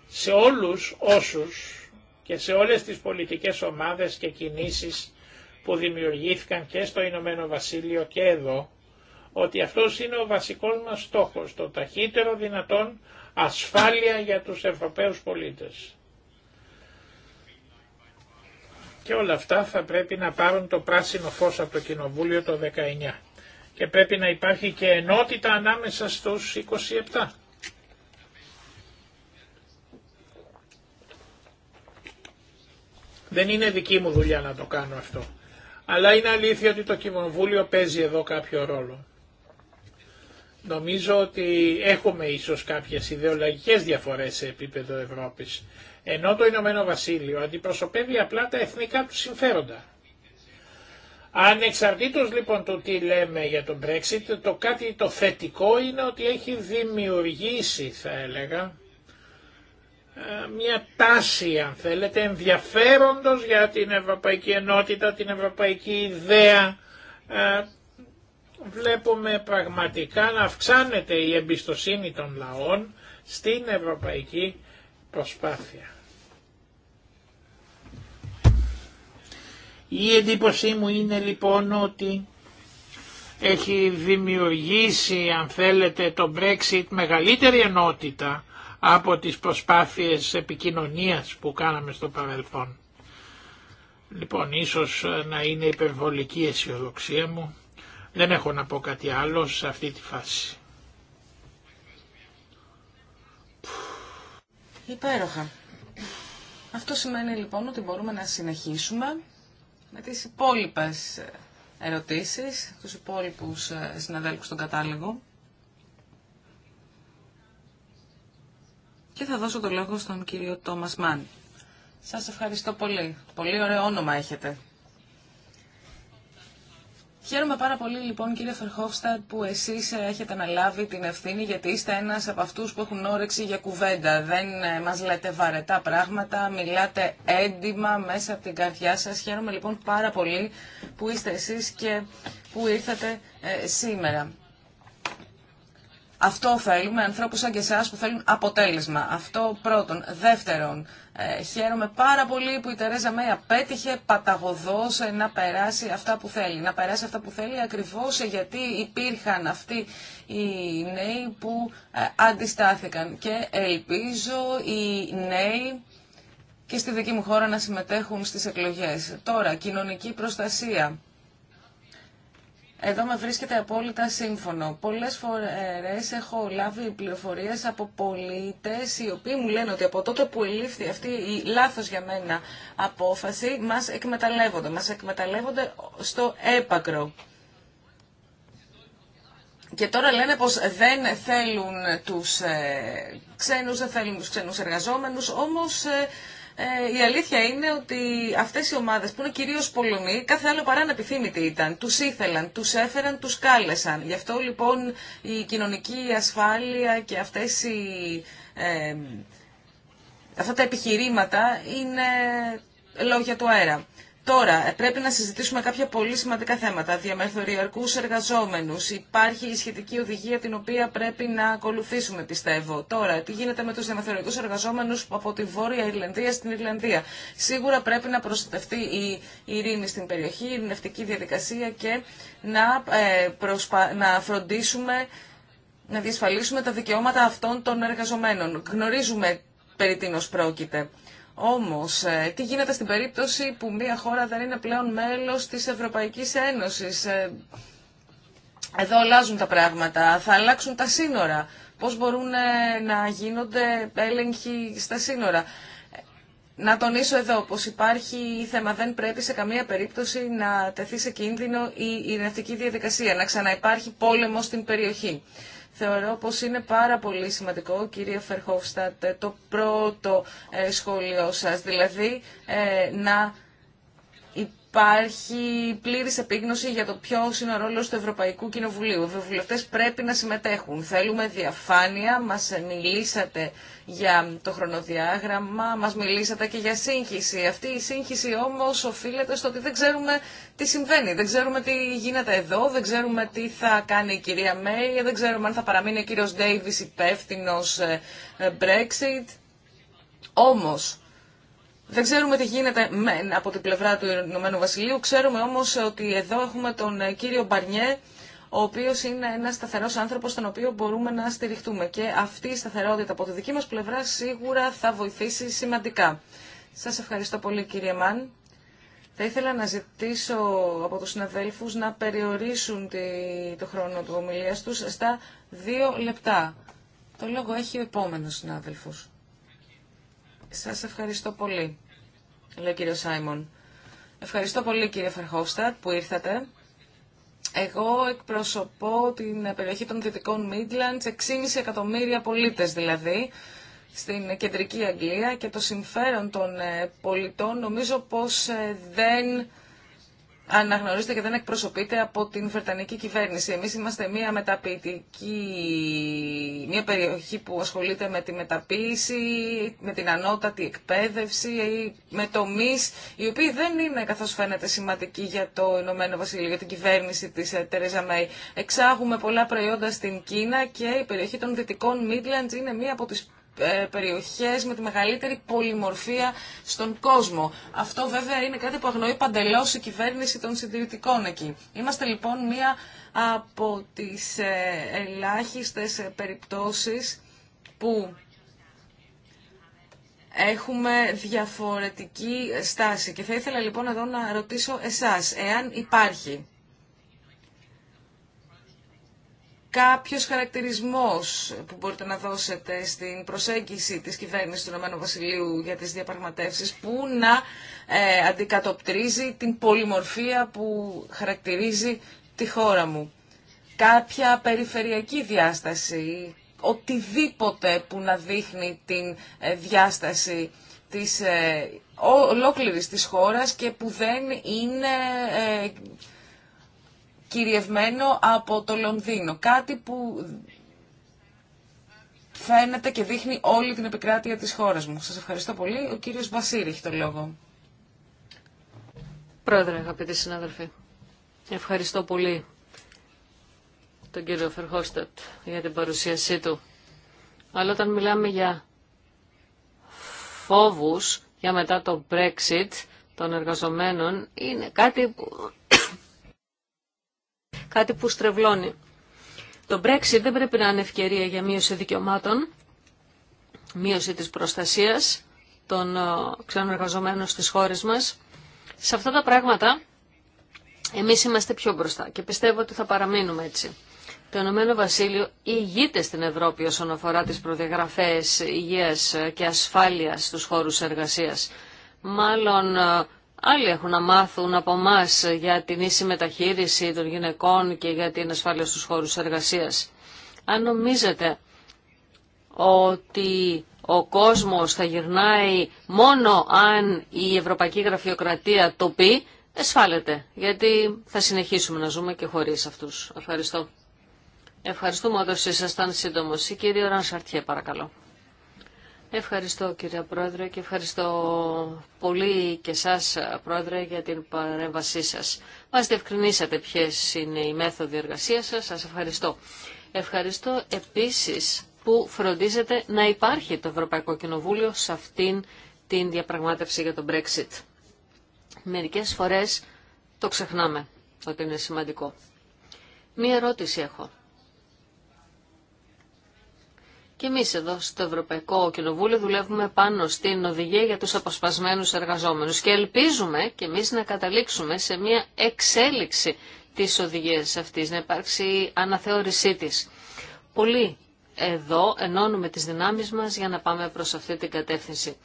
σε όλους όσους και σε όλες τις πολιτικές ομάδες και κινήσεις που δημιουργήθηκαν και στο Ηνωμένο Βασίλειο και εδώ, ότι αυτός είναι ο βασικός μας στόχος, το ταχύτερο δυνατόν ασφάλεια για τους Ευρωπαίους πολίτες. Και όλα αυτά θα πρέπει να πάρουν το πράσινο φως από το Κοινοβούλιο το 19. Και πρέπει να υπάρχει και ενότητα ανάμεσα στους 27. Δεν είναι δική μου δουλειά να το κάνω αυτό. Αλλά είναι αλήθεια ότι το Κοινοβούλιο παίζει εδώ κάποιο ρόλο. Νομίζω ότι έχουμε ίσως κάποιες ιδεολογικές διαφορές σε επίπεδο Ευρώπης. Ενώ το Ηνωμένο Βασίλειο αντιπροσωπεύει απλά τα εθνικά του συμφέροντα. Ανεξαρτήτως λοιπόν του τι λέμε για τον Brexit, το κάτι το θετικό είναι ότι έχει δημιουργήσει θα έλεγα ε, μια τάση αν θέλετε ενδιαφέροντος για την Ευρωπαϊκή Ενότητα, την Ευρωπαϊκή Ιδέα. Ε, βλέπουμε πραγματικά να αυξάνεται η εμπιστοσύνη των λαών στην ευρωπαϊκή προσπάθεια. Η εντύπωσή μου είναι λοιπόν ότι έχει δημιουργήσει αν θέλετε το Brexit μεγαλύτερη ενότητα από τις προσπάθειες επικοινωνίας που κάναμε στο παρελθόν. Λοιπόν, ίσως να είναι υπερβολική αισιοδοξία μου. Δεν έχω να πω κάτι άλλο σε αυτή τη φάση. Υπέροχα. Αυτό σημαίνει λοιπόν ότι μπορούμε να συνεχίσουμε με τις υπόλοιπες ε, ερωτήσεις, τους υπόλοιπους ε, συναδέλφους στον κατάλογο. Και θα δώσω το λόγο στον κύριο Τόμας Μάν. Σας ευχαριστώ πολύ. Πολύ ωραίο όνομα έχετε. Χαίρομαι πάρα πολύ λοιπόν κύριε Φερχόφστατ που εσείς έχετε αναλάβει την ευθύνη γιατί είστε ένας από αυτούς που έχουν όρεξη για κουβέντα. Δεν ε, μας λέτε βαρετά πράγματα, μιλάτε έντιμα μέσα από την καρδιά σας. Χαίρομαι λοιπόν πάρα πολύ που είστε εσείς και που ήρθατε ε, σήμερα. Αυτό θέλουμε, ανθρώπους σαν και εσάς που θέλουν αποτέλεσμα. Αυτό πρώτον. Δεύτερον, ε, χαίρομαι πάρα πολύ που η Τερέζα Μέη απέτυχε παταγωδώς ε, να περάσει αυτά που θέλει. Να περάσει αυτά που θέλει ακριβώς γιατί υπήρχαν αυτοί οι νέοι που ε, αντιστάθηκαν. Και ελπίζω οι νέοι και στη δική μου χώρα να συμμετέχουν στις εκλογές. Τώρα, κοινωνική προστασία. Εδώ με βρίσκεται απόλυτα σύμφωνο. Πολλές φορές έχω λάβει πληροφορίες από πολίτες οι οποίοι μου λένε ότι από τότε που ελήφθη αυτή η λάθος για μένα απόφαση μας εκμεταλλεύονται. Μας εκμεταλλεύονται στο έπακρο. Και τώρα λένε πως δεν θέλουν τους ε, ξένους, δεν θέλουν τους ξένους εργαζόμενους, όμως ε, ε, η αλήθεια είναι ότι αυτές οι ομάδες που είναι κυρίω Πολωνοί, κάθε άλλο παρά ανεπιθύμητοι ήταν. Τους ήθελαν, του έφεραν, τους κάλεσαν. Γι' αυτό λοιπόν η κοινωνική ασφάλεια και αυτές οι, ε, αυτά τα επιχειρήματα είναι λόγια του αέρα. Τώρα, πρέπει να συζητήσουμε κάποια πολύ σημαντικά θέματα. Διαμεθοριακούς εργαζόμενου. Υπάρχει η σχετική οδηγία την οποία πρέπει να ακολουθήσουμε, πιστεύω. Τώρα, τι γίνεται με του διαμεθοριακούς εργαζόμενου από τη Βόρεια Ιρλανδία στην Ιρλανδία. Σίγουρα πρέπει να προστατευτεί η ειρήνη στην περιοχή, η ειρηνευτική διαδικασία και να, ε, να φροντίσουμε να διασφαλίσουμε τα δικαιώματα αυτών των εργαζομένων. Γνωρίζουμε περί τίνος πρόκειται. Όμω, ε, τι γίνεται στην περίπτωση που μια χώρα δεν είναι πλέον μέλος της Ευρωπαϊκής Ένωσης. Ε, εδώ αλλάζουν τα πράγματα, θα αλλάξουν τα σύνορα. Πώς μπορούν ε, να γίνονται έλεγχοι στα σύνορα. Να τονίσω εδώ πως υπάρχει θέμα, δεν πρέπει σε καμία περίπτωση να τεθεί σε κίνδυνο η ειρηνευτική διαδικασία, να ξαναυπάρχει πόλεμο στην περιοχή. Θεωρώ πως είναι πάρα πολύ σημαντικό, κύριε Φερχόφστατ, το πρώτο ε, σχόλιο σας, δηλαδή ε, να υπάρχει πλήρη επίγνωση για το ποιο είναι ο ρόλος του Ευρωπαϊκού Κοινοβουλίου. Οι βουλευτές πρέπει να συμμετέχουν. Θέλουμε διαφάνεια. Μας μιλήσατε για το χρονοδιάγραμμα, μας μιλήσατε και για σύγχυση. Αυτή η σύγχυση όμως οφείλεται στο ότι δεν ξέρουμε τι συμβαίνει. Δεν ξέρουμε τι γίνεται εδώ, δεν ξέρουμε τι θα κάνει η κυρία Μέη, δεν ξέρουμε αν θα παραμείνει ο κύριο Ντέιβι υπεύθυνο ε, ε, Brexit. Όμως, δεν ξέρουμε τι γίνεται από την πλευρά του Ηνωμένου Βασιλείου, ξέρουμε όμω ότι εδώ έχουμε τον ε, κύριο Μπαρνιέ, ο οποίο είναι ένα σταθερό άνθρωπο τον οποίο μπορούμε να στηριχτούμε και αυτή η σταθερότητα από τη δική μα πλευρά σίγουρα θα βοηθήσει σημαντικά. Σα ευχαριστώ πολύ κύριε Μαν. Θα ήθελα να ζητήσω από τους συναδέλφους να περιορίσουν το χρόνο του ομιλίας τους στα δύο λεπτά. Το λόγο έχει ο επόμενος συνάδελφος. Σας ευχαριστώ πολύ λέει ο κύριος Σάιμον. Ευχαριστώ πολύ κύριε Φερχόφστατ που ήρθατε. Εγώ εκπροσωπώ την περιοχή των Δυτικών Μίτλαντς, 6,5 εκατομμύρια πολίτες δηλαδή, στην κεντρική Αγγλία και το συμφέρον των ε, πολιτών νομίζω πως ε, δεν αναγνωρίζετε και δεν εκπροσωπείτε από την Βρετανική κυβέρνηση. Εμείς είμαστε μια μεταποιητική, μια περιοχή που ασχολείται με τη μεταποίηση, με την ανώτατη εκπαίδευση, με τομεί οι οποίοι δεν είναι καθώς φαίνεται σημαντικοί για το Ηνωμένο Βασίλειο, για την κυβέρνηση της ε, Τερέζα Μέη. Εξάγουμε πολλά προϊόντα στην Κίνα και η περιοχή των Δυτικών Midlands είναι μια από τις ε, περιοχές με τη μεγαλύτερη πολυμορφία στον κόσμο. Αυτό βέβαια είναι κάτι που αγνοεί παντελώς η κυβέρνηση των συντηρητικών εκεί. Είμαστε λοιπόν μία από τις ε, ελάχιστες ε, περιπτώσεις που έχουμε διαφορετική στάση. Και θα ήθελα λοιπόν εδώ να ρωτήσω εσάς, εάν υπάρχει κάποιος χαρακτηρισμός που μπορείτε να δώσετε στην προσέγγιση της κυβέρνησης του Ηνωμένου Βασιλείου για τις διαπραγματεύσεις που να ε, αντικατοπτρίζει την πολυμορφία που χαρακτηρίζει τη χώρα μου. Κάποια περιφερειακή διάσταση, οτιδήποτε που να δείχνει την ε, διάσταση της ε, ολόκληρης της χώρας και που δεν είναι ε, κυριευμένο από το Λονδίνο. Κάτι που φαίνεται και δείχνει όλη την επικράτεια της χώρας μου. Σας ευχαριστώ πολύ. Ο κύριος Βασίρη έχει το λόγο. Πρόεδρε, αγαπητοί συνάδελφοι, ευχαριστώ πολύ τον κύριο Φερχόστατ για την παρουσίασή του. Αλλά όταν μιλάμε για φόβους για μετά το Brexit των εργαζομένων, είναι κάτι που κάτι που στρεβλώνει. Το Brexit δεν πρέπει να είναι ευκαιρία για μείωση δικαιωμάτων, μείωση της προστασίας των ε, ξένων εργαζομένων στις χώρες μας. Σε αυτά τα πράγματα εμείς είμαστε πιο μπροστά και πιστεύω ότι θα παραμείνουμε έτσι. Το Ηνωμένο Βασίλειο ηγείται στην Ευρώπη όσον αφορά τις προδιαγραφές υγείας και ασφάλειας στους χώρους εργασίας. Μάλλον ε, Άλλοι έχουν να μάθουν από εμά για την ίση μεταχείριση των γυναικών και για την ασφάλεια στους χώρους εργασίας. Αν νομίζετε ότι ο κόσμος θα γυρνάει μόνο αν η Ευρωπαϊκή Γραφειοκρατία το πει, εσφάλετε, γιατί θα συνεχίσουμε να ζούμε και χωρίς αυτούς. Ευχαριστώ. Ευχαριστούμε όταν ήσασταν σύντομος. Η κυρία Ρανσαρτιέ, παρακαλώ. Ευχαριστώ κύριε Πρόεδρε και ευχαριστώ πολύ και σας Πρόεδρε για την παρέμβασή σας. Μας διευκρινίσατε ποιες είναι οι μέθοδοι εργασίας σας. Σας ευχαριστώ. Ευχαριστώ επίσης που φροντίζετε να υπάρχει το Ευρωπαϊκό Κοινοβούλιο σε αυτήν την διαπραγμάτευση για τον Brexit. Μερικές φορές το ξεχνάμε ότι είναι σημαντικό. Μία ερώτηση έχω. Και εμεί εδώ στο Ευρωπαϊκό Κοινοβούλιο δουλεύουμε πάνω στην οδηγία για τους αποσπασμένους εργαζόμενους και ελπίζουμε και εμεί να καταλήξουμε σε μια εξέλιξη τη οδηγίας αυτή, να υπάρξει αναθεώρησή τη. Πολύ εδώ ενώνουμε τις δυνάμεις μας για να πάμε προς αυτή την κατεύθυνση.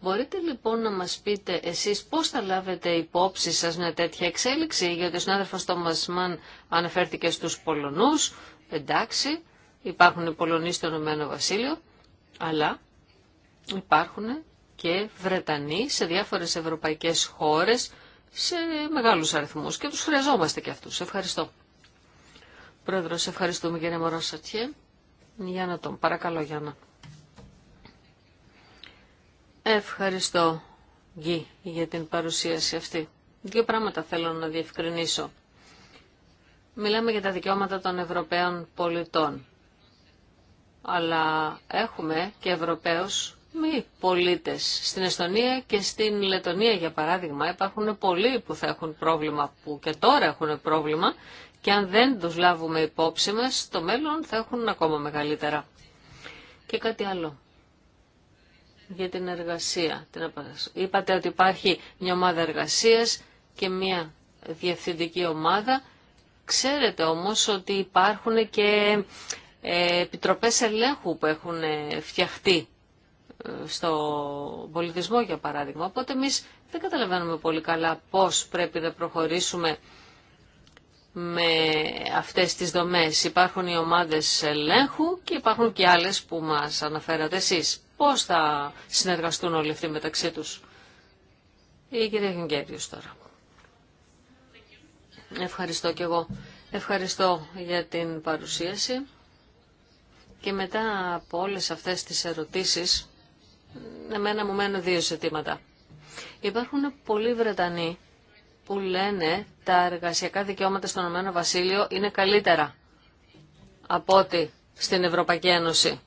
Μπορείτε λοιπόν να μας πείτε εσείς πώς θα λάβετε υπόψη σας μια τέτοια εξέλιξη, γιατί ο συνάδελφος Τόμας Μαν αναφέρθηκε στους Πολωνούς, εντάξει, Υπάρχουν οι Πολωνοί στο Ηνωμένο Βασίλειο, αλλά υπάρχουν και Βρετανοί σε διάφορες ευρωπαϊκές χώρες σε μεγάλους αριθμούς και τους χρειαζόμαστε και αυτούς. Ευχαριστώ. Πρόεδρος, ευχαριστούμε κύριε Μωρό Σατιέ. Γιάννα τον, παρακαλώ Γιάννα. Ευχαριστώ Γκί για την παρουσίαση αυτή. Δύο πράγματα θέλω να διευκρινίσω. Μιλάμε για τα δικαιώματα των Ευρωπαίων πολιτών αλλά έχουμε και Ευρωπαίους μη πολίτες. Στην Εστονία και στην Λετωνία, για παράδειγμα, υπάρχουν πολλοί που θα έχουν πρόβλημα, που και τώρα έχουν πρόβλημα, και αν δεν τους λάβουμε υπόψη μας, στο μέλλον θα έχουν ακόμα μεγαλύτερα. Και κάτι άλλο για την εργασία. Είπατε ότι υπάρχει μια ομάδα εργασίας και μια διευθυντική ομάδα. Ξέρετε όμως ότι υπάρχουν και επιτροπές ελέγχου που έχουν ε, φτιαχτεί ε, στο πολιτισμό για παράδειγμα. Οπότε εμεί δεν καταλαβαίνουμε πολύ καλά πώς πρέπει να προχωρήσουμε με αυτές τις δομές. Υπάρχουν οι ομάδες ελέγχου και υπάρχουν και άλλες που μας αναφέρατε εσείς. Πώς θα συνεργαστούν όλοι αυτοί μεταξύ τους. Η κυρία Γιουγκέριος τώρα. Ευχαριστώ και εγώ. Ευχαριστώ για την παρουσίαση. Και μετά από όλες αυτές τις ερωτήσεις, εμένα μου μένουν δύο ζητήματα. Υπάρχουν πολλοί Βρετανοί που λένε τα εργασιακά δικαιώματα στον Ηνωμένο Βασίλειο είναι καλύτερα από ό,τι στην Ευρωπαϊκή Ένωση.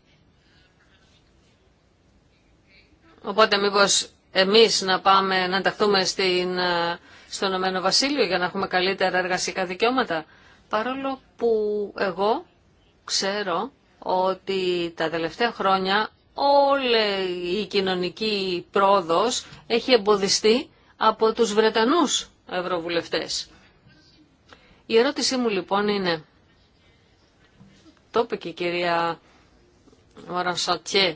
Οπότε μήπως εμείς να πάμε να ενταχθούμε στην, ε, στον Ηνωμένο Βασίλειο για να έχουμε καλύτερα εργασιακά δικαιώματα. Παρόλο που εγώ ξέρω ότι τα τελευταία χρόνια όλη η κοινωνική πρόοδος έχει εμποδιστεί από τους Βρετανούς ευρωβουλευτές. Η ερώτησή μου λοιπόν είναι, το είπε και η κυρία Μαρανσατιέ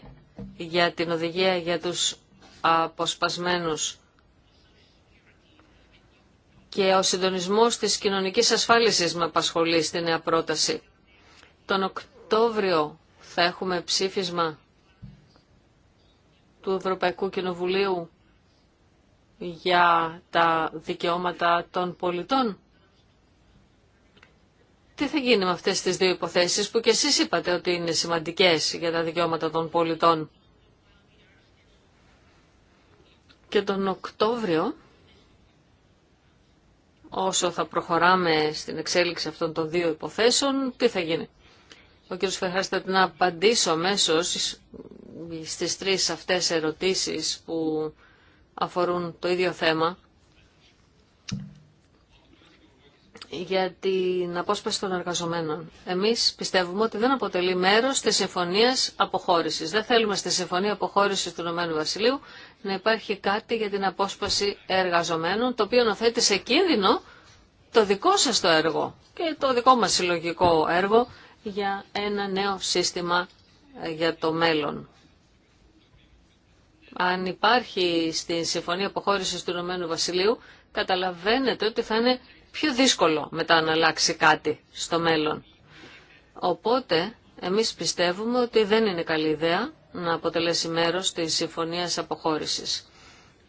για την οδηγία για τους αποσπασμένους και ο συντονισμός της κοινωνικής ασφάλισης με απασχολεί στη νέα πρόταση. Τον Οκτώβριο θα έχουμε ψήφισμα του Ευρωπαϊκού Κοινοβουλίου για τα δικαιώματα των πολιτών. Τι θα γίνει με αυτές τις δύο υποθέσεις που και εσείς είπατε ότι είναι σημαντικές για τα δικαιώματα των πολιτών. Και τον Οκτώβριο, όσο θα προχωράμε στην εξέλιξη αυτών των δύο υποθέσεων, τι θα γίνει ο κύριος Φεχάστατ να απαντήσω αμέσω στις τρεις αυτές ερωτήσεις που αφορούν το ίδιο θέμα για την απόσπαση των εργαζομένων. Εμείς πιστεύουμε ότι δεν αποτελεί μέρος της συμφωνίας αποχώρησης. Δεν θέλουμε στη συμφωνία αποχώρησης του Ηνωμένου Βασιλείου να υπάρχει κάτι για την απόσπαση εργαζομένων, το οποίο να θέτει σε κίνδυνο το δικό σας το έργο και το δικό μας συλλογικό έργο για ένα νέο σύστημα ε, για το μέλλον. Αν υπάρχει στη Συμφωνία Αποχώρησης του Ηνωμένου Βασιλείου, καταλαβαίνετε ότι θα είναι πιο δύσκολο μετά να αλλάξει κάτι στο μέλλον. Οπότε, εμείς πιστεύουμε ότι δεν είναι καλή ιδέα να αποτελέσει μέρος της Συμφωνίας Αποχώρησης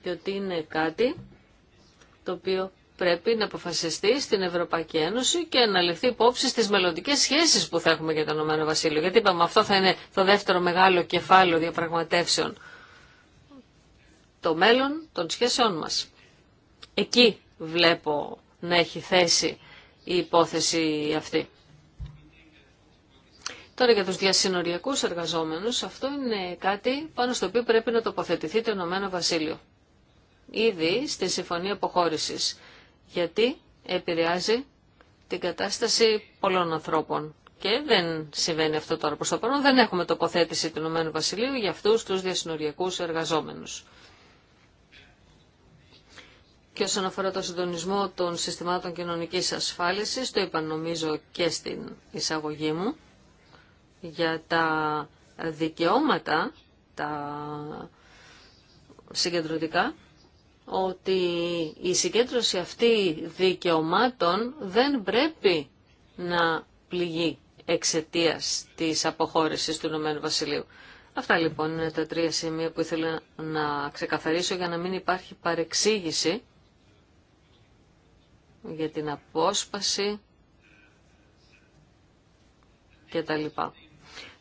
και ότι είναι κάτι το οποίο πρέπει να αποφασιστεί στην Ευρωπαϊκή Ένωση και να ληφθεί υπόψη στις μελλοντικές σχέσεις που θα έχουμε για το Ηνωμένο Βασίλειο. Γιατί είπαμε αυτό θα είναι το δεύτερο μεγάλο κεφάλαιο διαπραγματεύσεων. Το μέλλον των σχέσεών μας. Εκεί βλέπω να έχει θέση η υπόθεση αυτή. Τώρα για τους διασυνοριακούς εργαζόμενους, αυτό είναι κάτι πάνω στο οποίο πρέπει να τοποθετηθεί το Ηνωμένο Βασίλειο. Ήδη στη Συμφωνία Αποχώρησης γιατί επηρεάζει την κατάσταση πολλών ανθρώπων. Και δεν συμβαίνει αυτό τώρα προς το παρόν. Δεν έχουμε τοποθέτηση του Ηνωμένου Βασιλείου για αυτούς τους διασυνοριακούς εργαζόμενους. Και όσον αφορά το συντονισμό των συστημάτων κοινωνικής ασφάλισης, το είπα νομίζω και στην εισαγωγή μου, για τα δικαιώματα, τα συγκεντρωτικά, ότι η συγκέντρωση αυτή δικαιωμάτων δεν πρέπει να πληγεί εξαιτία της αποχώρηση του Ηνωμένου Βασιλείου. Αυτά λοιπόν είναι τα τρία σημεία που ήθελα να ξεκαθαρίσω για να μην υπάρχει παρεξήγηση για την απόσπαση και τα λοιπά.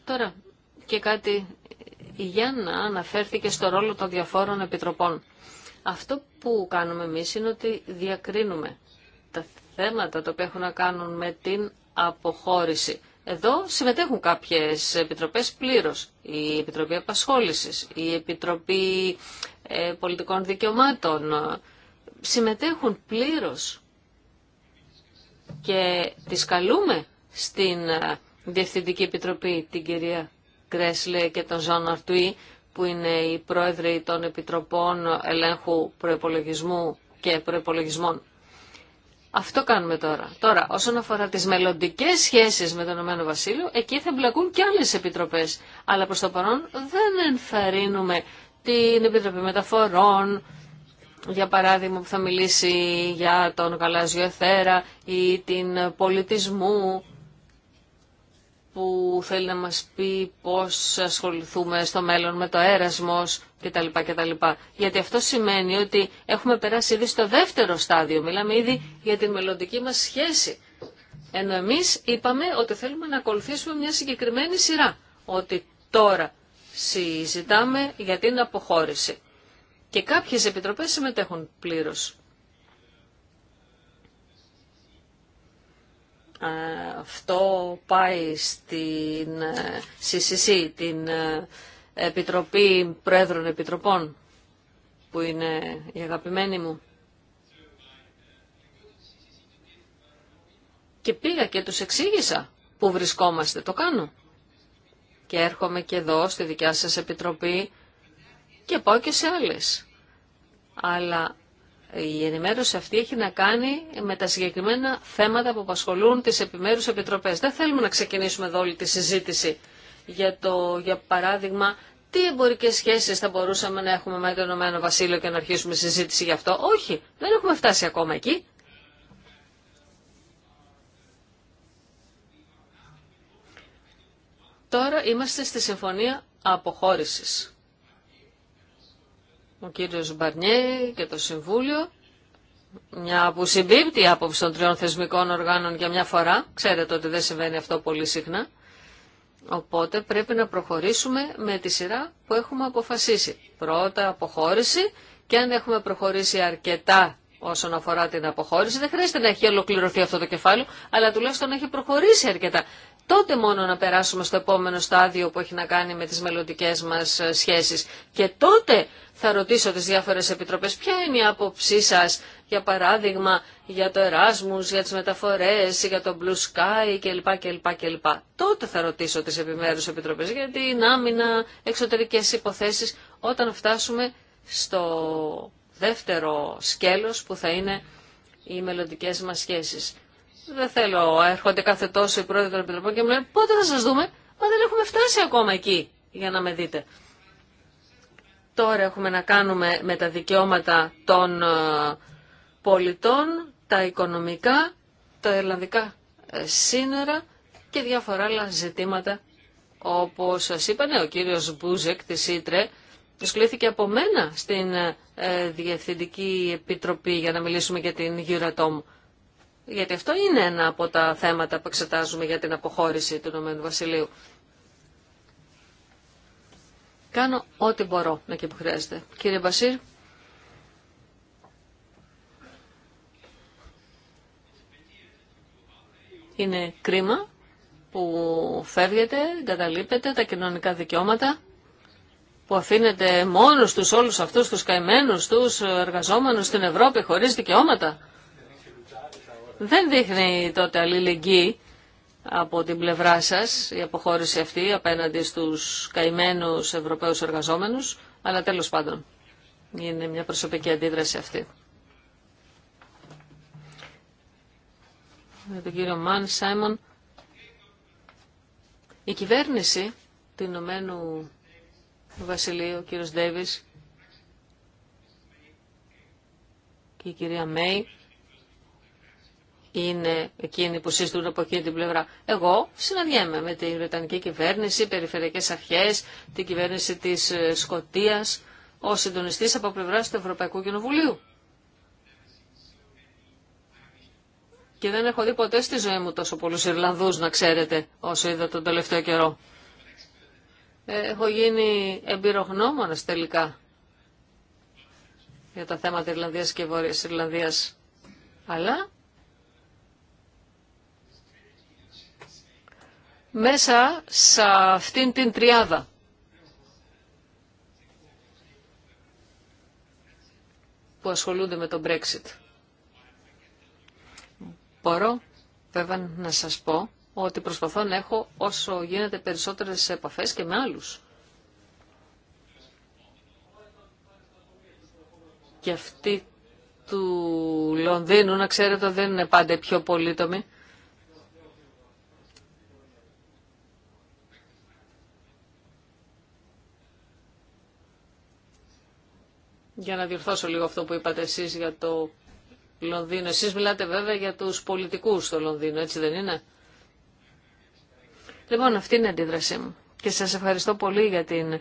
Τώρα και κάτι για να αναφέρθηκε στο ρόλο των διαφόρων επιτροπών. Αυτό που κάνουμε εμείς είναι ότι διακρίνουμε τα θέματα τα οποία έχουν να κάνουν με την αποχώρηση. Εδώ συμμετέχουν κάποιες επιτροπές πλήρως. Η Επιτροπή Απασχόλησης, η Επιτροπή ε, Πολιτικών Δικαιωμάτων ε, συμμετέχουν πλήρως και τις καλούμε στην ε, Διευθυντική Επιτροπή την κυρία Κρέσλε και τον Ζων Αρτουή που είναι οι πρόεδροι των Επιτροπών Ελέγχου Προϋπολογισμού και Προϋπολογισμών. Αυτό κάνουμε τώρα. Τώρα, όσον αφορά τις μελλοντικέ σχέσεις με τον Ηνωμένο Βασίλειο, εκεί θα εμπλακούν και άλλες επιτροπές. Αλλά προς το παρόν δεν ενθαρρύνουμε την Επιτροπή Μεταφορών, για παράδειγμα που θα μιλήσει για τον Καλάζιο Εθέρα ή την πολιτισμού που θέλει να μας πει πώς ασχοληθούμε στο μέλλον με το έρασμος κτλ. κτλ. Γιατί αυτό σημαίνει ότι έχουμε περάσει ήδη στο δεύτερο στάδιο. Μιλάμε ήδη για την μελλοντική μας σχέση. Ενώ εμείς είπαμε ότι θέλουμε να ακολουθήσουμε μια συγκεκριμένη σειρά. Ότι τώρα συζητάμε για την αποχώρηση. Και κάποιες επιτροπές συμμετέχουν πλήρως. αυτό πάει στην CCC, ε, την ε, Επιτροπή Πρόεδρων Επιτροπών, που είναι η αγαπημένη μου. Και πήγα και τους εξήγησα που βρισκόμαστε, το κάνω. Και έρχομαι και εδώ στη δικιά σας Επιτροπή και πάω και σε άλλες. Αλλά η ενημέρωση αυτή έχει να κάνει με τα συγκεκριμένα θέματα που απασχολούν τις επιμέρους επιτροπές. Δεν θέλουμε να ξεκινήσουμε εδώ όλη τη συζήτηση για, το, για παράδειγμα τι εμπορικέ σχέσει θα μπορούσαμε να έχουμε με το Ηνωμένο Βασίλειο και να αρχίσουμε συζήτηση γι' αυτό. Όχι, δεν έχουμε φτάσει ακόμα εκεί. Τώρα είμαστε στη συμφωνία αποχώρησης ο κύριος Μπαρνιέ και το Συμβούλιο, μια που συμπίπτει η άποψη των τριών θεσμικών οργάνων για μια φορά, ξέρετε ότι δεν συμβαίνει αυτό πολύ συχνά, οπότε πρέπει να προχωρήσουμε με τη σειρά που έχουμε αποφασίσει. Πρώτα αποχώρηση και αν έχουμε προχωρήσει αρκετά όσον αφορά την αποχώρηση. Δεν χρειάζεται να έχει ολοκληρωθεί αυτό το κεφάλαιο, αλλά τουλάχιστον έχει προχωρήσει αρκετά. Τότε μόνο να περάσουμε στο επόμενο στάδιο που έχει να κάνει με τις μελλοντικέ μας ε, σχέσεις. Και τότε θα ρωτήσω τις διάφορες επιτροπές ποια είναι η άποψή σας, για παράδειγμα, για το Εράσμους, για τις μεταφορές, για το Blue Sky κλπ. κλπ, κλπ. Τότε θα ρωτήσω τις επιμέρους επιτροπές για την άμυνα, εξωτερικές υποθέσεις, όταν φτάσουμε στο δεύτερο σκέλος που θα είναι οι μελλοντικέ μας σχέσεις. Δεν θέλω, έρχονται κάθε τόσο οι πρόεδροι των επιτροπών και μου λένε πότε θα σας δούμε, μα δεν έχουμε φτάσει ακόμα εκεί για να με δείτε. Τώρα έχουμε να κάνουμε με τα δικαιώματα των ε, πολιτών, τα οικονομικά, τα ελλανδικά ε, σύνορα και διάφορα άλλα ζητήματα όπως σας είπανε ναι, ο κύριος Μπούζεκ της Ήτρε Δυσκολήθηκε από μένα στην ε, Διευθυντική Επιτροπή για να μιλήσουμε για την Euratom. Γιατί αυτό είναι ένα από τα θέματα που εξετάζουμε για την αποχώρηση του Ηνωμένου Βασιλείου. Κάνω ό,τι μπορώ να και που χρειάζεται. Κύριε Μπασίρ. Είναι κρίμα που φεύγετε, εγκαταλείπετε τα κοινωνικά δικαιώματα που αφήνεται μόνος τους όλους αυτούς τους καημένους τους εργαζόμενους στην Ευρώπη χωρίς δικαιώματα. Δεν δείχνει τότε αλληλεγγύη από την πλευρά σας η αποχώρηση αυτή απέναντι στους καημένους Ευρωπαίους εργαζόμενους, αλλά τέλος πάντων είναι μια προσωπική αντίδραση αυτή. Με τον κύριο Μαν Σάιμον, η κυβέρνηση του Ηνωμένου Βασιλείο, ο κύριος Ντέβις και η κυρία Μέη είναι εκείνοι που συζητούν από εκείνη την πλευρά. Εγώ συναντιέμαι με την Βρετανική κυβέρνηση, περιφερειακές αρχές, την κυβέρνηση της ε, Σκοτίας, ως συντονιστής από πλευρά του Ευρωπαϊκού Κοινοβουλίου. Και δεν έχω δει ποτέ στη ζωή μου τόσο πολλούς Ιρλανδούς, να ξέρετε, όσο είδα τον τελευταίο καιρό. Ε, έχω γίνει εμπειρογνώμονας τελικά για τα θέματα Ιρλανδίας και Βόρειας Ιρλανδίας. Αλλά μέσα σε αυτήν την τριάδα. που ασχολούνται με το Brexit. Μπορώ βέβαια να σας πω ότι προσπαθώ να έχω όσο γίνεται περισσότερες επαφές και με άλλους. Και αυτοί του Λονδίνου, να ξέρετε, δεν είναι πάντα πιο πολύτομοι. Για να διορθώσω λίγο αυτό που είπατε εσείς για το Λονδίνο. Εσείς μιλάτε βέβαια για τους πολιτικούς στο Λονδίνο, έτσι δεν είναι. Λοιπόν, αυτή είναι η αντίδρασή μου. Και σας ευχαριστώ πολύ για την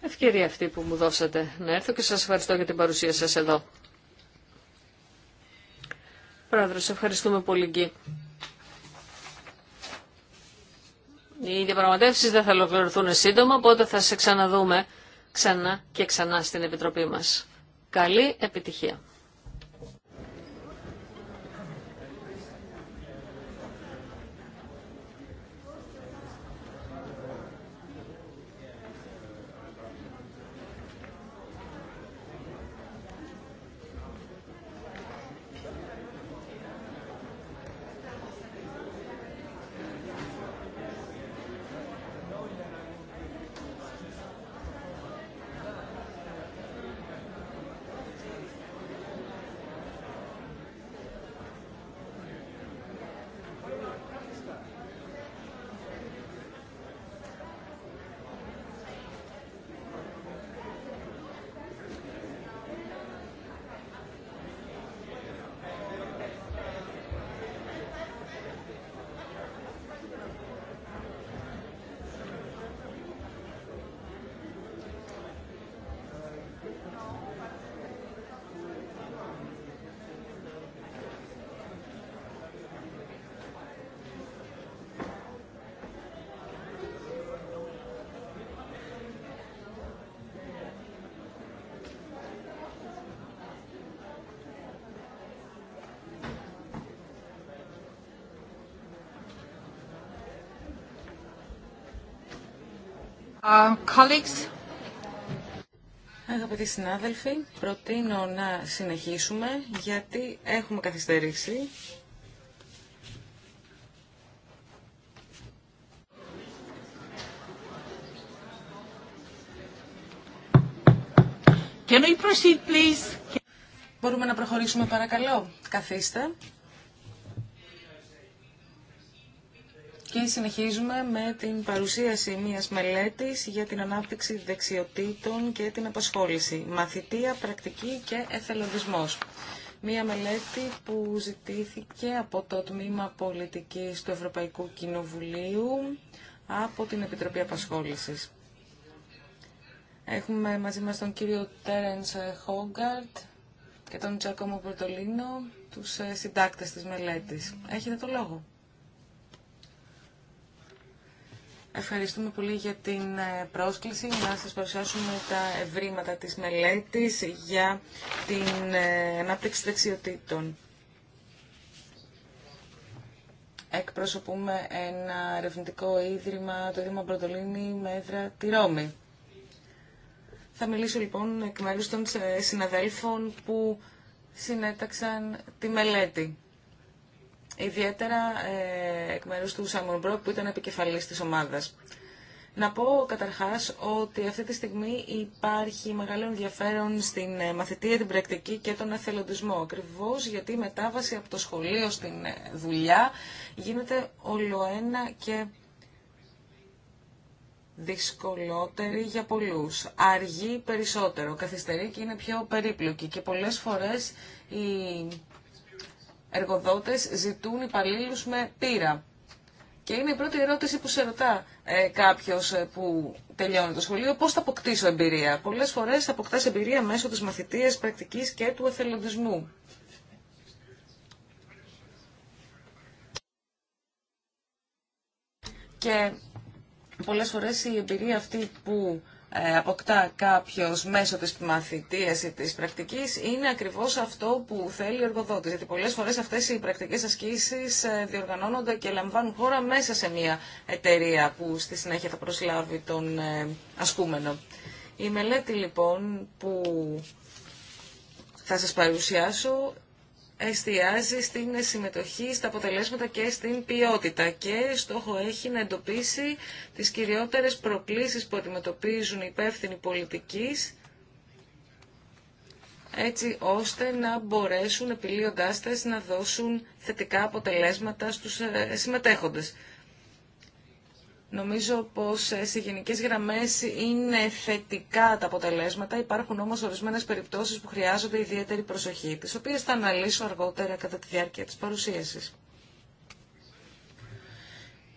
ευκαιρία αυτή που μου δώσατε να έρθω και σας ευχαριστώ για την παρουσία σας εδώ. Πρόεδρος, ευχαριστούμε πολύ Γκί. Οι διαπραγματεύσει δεν θα ολοκληρωθούν σύντομα, οπότε θα σε ξαναδούμε ξανά και ξανά στην Επιτροπή μας. Καλή επιτυχία. Um, Αγαπητοί συνάδελφοι, προτείνω να συνεχίσουμε γιατί έχουμε καθυστερήσει. Can we proceed, please? Μπορούμε να προχωρήσουμε παρακαλώ. Καθίστε. συνεχίζουμε με την παρουσίαση μιας μελέτης για την ανάπτυξη δεξιοτήτων και την απασχόληση. Μαθητεία, πρακτική και εθελοντισμός. Μία μελέτη που ζητήθηκε από το Τμήμα Πολιτικής του Ευρωπαϊκού Κοινοβουλίου από την Επιτροπή Απασχόλησης. Έχουμε μαζί μας τον κύριο Τέρενς Χόγκαρτ και τον Τζάκομο Πορτολίνο, τους συντάκτες της μελέτης. Έχετε το λόγο. Ευχαριστούμε πολύ για την ε, πρόσκληση να σας παρουσιάσουμε τα ευρήματα της μελέτης για την ε, ανάπτυξη δεξιοτήτων. Εκπροσωπούμε ένα ερευνητικό ίδρυμα, το Δήμα Μπροντολίνη, Μέδρα, τη Ρώμη. Θα μιλήσω λοιπόν εκ μέρους των ε, συναδέλφων που συνέταξαν τη μελέτη ιδιαίτερα ε, εκ μέρου του Σάιμον Μπρόκ που ήταν επικεφαλής της ομάδας. Να πω καταρχάς ότι αυτή τη στιγμή υπάρχει μεγάλο ενδιαφέρον στην ε, μαθητεία, την πρακτική και τον εθελοντισμό. Ακριβώ γιατί η μετάβαση από το σχολείο στην ε, δουλειά γίνεται ολοένα και δυσκολότερη για πολλούς. Αργεί περισσότερο, καθυστερεί και είναι πιο περίπλοκη και πολλές φορές Εργοδότε ζητούν υπαλλήλου με πείρα. Και είναι η πρώτη ερώτηση που σε ρωτά ε, κάποιο ε, που τελειώνει το σχολείο, πώ θα αποκτήσω εμπειρία. Πολλέ φορέ αποκτά εμπειρία μέσω τη μαθητεία, πρακτική και του εθελοντισμού. Και πολλές φορές η εμπειρία αυτή που ε, αποκτά κάποιο μέσω της μαθητείας ή της πρακτικής είναι ακριβώς αυτό που θέλει ο εργοδότης. Γιατί πολλές φορές αυτές οι πρακτικές ασκήσεις ε, διοργανώνονται και λαμβάνουν χώρα μέσα σε μια εταιρεία που στη συνέχεια θα προσλάβει τον ε, ασκούμενο. Η μελέτη λοιπόν που θα σας παρουσιάσω εστιάζει στην συμμετοχή, στα αποτελέσματα και στην ποιότητα και στόχο έχει να εντοπίσει τις κυριότερες προκλήσεις που αντιμετωπίζουν οι υπεύθυνοι πολιτικής έτσι ώστε να μπορέσουν επιλύοντάς τες να δώσουν θετικά αποτελέσματα στους ε, συμμετέχοντες. Νομίζω πως ε, σε γενικές γραμμές είναι θετικά τα αποτελέσματα, υπάρχουν όμως ορισμένες περιπτώσεις που χρειάζονται ιδιαίτερη προσοχή, τις οποίες θα αναλύσω αργότερα κατά τη διάρκεια της παρουσίασης.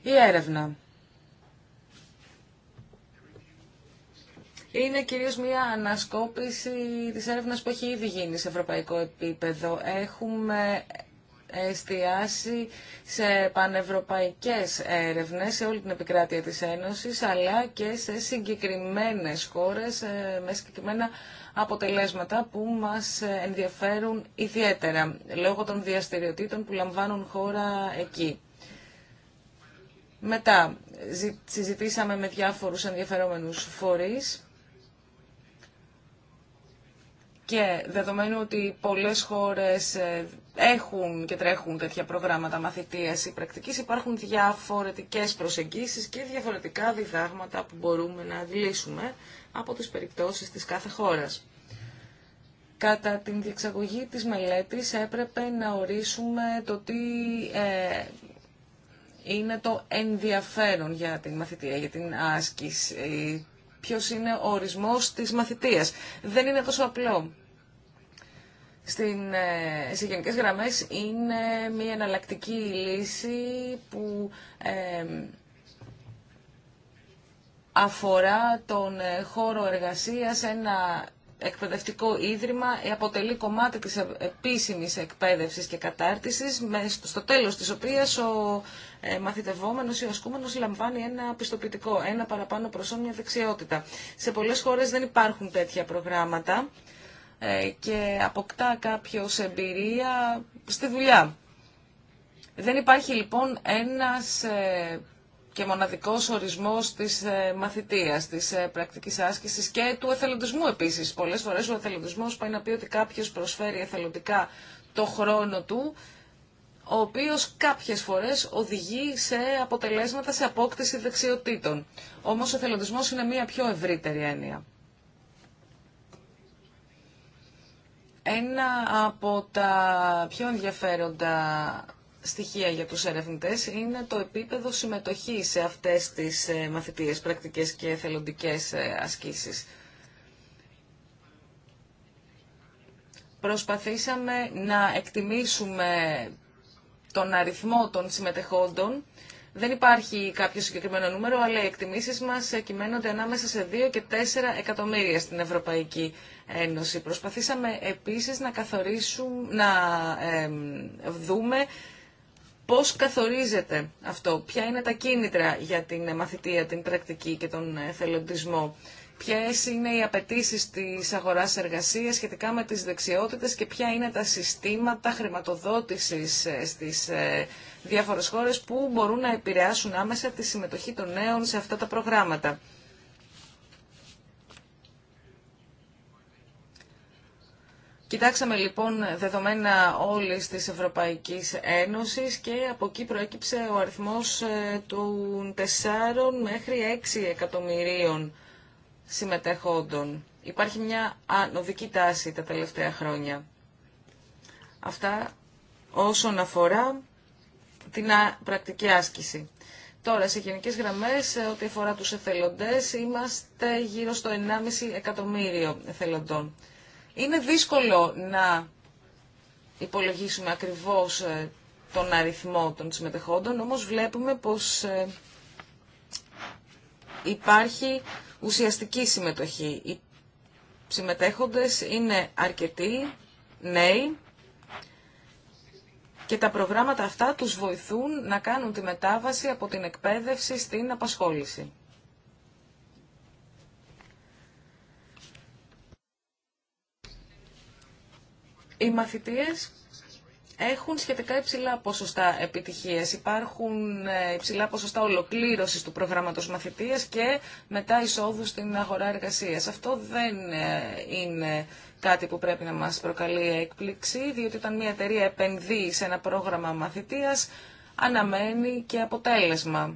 Η έρευνα. Είναι κυρίως μια ανασκόπηση της έρευνας που έχει ήδη γίνει σε ευρωπαϊκό επίπεδο. Έχουμε εστιάσει σε πανευρωπαϊκές έρευνες σε όλη την επικράτεια της Ένωσης, αλλά και σε συγκεκριμένες χώρες ε, με συγκεκριμένα αποτελέσματα που μας ενδιαφέρουν ιδιαίτερα, λόγω των διαστηριοτήτων που λαμβάνουν χώρα εκεί. Μετά, συζητήσαμε με διάφορους ενδιαφερόμενους φορείς και δεδομένου ότι πολλές χώρες ε, έχουν και τρέχουν τέτοια προγράμματα μαθητείας ή πρακτικής. Υπάρχουν διαφορετικές προσεγγίσεις και διαφορετικά διδάγματα που μπορούμε να αντιλήσουμε από τις περιπτώσει της κάθε χώρας. Κατά την διεξαγωγή της μελέτης έπρεπε να ορίσουμε το τι ε, είναι το ενδιαφέρον για την μαθητεία, για την άσκηση, ποιος είναι ο ορισμός της μαθητείας. Δεν είναι τόσο απλό στην, ε, σε γενικέ γραμμές είναι μια εναλλακτική λύση που αφορά τον ε, χώρο εργασίας, ένα εκπαιδευτικό ίδρυμα, ε, αποτελεί κομμάτι της επίσημης εκπαίδευσης και κατάρτισης, στο τέλος της οποίας ο μαθητευόμενος ή ο ασκούμενος λαμβάνει ένα πιστοποιητικό, ένα παραπάνω προσώμια δεξιότητα. Σε πολλές χώρες δεν υπάρχουν τέτοια προγράμματα. Ε, και αποκτά κάποιο εμπειρία στη δουλειά. Δεν υπάρχει λοιπόν ένας ε, και μοναδικός ορισμός της ε, μαθητείας, της πρακτικής άσκησης και του εθελοντισμού επίσης. Πολλές φορές ο εθελοντισμός πάει να πει ότι κάποιος προσφέρει εθελοντικά το χρόνο του, ο οποίος κάποιες φορές οδηγεί σε αποτελέσματα, σε απόκτηση δεξιοτήτων. Όμως ο εθελοντισμός είναι μια πιο ευρύτερη έννοια. Ένα από τα πιο ενδιαφέροντα στοιχεία για τους ερευνητές είναι το επίπεδο συμμετοχής σε αυτές τις ε, μαθητείες, πρακτικές και θελοντικές ε, ασκήσεις. Προσπαθήσαμε να εκτιμήσουμε τον αριθμό των συμμετεχόντων δεν υπάρχει κάποιο συγκεκριμένο νούμερο, αλλά οι εκτιμήσεις μας κυμαίνονται ανάμεσα σε 2 και 4 εκατομμύρια στην Ευρωπαϊκή Ένωση. Προσπαθήσαμε επίσης να, καθορίσουμε, να ε, δούμε πώς καθορίζεται αυτό, ποια είναι τα κίνητρα για την μαθητεία, την πρακτική και τον εθελοντισμό. Ποιε είναι οι απαιτήσει τη αγορά εργασίας σχετικά με τις δεξιότητες και ποια είναι τα συστήματα χρηματοδότησης ε, στις ε, διάφορε χώρε που μπορούν να επηρεάσουν άμεσα τη συμμετοχή των νέων σε αυτά τα προγράμματα. Κοιτάξαμε λοιπόν δεδομένα όλες της Ευρωπαϊκής Ένωσης και από εκεί προέκυψε ο αριθμός ε, των 4 μέχρι 6 εκατομμυρίων συμμετεχόντων. Υπάρχει μια ανωδική τάση τα τελευταία χρόνια. Αυτά όσον αφορά την πρακτική άσκηση. Τώρα, σε γενικέ γραμμέ, ό,τι αφορά του εθελοντέ, είμαστε γύρω στο 1,5 εκατομμύριο εθελοντών. Είναι δύσκολο να υπολογίσουμε ακριβώς ε, τον αριθμό των συμμετεχόντων, όμως βλέπουμε πως ε, υπάρχει ουσιαστική συμμετοχή. Οι συμμετέχοντες είναι αρκετοί, νέοι και τα προγράμματα αυτά τους βοηθούν να κάνουν τη μετάβαση από την εκπαίδευση στην απασχόληση. Οι μαθητείες έχουν σχετικά υψηλά ποσοστά επιτυχίες. Υπάρχουν ε, υψηλά ποσοστά ολοκλήρωσης του προγράμματος μαθητείας και μετά εισόδου στην αγορά εργασίας. Αυτό δεν ε, είναι κάτι που πρέπει να μας προκαλεί έκπληξη, διότι όταν μια εταιρεία επενδύει σε ένα πρόγραμμα μαθητείας, αναμένει και αποτέλεσμα.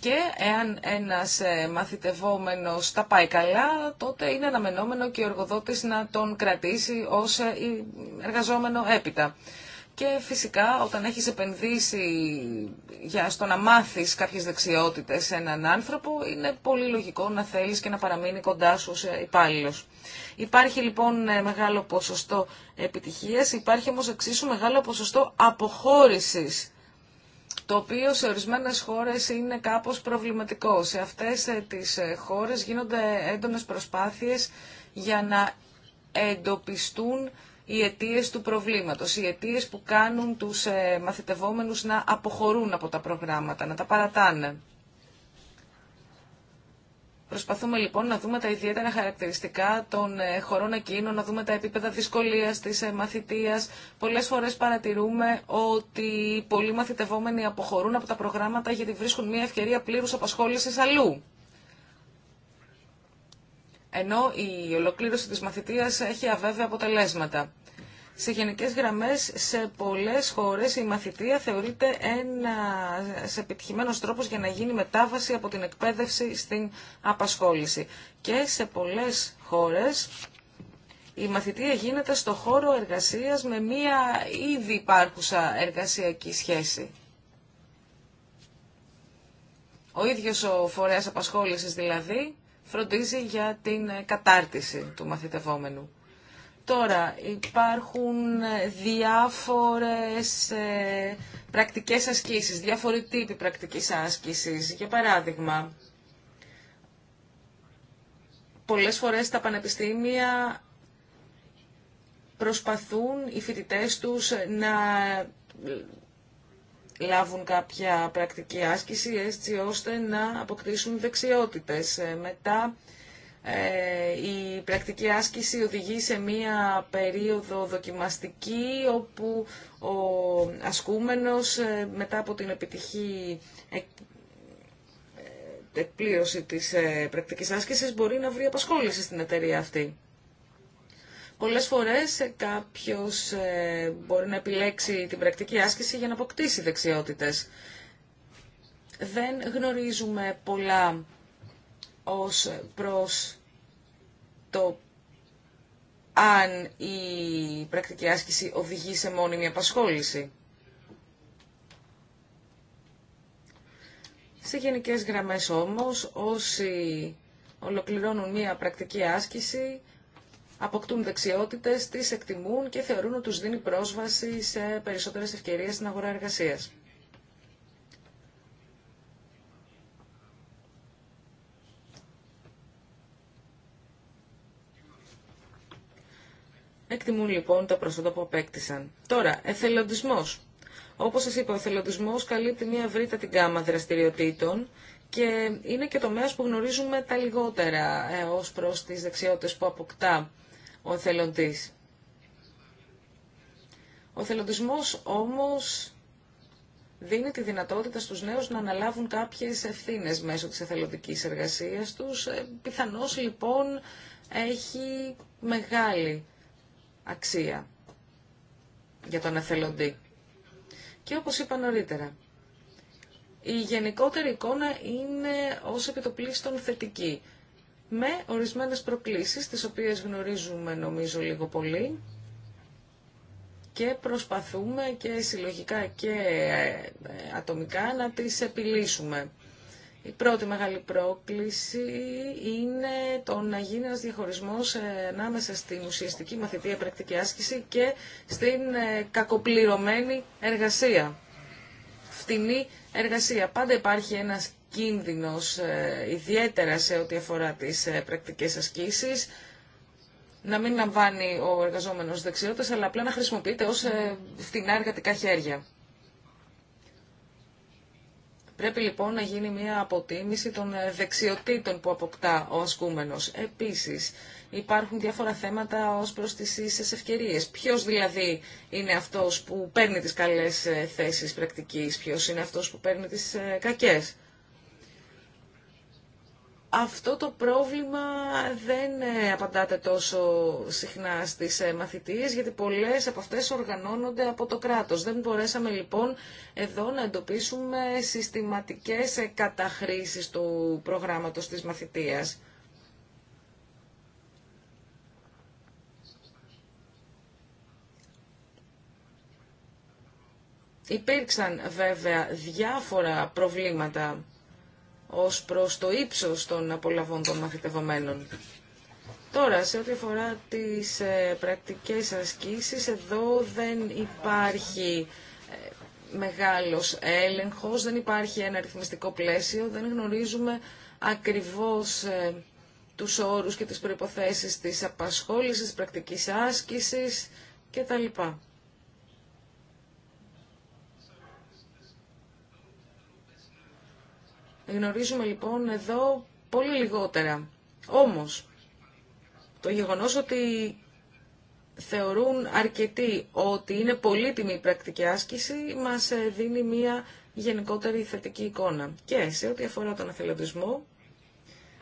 Και εάν ένας ε, μαθητευόμενος τα πάει καλά, τότε είναι αναμενόμενο και ο εργοδότης να τον κρατήσει ως ε, εργαζόμενο έπειτα. Και φυσικά όταν έχεις επενδύσει για στο να μάθεις κάποιες δεξιότητες σε έναν άνθρωπο, είναι πολύ λογικό να θέλεις και να παραμείνει κοντά σου ως ε, υπάλληλος. Υπάρχει λοιπόν μεγάλο ποσοστό επιτυχίας, υπάρχει όμως εξίσου μεγάλο ποσοστό αποχώρησης το οποίο σε ορισμένες χώρες είναι κάπως προβληματικό. Σε αυτές ε, τις ε, χώρες γίνονται έντονες προσπάθειες για να εντοπιστούν οι αιτίες του προβλήματος, οι αιτίες που κάνουν τους ε, μαθητευόμενους να αποχωρούν από τα προγράμματα, να τα παρατάνε. Προσπαθούμε λοιπόν να δούμε τα ιδιαίτερα χαρακτηριστικά των ε, χωρών εκείνων, να δούμε τα επίπεδα δυσκολίας της ε, μαθητείας. Πολλές φορές παρατηρούμε ότι πολλοί μαθητευόμενοι αποχωρούν από τα προγράμματα γιατί βρίσκουν μια ευκαιρία πλήρους απασχόλησης αλλού. Ενώ η ολοκλήρωση της μαθητείας έχει αβέβαια αποτελέσματα. Σε γενικές γραμμές, σε πολλές χώρες η μαθητεία θεωρείται ένα επιτυχημένος τρόπος για να γίνει μετάβαση από την εκπαίδευση στην απασχόληση. Και σε πολλές χώρες η μαθητεία γίνεται στο χώρο εργασίας με μία ήδη υπάρχουσα εργασιακή σχέση. Ο ίδιος ο φορέας απασχόλησης δηλαδή φροντίζει για την κατάρτιση του μαθητευόμενου. Τώρα, υπάρχουν διάφορες ε, πρακτικές ασκήσεις, διάφοροι τύποι πρακτικής άσκησης. Για παράδειγμα, πολλές φορές τα πανεπιστήμια προσπαθούν οι φοιτητές τους να λάβουν κάποια πρακτική άσκηση έτσι ώστε να αποκτήσουν δεξιότητες. Ε, μετά ε, η πρακτική άσκηση οδηγεί σε μία περίοδο δοκιμαστική όπου ο ασκούμενος ε, μετά από την επιτυχή ε, εκπλήρωση της πρακτικής άσκησης μπορεί να βρει απασχόληση στην εταιρεία αυτή. Πολλές φορές κάποιος μπορεί να επιλέξει την πρακτική άσκηση για να αποκτήσει δεξιότητες. Δεν γνωρίζουμε πολλά ως προς το αν η πρακτική άσκηση οδηγεί σε μόνιμη απασχόληση. Σε γενικές γραμμές όμως, όσοι ολοκληρώνουν μία πρακτική άσκηση, αποκτούν δεξιότητες, τις εκτιμούν και θεωρούν ότι τους δίνει πρόσβαση σε περισσότερες ευκαιρίες στην αγορά εργασίας. Εκτιμούν λοιπόν τα προσόντα που απέκτησαν. Τώρα, εθελοντισμό. Όπως σα είπα, ο εθελοντισμό καλύπτει μια ευρύτατη γκάμα δραστηριοτήτων και είναι και τομέα που γνωρίζουμε τα λιγότερα ε, ως προς τις δεξιότητες που αποκτά ο εθελοντή. Ο εθελοντισμό όμως δίνει τη δυνατότητα στους νέους να αναλάβουν κάποιες ευθύνες μέσω της εθελοντικής εργασίας τους. Ε, πιθανώς λοιπόν έχει μεγάλη αξία για τον εθελοντή. Και όπως είπα νωρίτερα, η γενικότερη εικόνα είναι ως επιτοπλίστων θετική, με ορισμένες προκλήσεις, τις οποίες γνωρίζουμε νομίζω λίγο πολύ, και προσπαθούμε και συλλογικά και ε, ε, ατομικά να τις επιλύσουμε. Η πρώτη μεγάλη πρόκληση είναι το να γίνει ένας διαχωρισμός ε, ανάμεσα στην ουσιαστική μαθητεία πρακτική άσκηση και στην ε, κακοπληρωμένη εργασία, φτηνή εργασία. Πάντα υπάρχει ένας κίνδυνος, ε, ιδιαίτερα σε ό,τι αφορά τις πρακτικές ασκήσεις, να μην λαμβάνει ο εργαζόμενος δεξιότητες, αλλά απλά να χρησιμοποιείται ως φτηνά εργατικά χέρια. Πρέπει λοιπόν να γίνει μια αποτίμηση των ε, δεξιοτήτων που αποκτά ο ασκούμενος. Επίσης, υπάρχουν διάφορα θέματα ως προς τις ίσες ευκαιρίες. Ποιος δηλαδή είναι αυτός που παίρνει τις καλές ε, θέσεις πρακτικής, ποιος είναι αυτός που παίρνει τις ε, κακές αυτό το πρόβλημα δεν ε, απαντάται τόσο συχνά στις ε, μαθητείες, γιατί πολλές από αυτές οργανώνονται από το κράτος. Δεν μπορέσαμε λοιπόν εδώ να εντοπίσουμε συστηματικές ε, καταχρήσεις του προγράμματος της μαθητείας. Υπήρξαν βέβαια διάφορα προβλήματα ως προς το ύψος των απολαβών των μαθητευομένων. Τώρα, σε ό,τι αφορά τις ε, πρακτικές ασκήσεις, εδώ δεν υπάρχει ε, μεγάλος έλεγχος, δεν υπάρχει ένα αριθμιστικό πλαίσιο, δεν γνωρίζουμε ακριβώς ε, τους όρους και τις προϋποθέσεις της απασχόλησης, πρακτικής άσκησης κτλ. Γνωρίζουμε λοιπόν εδώ πολύ λιγότερα. Όμως, το γεγονός ότι θεωρούν αρκετοί ότι είναι πολύτιμη η πρακτική άσκηση μας ε, δίνει μια γενικότερη θετική εικόνα. Και σε ό,τι αφορά τον αθελοντισμό,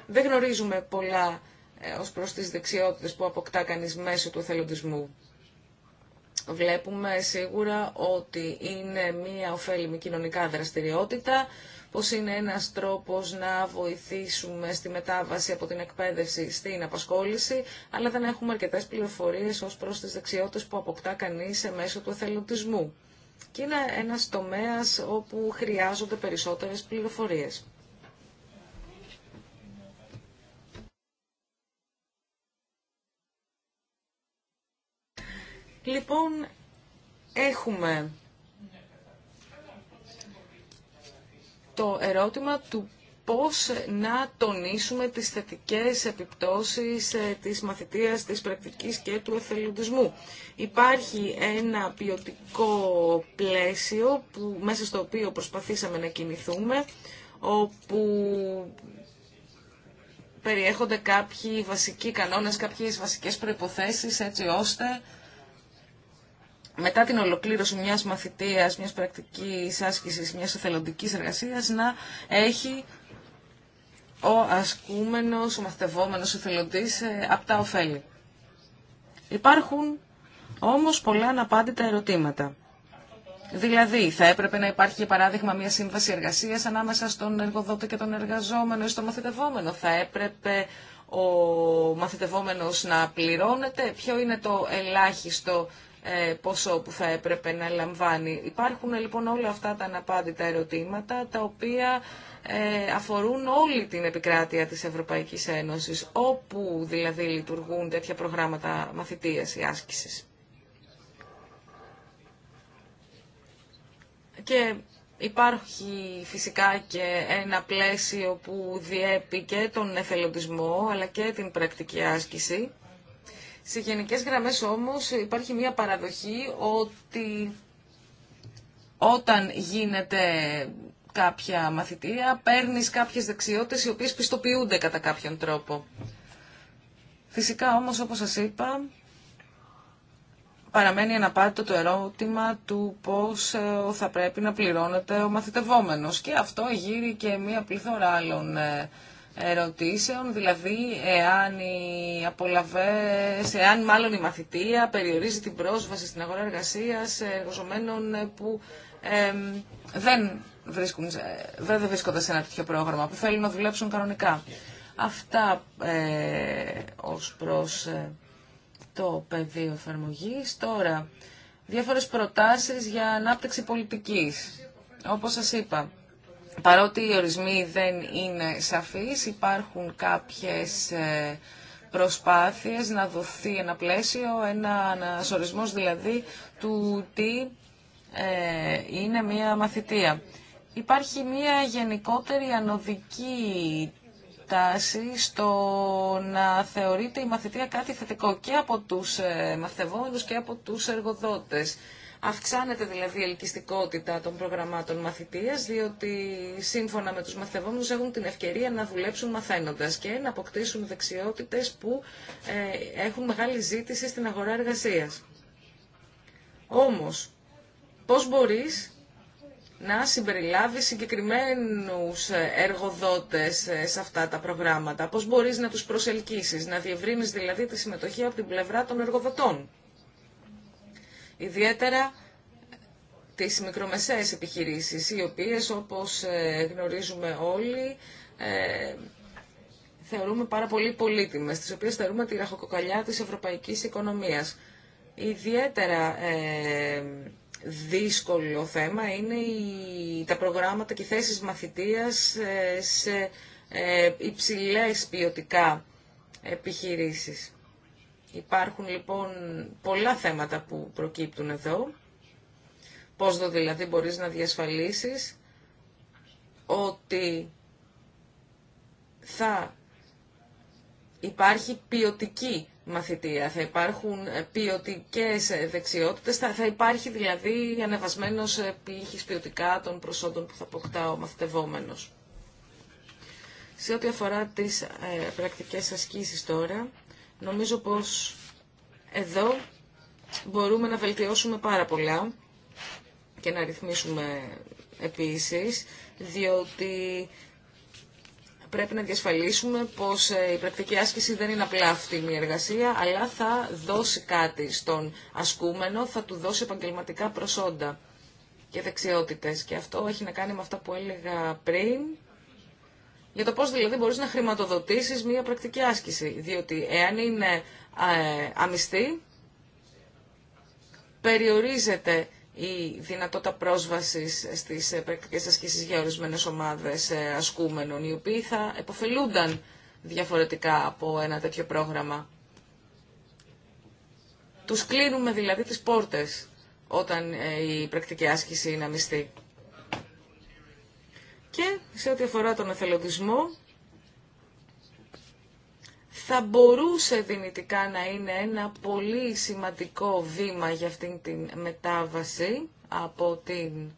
δεν γνωρίζουμε πολλά ε, ως προς τις δεξιότητες που αποκτά κανείς μέσω του αθελοντισμού. Βλέπουμε σίγουρα ότι είναι μια ωφέλιμη κοινωνικά δραστηριότητα, πως είναι ένας τρόπος να βοηθήσουμε στη μετάβαση από την εκπαίδευση στην απασχόληση, αλλά δεν έχουμε αρκετές πληροφορίες ως προς τις δεξιότητες που αποκτά κανείς μέσω του εθελοντισμού. Και είναι ένας τομέας όπου χρειάζονται περισσότερες πληροφορίες. Λοιπόν, έχουμε το ερώτημα του πώς να τονίσουμε τις θετικές επιπτώσεις ε, της μαθητείας, της πρακτικής και του εθελοντισμού. Υπάρχει ένα ποιοτικό πλαίσιο που, μέσα στο οποίο προσπαθήσαμε να κινηθούμε, όπου περιέχονται κάποιοι βασικοί κανόνες, κάποιες βασικές προϋποθέσεις έτσι ώστε μετά την ολοκλήρωση μιας μαθητείας, μιας πρακτικής άσκησης, μιας εθελοντικής εργασίας να έχει ο ασκούμενος, ο μαθητευόμενος εθελοντής ε, από τα ωφέλη. Υπάρχουν όμως πολλά αναπάντητα ερωτήματα. Δηλαδή, θα έπρεπε να υπάρχει, για παράδειγμα, μια σύμβαση εργασία ανάμεσα στον εργοδότη και τον εργαζόμενο ή στον μαθητευόμενο. Θα έπρεπε ο μαθητευόμενος να πληρώνεται. Ποιο είναι το ελάχιστο ε, ποσό που θα έπρεπε να λαμβάνει. Υπάρχουν λοιπόν όλα αυτά τα αναπάντητα ερωτήματα τα οποία ε, αφορούν όλη την επικράτεια της Ευρωπαϊκής Ένωσης όπου δηλαδή λειτουργούν τέτοια προγράμματα μαθητείας ή άσκησης. Και Υπάρχει φυσικά και ένα πλαίσιο που διέπει και τον εθελοντισμό αλλά και την πρακτική άσκηση. Σε γενικές γραμμές όμως υπάρχει μια παραδοχή ότι όταν γίνεται κάποια μαθητεία παίρνεις κάποιες δεξιότητες οι οποίες πιστοποιούνται κατά κάποιον τρόπο. Φυσικά όμως όπως σας είπα παραμένει αναπάτητο το ερώτημα του πώς ε, θα πρέπει να πληρώνεται ο μαθητευόμενος και αυτό γύρει και μια πληθώρα άλλων ε, ερωτήσεων, δηλαδή εάν οι απολαβές, εάν μάλλον η μαθητεία περιορίζει την πρόσβαση στην αγορά εργασίας εργοζομένων που δεν, βρίσκουν, δεν βρίσκονται σε ένα τέτοιο πρόγραμμα, που θέλουν να δουλέψουν κανονικά. Αυτά ε, ως προς ε, το πεδίο εφαρμογή. Τώρα, διάφορες προτάσεις για ανάπτυξη πολιτικής. Όπως σας είπα, Παρότι οι ορισμοί δεν είναι σαφείς, υπάρχουν κάποιες ε, προσπάθειες να δοθεί ένα πλαίσιο, ένα, ένας ορισμός δηλαδή του τι ε, είναι μία μαθητεία. Υπάρχει μία γενικότερη ανωδική τάση στο να θεωρείται η μαθητεία κάτι θετικό και από τους ε, μαθητευόμενους και από τους εργοδότες. Αυξάνεται δηλαδή η ελκυστικότητα των προγραμμάτων μαθητείας, διότι σύμφωνα με τους μαθητευόμενου έχουν την ευκαιρία να δουλέψουν μαθαίνοντα και να αποκτήσουν δεξιότητες που ε, έχουν μεγάλη ζήτηση στην αγορά εργασίας. Όμω, πώς μπορείς να συμπεριλάβει συγκεκριμένου εργοδότες ε, σε αυτά τα προγράμματα, Πώ μπορεί να του προσελκύσει, να διευρύνει δηλαδή τη συμμετοχή από την πλευρά των εργοδοτών ιδιαίτερα τις μικρομεσαίες επιχειρήσεις, οι οποίες όπως ε, γνωρίζουμε όλοι ε, θεωρούμε πάρα πολύ πολύτιμες, τις οποίες θεωρούμε τη ραχοκοκαλιά της ευρωπαϊκής οικονομίας. Ιδιαίτερα ε, δύσκολο θέμα είναι τα προγράμματα και θέσεις μαθητείας σε υψηλές ποιοτικά επιχειρήσεις. Υπάρχουν λοιπόν πολλά θέματα που προκύπτουν εδώ. Πώς δω δηλαδή μπορείς να διασφαλίσεις ότι θα υπάρχει ποιοτική μαθητεία, θα υπάρχουν ποιοτικές δεξιότητες, θα, υπάρχει δηλαδή ανεβασμένος πύχης ποιοτικά των προσόντων που θα αποκτά ο μαθητευόμενος. Σε ό,τι αφορά τις ε, πρακτικές ασκήσεις τώρα, Νομίζω πως εδώ μπορούμε να βελτιώσουμε πάρα πολλά και να ρυθμίσουμε επίσης, διότι πρέπει να διασφαλίσουμε πως ε, η πρακτική άσκηση δεν είναι απλά αυτή η εργασία, αλλά θα δώσει κάτι στον ασκούμενο, θα του δώσει επαγγελματικά προσόντα και δεξιότητες. Και αυτό έχει να κάνει με αυτά που έλεγα πριν, για το πώς δηλαδή μπορεί να χρηματοδοτήσεις μία πρακτική άσκηση. Διότι εάν είναι ε, αμυστή, περιορίζεται η δυνατότητα πρόσβαση στις ε, πρακτικέ ασκήσεις για ορισμένες ομάδες ε, ασκούμενων, οι οποίοι θα επωφελούνταν διαφορετικά από ένα τέτοιο πρόγραμμα. Τους κλείνουμε δηλαδή τις πόρτες όταν η πρακτική άσκηση είναι αμυστή. Και σε ό,τι αφορά τον εθελοντισμό, θα μπορούσε δυνητικά να είναι ένα πολύ σημαντικό βήμα για αυτήν την μετάβαση από την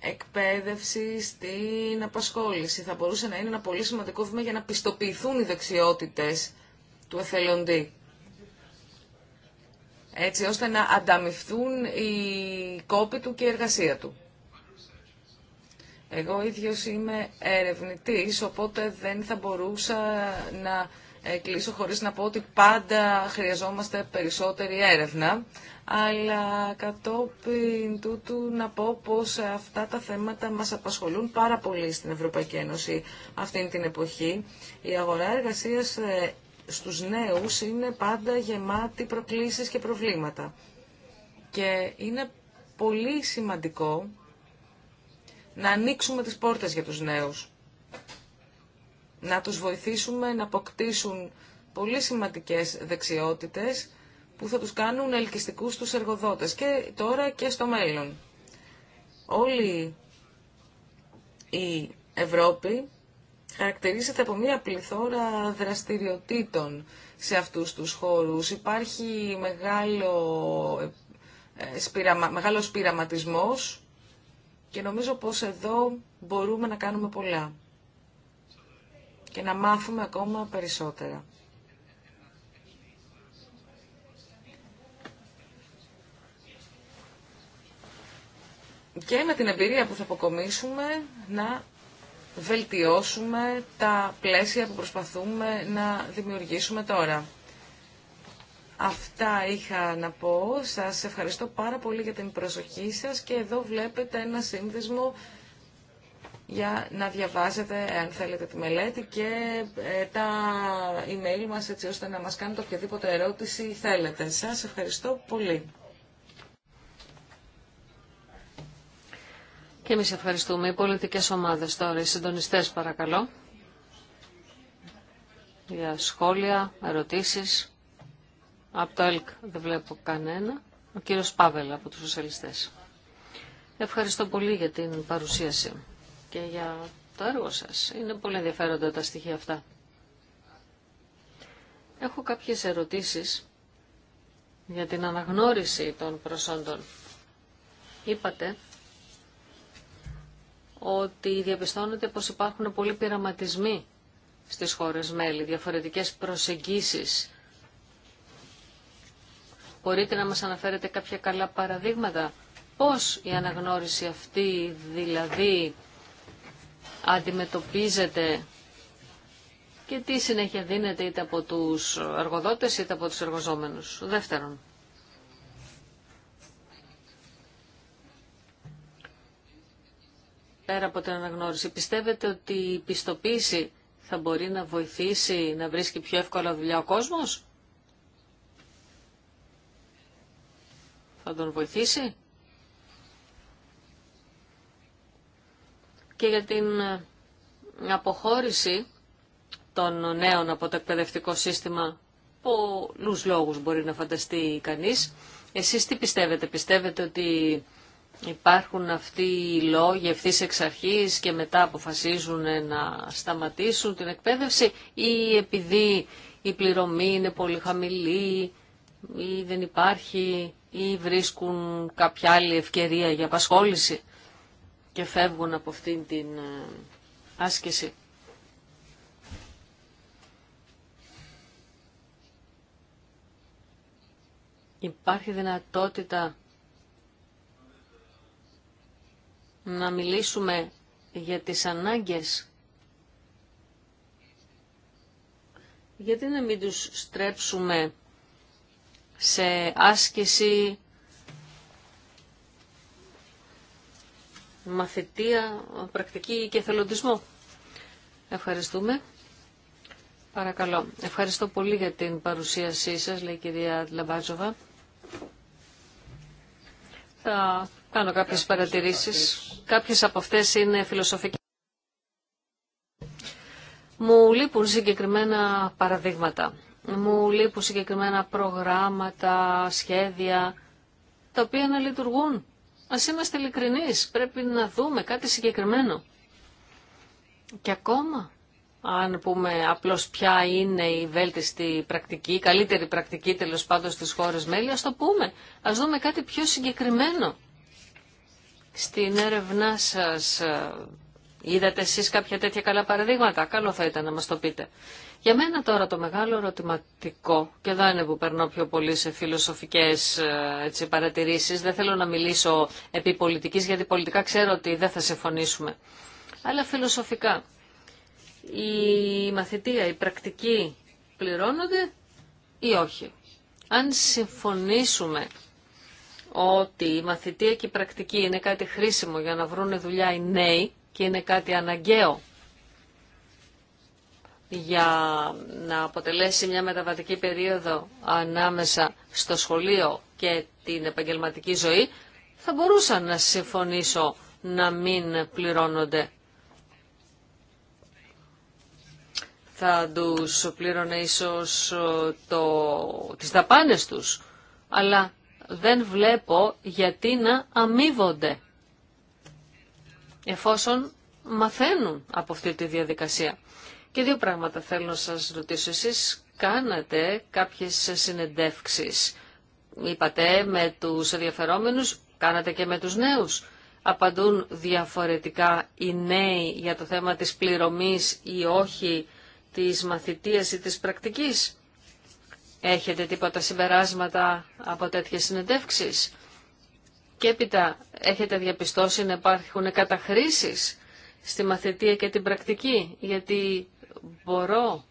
εκπαίδευση στην απασχόληση. Θα μπορούσε να είναι ένα πολύ σημαντικό βήμα για να πιστοποιηθούν οι δεξιότητες του εθελοντή. Έτσι ώστε να ανταμυφθούν οι κόποι του και η εργασία του. Εγώ ίδιος είμαι ερευνητής, οπότε δεν θα μπορούσα να ε, κλείσω χωρίς να πω ότι πάντα χρειαζόμαστε περισσότερη έρευνα, αλλά κατόπιν τούτου να πω πως αυτά τα θέματα μας απασχολούν πάρα πολύ στην Ευρωπαϊκή Ένωση αυτή την εποχή. Η αγορά εργασίας ε, στους νέους είναι πάντα γεμάτη προκλήσεις και προβλήματα. Και είναι πολύ σημαντικό να ανοίξουμε τις πόρτες για τους νέους. Να τους βοηθήσουμε να αποκτήσουν πολύ σημαντικές δεξιότητες που θα τους κάνουν ελκυστικούς τους εργοδότες και τώρα και στο μέλλον. Όλη η Ευρώπη χαρακτηρίζεται από μια πληθώρα δραστηριοτήτων σε αυτούς τους χώρους. Υπάρχει μεγάλο, ε, μεγάλος πειραματισμός και νομίζω πως εδώ μπορούμε να κάνουμε πολλά και να μάθουμε ακόμα περισσότερα. Και με την εμπειρία που θα αποκομίσουμε να βελτιώσουμε τα πλαίσια που προσπαθούμε να δημιουργήσουμε τώρα. Αυτά είχα να πω. Σας ευχαριστώ πάρα πολύ για την προσοχή σας και εδώ βλέπετε ένα σύνδεσμο για να διαβάζετε, αν θέλετε, τη μελέτη και ε, τα email μας έτσι ώστε να μας κάνετε οποιαδήποτε ερώτηση θέλετε. Σας ευχαριστώ πολύ. Και εμείς ευχαριστούμε. Οι πολιτικές ομάδες τώρα, οι συντονιστές παρακαλώ, για σχόλια, ερωτήσεις. Από το ΕΛΚ δεν βλέπω κανένα. Ο κύριος Πάβελ από τους Σοσιαλιστές. Ευχαριστώ πολύ για την παρουσίαση και για το έργο σας. Είναι πολύ ενδιαφέροντα τα στοιχεία αυτά. Έχω κάποιες ερωτήσεις για την αναγνώριση των προσόντων. Είπατε ότι διαπιστώνεται πως υπάρχουν πολλοί πειραματισμοί στις χώρες μέλη, διαφορετικές προσεγγίσεις Μπορείτε να μας αναφέρετε κάποια καλά παραδείγματα. Πώς η αναγνώριση αυτή δηλαδή αντιμετωπίζεται και τι συνέχεια δίνεται είτε από τους εργοδότες είτε από τους εργοζόμενους. Δεύτερον, πέρα από την αναγνώριση, πιστεύετε ότι η πιστοποίηση θα μπορεί να βοηθήσει να βρίσκει πιο εύκολα δουλειά ο κόσμος θα τον βοηθήσει. Και για την ε, αποχώρηση των νέων από το εκπαιδευτικό σύστημα, πολλούς λόγους μπορεί να φανταστεί κανείς. Εσείς τι πιστεύετε, πιστεύετε ότι υπάρχουν αυτοί οι λόγοι ευθύ εξ αρχής και μετά αποφασίζουν να σταματήσουν την εκπαίδευση ή επειδή η πληρωμή είναι πολύ χαμηλή ή δεν υπάρχει ή βρίσκουν κάποια άλλη ευκαιρία για απασχόληση και φεύγουν από αυτήν την ε, άσκηση. Υπάρχει δυνατότητα να μιλήσουμε για τις ανάγκες. Γιατί να μην τους στρέψουμε σε άσκηση, μαθητεία, πρακτική και εθελοντισμό. Ευχαριστούμε. Παρακαλώ. Ευχαριστώ πολύ για την παρουσίασή σας, λέει η κυρία Λαμπάτζοβα. Θα κάνω κάποιες παρατηρήσεις. Κάποιες από αυτές είναι φιλοσοφικές. Μου λείπουν συγκεκριμένα παραδείγματα. Μου λείπουν συγκεκριμένα προγράμματα, σχέδια, τα οποία να λειτουργούν. Ας είμαστε ειλικρινείς, πρέπει να δούμε κάτι συγκεκριμένο. Και ακόμα, αν πούμε απλώς ποια είναι η βέλτιστη πρακτική, η καλύτερη πρακτική τέλος πάντων στις χώρες μέλη, ας το πούμε. Ας δούμε κάτι πιο συγκεκριμένο. Στην έρευνά σας ε, είδατε εσείς κάποια τέτοια καλά παραδείγματα. Καλό θα ήταν να μας το πείτε. Για μένα τώρα το μεγάλο ερωτηματικό, και εδώ είναι που περνώ πιο πολύ σε φιλοσοφικές ε, έτσι, παρατηρήσεις, δεν θέλω να μιλήσω επί πολιτικής, γιατί πολιτικά ξέρω ότι δεν θα συμφωνήσουμε. Αλλά φιλοσοφικά, η μαθητεία, η πρακτική πληρώνονται ή όχι. Αν συμφωνήσουμε ότι η μαθητεία και η πρακτική είναι κάτι χρήσιμο για να βρουν δουλειά οι νέοι και είναι κάτι αναγκαίο για να αποτελέσει μια μεταβατική περίοδο ανάμεσα στο σχολείο και την επαγγελματική ζωή, θα μπορούσα να συμφωνήσω να μην πληρώνονται. Θα τους πλήρωνε ίσως ε, το, τις δαπάνες τους, αλλά δεν βλέπω γιατί να αμείβονται, εφόσον μαθαίνουν από αυτή τη διαδικασία. Και δύο πράγματα θέλω να σας ρωτήσω. Εσείς κάνατε κάποιες συνεντεύξεις. Είπατε με τους ενδιαφερόμενους, κάνατε και με τους νέους. Απαντούν διαφορετικά οι νέοι για το θέμα της πληρωμής ή όχι της μαθητείας ή της πρακτικής. Έχετε τίποτα συμπεράσματα από τέτοιες συνεντεύξεις. Και έπειτα έχετε διαπιστώσει να υπάρχουν καταχρήσεις στη μαθητεία και την πρακτική, γιατί μπορώ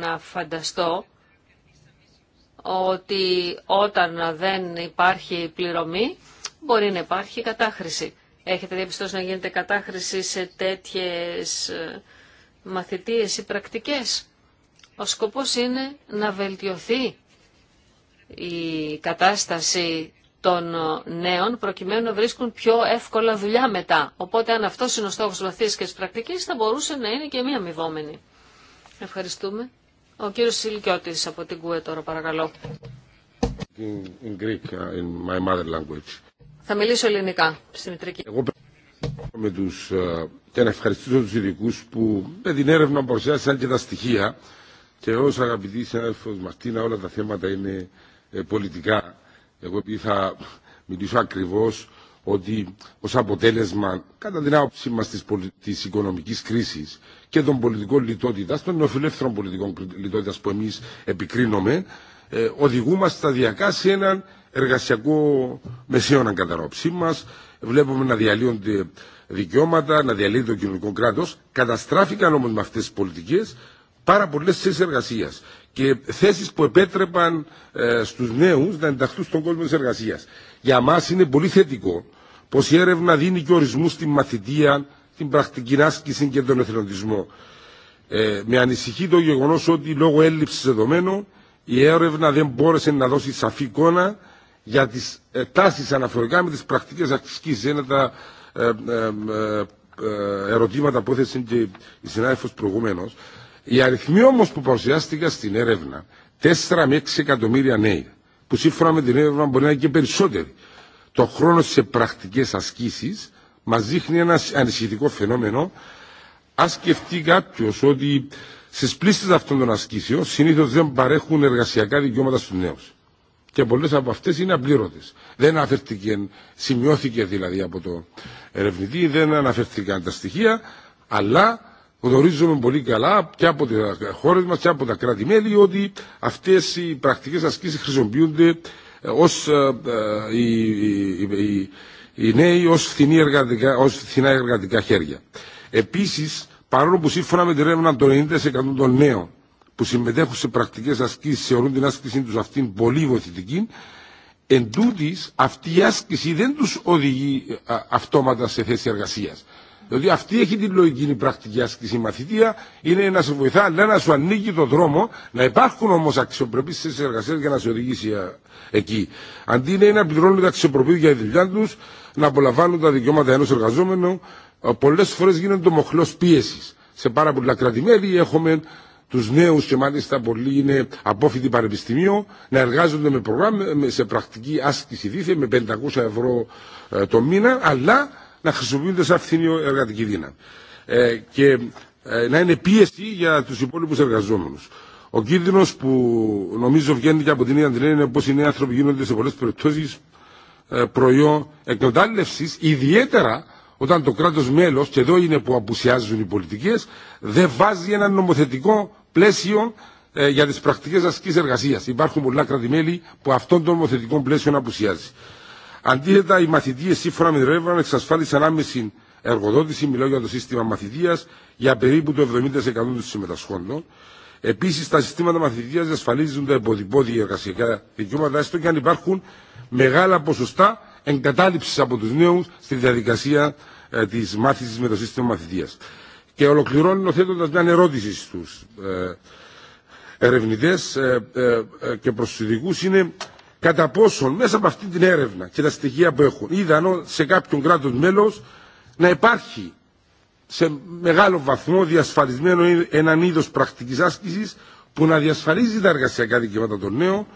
να φανταστώ ότι όταν δεν υπάρχει πληρωμή μπορεί να υπάρχει κατάχρηση. Έχετε διαπιστώσει να γίνεται κατάχρηση σε τέτοιες ε, μαθητείες ή πρακτικές. Ο σκοπός είναι να βελτιωθεί η κατάσταση των νέων προκειμένου να βρίσκουν πιο εύκολα δουλειά μετά. Οπότε αν αυτός είναι ο στόχος της μαθητής και της πρακτικής θα μπορούσε να είναι και μία αμοιβόμενη. Ευχαριστούμε. Ο κύριος Σιλικιώτης από την ΚΟΕ τώρα παρακαλώ. Uh, θα μιλήσω ελληνικά στη μητρική. Εγώ με τους, ε, και να ευχαριστήσω τους ειδικού που με την έρευνα παρουσιάσαν και τα στοιχεία και ως αγαπητή συνάδελφος Μαρτίνα όλα τα θέματα είναι ε, πολιτικά. Εγώ επειδή θα μιλήσω ακριβώς ότι ω αποτέλεσμα κατά την άποψή μα τη οικονομική κρίση και των πολιτικών λιτότητα, των νοφιλεύθερων πολιτικών λιτότητα που εμεί επικρίνουμε, ε, οδηγούμαστε σταδιακά σε έναν εργασιακό μεσαίωνα κατά άποψή μας. Βλέπουμε να διαλύονται δικαιώματα, να διαλύεται το κοινωνικό κράτο. Καταστράφηκαν όμω με αυτέ τι πολιτικέ πάρα πολλέ θέσει εργασία και θέσει που επέτρεπαν ε, στου νέου να ενταχθούν στον κόσμο τη εργασία. Για μα είναι πολύ θετικό πω η έρευνα δίνει και ορισμού στην μαθητεία, την πρακτική άσκηση και τον εθελοντισμό. Ε, με ανησυχεί το γεγονό ότι λόγω έλλειψη δεδομένων η έρευνα δεν μπόρεσε να δώσει σαφή εικόνα για τι ε, τάσει αναφορικά με τι πρακτικέ ασκήσει. Είναι τα ε, ε, ε, ε, ερωτήματα που έθεσε και η συνάδελφο προηγουμένω. Η αριθμοί όμω που παρουσιάστηκαν στην έρευνα, 4 με 6 εκατομμύρια νέοι, που σύμφωνα με την έρευνα μπορεί να είναι και περισσότεροι, το χρόνο σε πρακτικές ασκήσεις μας δείχνει ένα ανησυχητικό φαινόμενο αν σκεφτεί κάποιο ότι στι πλήστε αυτών των ασκήσεων συνήθω δεν παρέχουν εργασιακά δικαιώματα στου νέου. Και πολλέ από αυτέ είναι απλήρωτε. Δεν αναφέρθηκε, σημειώθηκε δηλαδή από το ερευνητή, δεν αναφέρθηκαν τα στοιχεία, αλλά γνωρίζουμε πολύ καλά και από τι χώρε μα και από τα κράτη-μέλη ότι αυτέ οι πρακτικέ ασκήσει χρησιμοποιούνται ε, ως, ε, ε, οι, νέοι ως, φθηνά εργατικά χέρια. Επίσης, παρόλο που σύμφωνα με την έρευνα το 90% των νέων που συμμετέχουν σε πρακτικές ασκήσεις θεωρούν την άσκησή τους αυτήν πολύ βοηθητική, εν τούτης, αυτή η άσκηση δεν τους οδηγεί αυτόματα σε θέση εργασίας. Διότι δηλαδή, αυτή έχει την λογική η πρακτική άσκηση. Η μαθητεία είναι να σε βοηθά, αλλά να σου ανοίγει το δρόμο, να υπάρχουν όμω αξιοπρεπεί στι για να σε οδηγήσει ε, εκεί. Αντί είναι να πληρώνουν τα αξιοπρεπή για τη δουλειά του, να απολαμβάνουν τα δικαιώματα ενό εργαζόμενου, ε, πολλέ φορέ γίνεται το μοχλό πίεση. Σε πάρα πολλά κρατημέλη έχουμε του νέου και μάλιστα πολλοί είναι απόφοιτοι πανεπιστημίου να εργάζονται με προγράμμα, σε πρακτική άσκηση δίθε με 500 ευρώ ε, το μήνα αλλά να χρησιμοποιούνται σαν φθηνή εργατική δύναμη. Ε, και ε, να είναι πίεση για του υπόλοιπου εργαζόμενου. Ο κίνδυνο που νομίζω βγαίνει και από την ίδια την είναι πω οι νέοι άνθρωποι γίνονται σε πολλέ περιπτώσει ε, προϊόν εκμετάλλευση, ιδιαίτερα όταν το κράτο μέλο, και εδώ είναι που απουσιάζουν οι πολιτικέ, δεν βάζει ένα νομοθετικό πλαίσιο ε, για τι πρακτικέ ασκή εργασία. Υπάρχουν πολλά πολλά κράτη-μέλη που αυτόν τον νομοθετικό πλαίσιο απουσιάζει. Αντίθετα, οι μαθητείε σύμφωνα με την Ρέβραν εξασφάλισαν άμεση εργοδότηση, μιλώ για το σύστημα μαθητεία, για περίπου το 70% των συμμετασχόντων. Επίση, τα συστήματα μαθητεία διασφαλίζουν τα εμποδυπόδια εργασιακά δικαιώματα, έστω και αν υπάρχουν μεγάλα ποσοστά εγκατάλειψη από του νέου στη διαδικασία ε, τη μάθηση με το σύστημα μαθητεία. Και ολοκληρώνω θέτοντα μια ερώτηση στου ε, ερευνητέ ε, ε, ε, και προ του ειδικού είναι κατά πόσον μέσα από αυτή την έρευνα και τα στοιχεία που έχουν είδαν σε κάποιον κράτος μέλος να υπάρχει σε μεγάλο βαθμό διασφαλισμένο έναν είδο πρακτική άσκηση που να διασφαλίζει τα εργασιακά δικαιώματα των νέων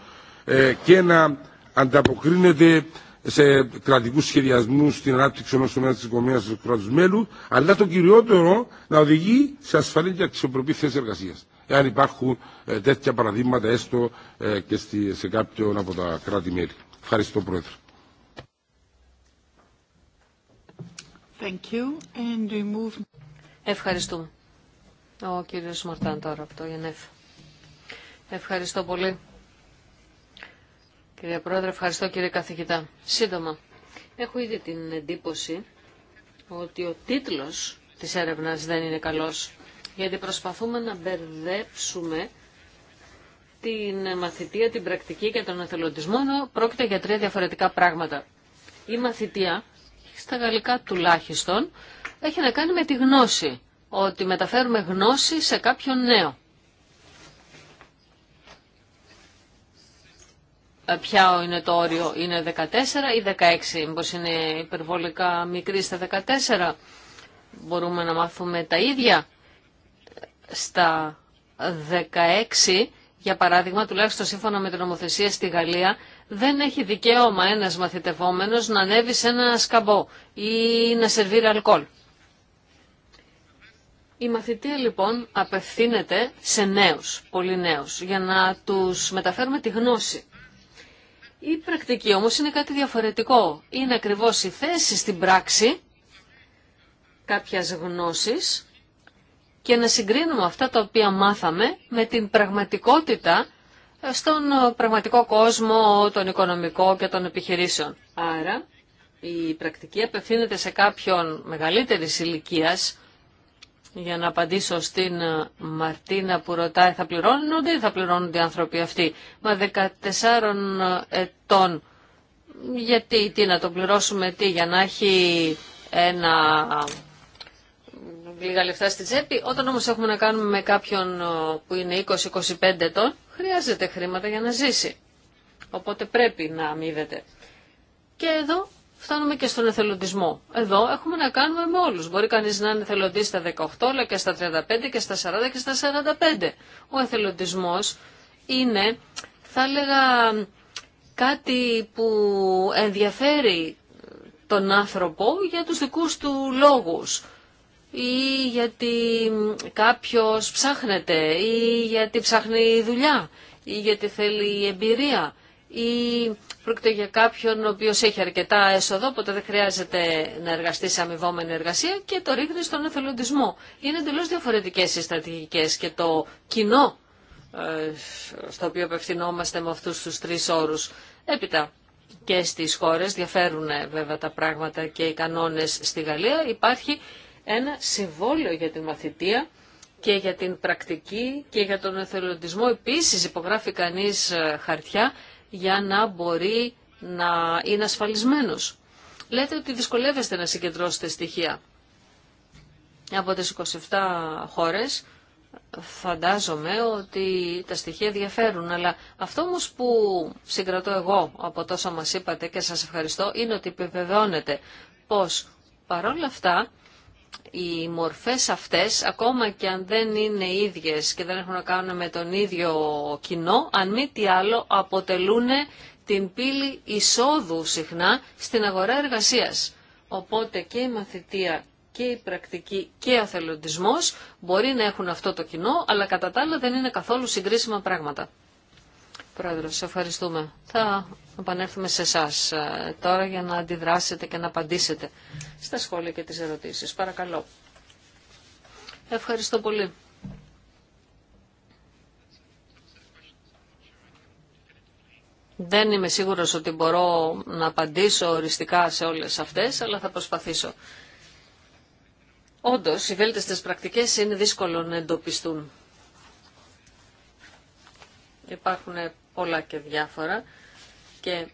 ε, και να ανταποκρίνεται σε κρατικού σχεδιασμού, στην ανάπτυξη ενό τομέα τη οικονομία του κράτου μέλου, αλλά το κυριότερο να οδηγεί σε ασφαλή και αξιοπρεπή θέση εργασία. Εάν υπάρχουν ε, τέτοια παραδείγματα, έστω ε, και σε κάποιον από τα κράτη-μέλη. Ευχαριστώ, Πρόεδρε. Thank you. And we move... Ευχαριστούμε. Ο κύριος Μαρτάν τώρα από το ΙΕΝΕΦ. Ευχαριστώ πολύ. Κύριε Πρόεδρε, ευχαριστώ κύριε καθηγητά. Σύντομα, έχω ήδη την εντύπωση ότι ο τίτλος της έρευνας δεν είναι καλός, γιατί προσπαθούμε να μπερδέψουμε την μαθητεία, την πρακτική και τον εθελοντισμό, ενώ πρόκειται για τρία διαφορετικά πράγματα. Η μαθητεία, στα γαλλικά τουλάχιστον, έχει να κάνει με τη γνώση, ότι μεταφέρουμε γνώση σε κάποιον νέο. Ε, ποια είναι το όριο, είναι 14 ή 16, μήπως είναι υπερβολικά μικρή στα 14. Μπορούμε να μάθουμε τα ίδια στα 16, για παράδειγμα, τουλάχιστον σύμφωνα με την νομοθεσία στη Γαλλία, δεν έχει δικαίωμα ένας μαθητευόμενος να ανέβει σε ένα σκαμπό ή να σερβίρει αλκοόλ. Η μαθητεία λοιπόν απευθύνεται σε νέους, πολύ νέους, για να τους μεταφέρουμε τη γνώση. Η πρακτική όμως είναι κάτι διαφορετικό. Είναι ακριβώς η θέση στην πράξη κάποιας γνώσης και να συγκρίνουμε αυτά τα οποία μάθαμε με την πραγματικότητα στον πραγματικό κόσμο, τον οικονομικό και των επιχειρήσεων. Άρα η πρακτική απευθύνεται σε κάποιον μεγαλύτερης ηλικίας για να απαντήσω στην ε, Μαρτίνα που ρωτάει θα πληρώνονται ή θα πληρώνονται οι άνθρωποι αυτοί. Μα 14 ε, ετών, γιατί τι να το πληρώσουμε, τι για να έχει ένα λίγα λεφτά στη τσέπη. Όταν όμως έχουμε να κάνουμε με κάποιον ε, που είναι 20-25 ετών, χρειάζεται χρήματα για να ζήσει. Οπότε πρέπει να αμείβεται. Και εδώ φτάνουμε και στον εθελοντισμό. Εδώ έχουμε να κάνουμε με όλους. Μπορεί κανείς να είναι εθελοντής στα 18, αλλά και στα 35 και στα 40 και στα 45. Ο εθελοντισμός είναι, θα έλεγα, κάτι που ενδιαφέρει τον άνθρωπο για τους δικούς του λόγους ή γιατί κάποιος ψάχνεται ή γιατί ψάχνει δουλειά ή γιατί θέλει εμπειρία ή πρόκειται για κάποιον ο οποίος έχει αρκετά έσοδο, οπότε δεν χρειάζεται να εργαστεί σε αμοιβόμενη εργασία και το ρίχνει στον εθελοντισμό. Είναι εντελώ διαφορετικές οι στρατηγικές και το κοινό ε, στο οποίο απευθυνόμαστε με αυτούς τους τρεις όρους. Έπειτα, και στις χώρες διαφέρουν ε, βέβαια τα πράγματα και οι κανόνες στη Γαλλία. Υπάρχει ένα συμβόλαιο για την μαθητεία και για την πρακτική και για τον εθελοντισμό. Επίσης υπογράφει κανείς ε, χαρτιά για να μπορεί να είναι ασφαλισμένος. Λέτε ότι δυσκολεύεστε να συγκεντρώσετε στοιχεία. Από τις 27 χώρες φαντάζομαι ότι τα στοιχεία διαφέρουν, αλλά αυτό όμω που συγκρατώ εγώ από τόσα μας είπατε και σας ευχαριστώ είναι ότι επιβεβαιώνεται πως παρόλα αυτά οι μορφές αυτές, ακόμα και αν δεν είναι ίδιες και δεν έχουν να κάνουν με τον ίδιο κοινό, αν μη τι άλλο αποτελούν την πύλη εισόδου συχνά στην αγορά εργασίας. Οπότε και η μαθητεία και η πρακτική και ο θελοντισμός μπορεί να έχουν αυτό το κοινό, αλλά κατά τα άλλα δεν είναι καθόλου συγκρίσιμα πράγματα. Πρόεδρος, ευχαριστούμε. Θα επανέλθουμε σε εσά ε, τώρα για να αντιδράσετε και να απαντήσετε στα σχόλια και τις ερωτήσεις. Παρακαλώ. Ευχαριστώ πολύ. Δεν είμαι σίγουρος ότι μπορώ να απαντήσω οριστικά σε όλες αυτές, αλλά θα προσπαθήσω. Όντως, οι βέλτιστες πρακτικές είναι δύσκολο να εντοπιστούν. Υπάρχουν πολλά και διάφορα και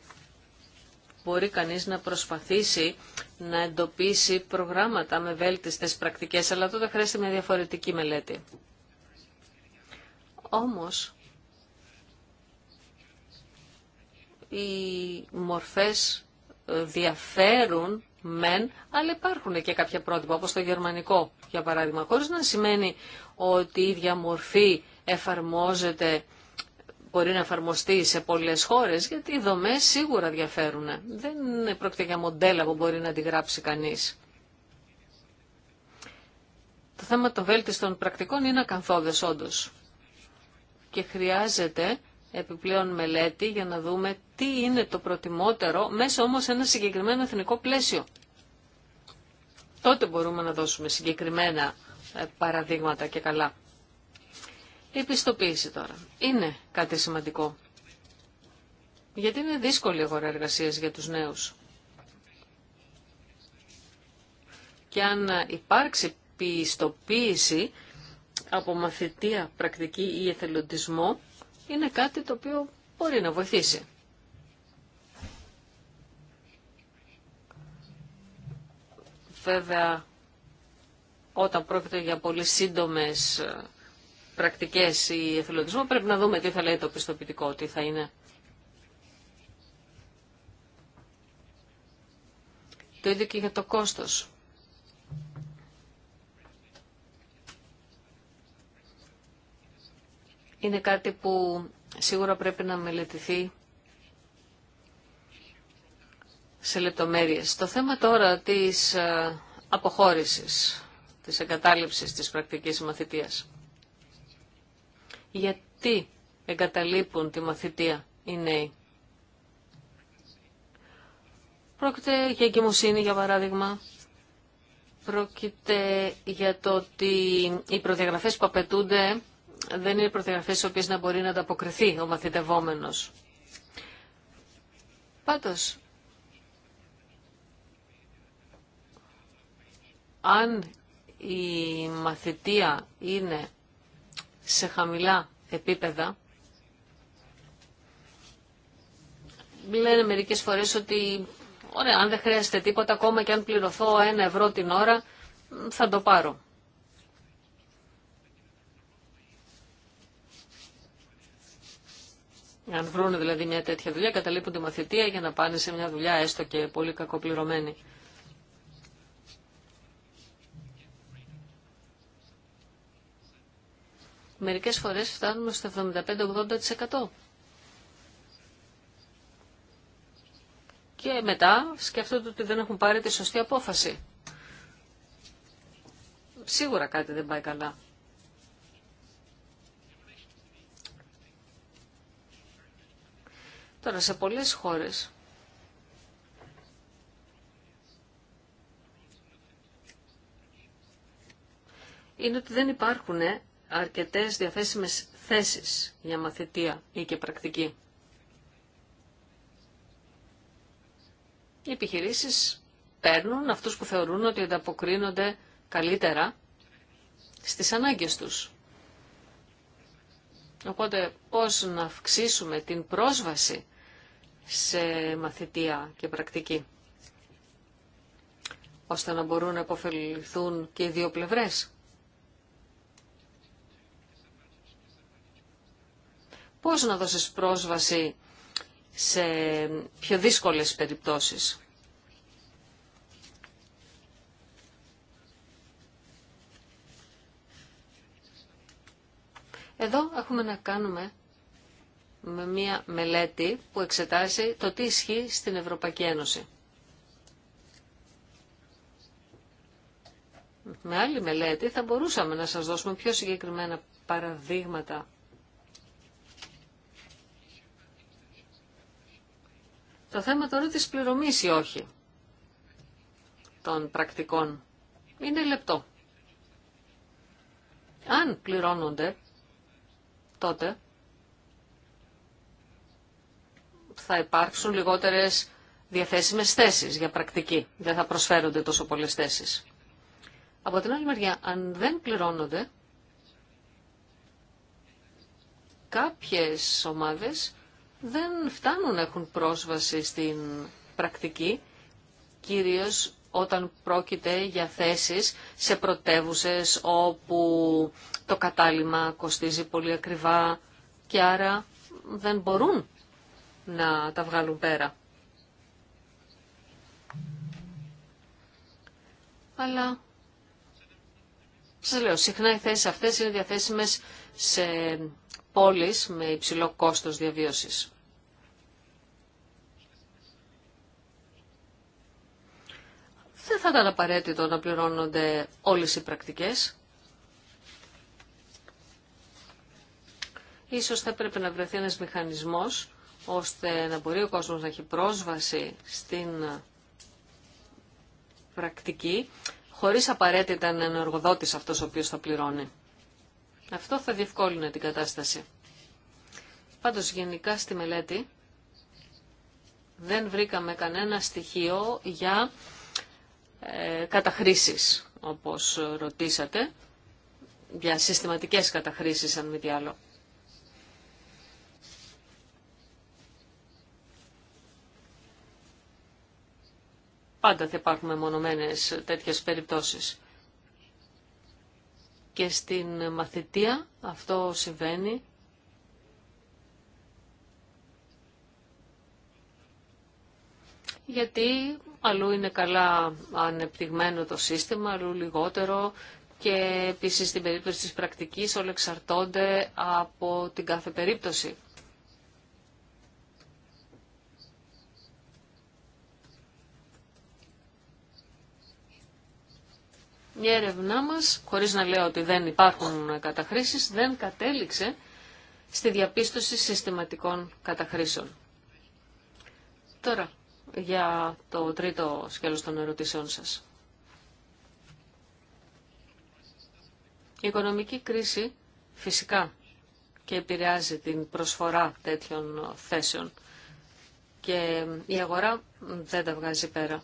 μπορεί κανείς να προσπαθήσει να εντοπίσει προγράμματα με βέλτιστες πρακτικές, αλλά τότε χρειάζεται μια διαφορετική μελέτη. Όμως, οι μορφές ε, διαφέρουν μεν, αλλά υπάρχουν και κάποια πρότυπα, όπως το γερμανικό, για παράδειγμα, χωρίς να σημαίνει ότι η ίδια μορφή εφαρμόζεται μπορεί να εφαρμοστεί σε πολλές χώρες, γιατί οι δομέ σίγουρα διαφέρουν. Δεν πρόκειται για μοντέλα που μπορεί να αντιγράψει κανεί. κανείς. Το θέμα των βέλτιστων πρακτικών είναι ακαθόδε όντω. Και χρειάζεται επιπλέον μελέτη για να δούμε τι είναι το προτιμότερο μέσα όμως σε ένα συγκεκριμένο εθνικό πλαίσιο. Τότε μπορούμε να δώσουμε συγκεκριμένα ε, παραδείγματα και καλά. Η πιστοποίηση τώρα είναι κάτι σημαντικό. Γιατί είναι δύσκολη η αγορά εργασίας για τους νέους. Και αν υπάρξει πιστοποίηση από μαθητεία, πρακτική ή εθελοντισμό, είναι κάτι το οποίο μπορεί να βοηθήσει. Βέβαια, όταν πρόκειται για πολύ σύντομες ε, πρακτικές ή εθελοντισμό. Πρέπει να δούμε τι θα λέει το πιστοποιητικό, τι θα είναι. Το ίδιο και για το κόστος. Είναι κάτι που σίγουρα πρέπει να μελετηθεί σε λεπτομέρειες. Το θέμα τώρα της ε, αποχώρησης, της εγκατάλειψης της πρακτικής μαθητείας γιατί εγκαταλείπουν τη μαθητεία οι νέοι. Πρόκειται για εγκυμοσύνη, για παράδειγμα. Πρόκειται για το ότι οι προδιαγραφές που απαιτούνται δεν είναι προδιαγραφές στις οποίες να μπορεί να ανταποκριθεί ο μαθητευόμενος. Πάντως, αν η μαθητεία είναι σε χαμηλά επίπεδα. Λένε μερικές φορές ότι ωραία, αν δεν χρειάζεται τίποτα, ακόμα και αν πληρωθώ ένα ευρώ την ώρα, θα το πάρω. Αν βρουν δηλαδή μια τέτοια δουλειά, καταλείπουν τη μαθητεία για να πάνε σε μια δουλειά έστω και πολύ κακοπληρωμένη. Μερικές φορές φτάνουμε στο 75-80%. Και μετά σκέφτονται ότι δεν έχουν πάρει τη σωστή απόφαση. Σίγουρα κάτι δεν πάει καλά. Τώρα σε πολλές χώρες είναι ότι δεν υπάρχουν αρκετές διαθέσιμες θέσεις για μαθητεία ή και πρακτική. Οι επιχειρήσεις παίρνουν αυτούς που θεωρούν ότι ανταποκρίνονται καλύτερα στις ανάγκες τους. Οπότε πώς να αυξήσουμε την πρόσβαση σε μαθητεία και πρακτική, ώστε να μπορούν να υποφεληθούν και οι δύο πλευρές. πώς να δώσεις πρόσβαση σε πιο δύσκολες περιπτώσεις. Εδώ έχουμε να κάνουμε με μία μελέτη που εξετάζει το τι ισχύει στην Ευρωπαϊκή Ένωση. Με άλλη μελέτη θα μπορούσαμε να σας δώσουμε πιο συγκεκριμένα παραδείγματα Το θέμα τώρα της πληρωμής ή όχι των πρακτικών είναι λεπτό. Αν πληρώνονται, τότε θα υπάρξουν λιγότερες διαθέσιμες θέσεις για πρακτική. Δεν θα προσφέρονται τόσο πολλές θέσεις. Από την άλλη μεριά, αν δεν πληρώνονται, κάποιες ομάδες δεν φτάνουν να έχουν πρόσβαση στην πρακτική, κυρίως όταν πρόκειται για θέσεις σε πρωτεύουσες όπου το κατάλημα κοστίζει πολύ ακριβά και άρα δεν μπορούν να τα βγάλουν πέρα. Αλλά σας λέω, συχνά οι θέσεις αυτές είναι διαθέσιμες σε πόλεις με υψηλό κόστος διαβίωσης. Δεν θα ήταν απαραίτητο να πληρώνονται όλες οι πρακτικές. Ίσως θα πρέπει να βρεθεί ένας μηχανισμός ώστε να μπορεί ο κόσμος να έχει πρόσβαση στην πρακτική χωρίς απαραίτητα να είναι ο εργοδότης αυτός ο οποίος θα πληρώνει. Αυτό θα διευκόλυνε την κατάσταση. Πάντως γενικά στη μελέτη δεν βρήκαμε κανένα στοιχείο για ε, καταχρήσεις, όπως ρωτήσατε, για συστηματικές καταχρήσεις αν μη τι άλλο. Πάντα θα υπάρχουν μονομενες τέτοιες περιπτώσεις και στην μαθητεία αυτό συμβαίνει. Γιατί αλλού είναι καλά ανεπτυγμένο το σύστημα, αλλού λιγότερο και επίσης στην περίπτωση της πρακτικής όλα εξαρτώνται από την κάθε περίπτωση. Η έρευνά μας, χωρίς να λέω ότι δεν υπάρχουν καταχρήσεις, δεν κατέληξε στη διαπίστωση συστηματικών καταχρήσεων. Τώρα, για το τρίτο σκέλος των ερωτήσεών σας. Η οικονομική κρίση φυσικά και επηρεάζει την προσφορά τέτοιων θέσεων και η αγορά δεν τα βγάζει πέρα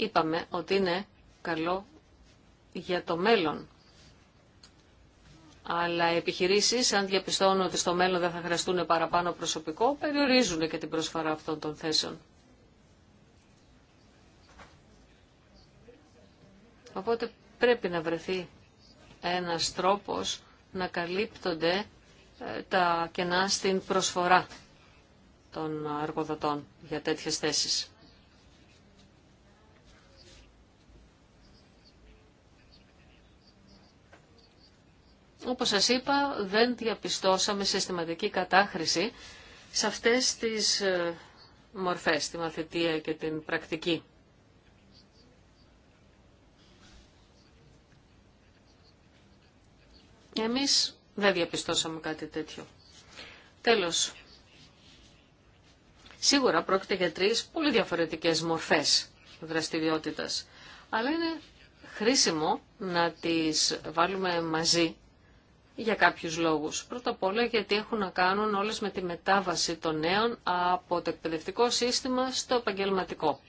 είπαμε ότι είναι καλό για το μέλλον. Αλλά οι επιχειρήσεις, αν διαπιστώνουν ότι στο μέλλον δεν θα χρειαστούν παραπάνω προσωπικό, περιορίζουν και την προσφορά αυτών των θέσεων. Οπότε πρέπει να βρεθεί ένας τρόπος να καλύπτονται ε, τα κενά στην προσφορά των εργοδοτών για τέτοιες θέσεις. Όπως σας είπα, δεν διαπιστώσαμε συστηματική κατάχρηση σε αυτές τις ε, μορφές, τη μαθητεία και την πρακτική. Εμείς δεν διαπιστώσαμε κάτι τέτοιο. Τέλος, σίγουρα πρόκειται για τρεις πολύ διαφορετικές μορφές δραστηριότητας, αλλά είναι χρήσιμο να τις βάλουμε μαζί για κάποιους λόγους. Πρώτα απ' όλα γιατί έχουν να κάνουν όλες με τη μετάβαση των νέων από το εκπαιδευτικό σύστημα στο επαγγελματικό.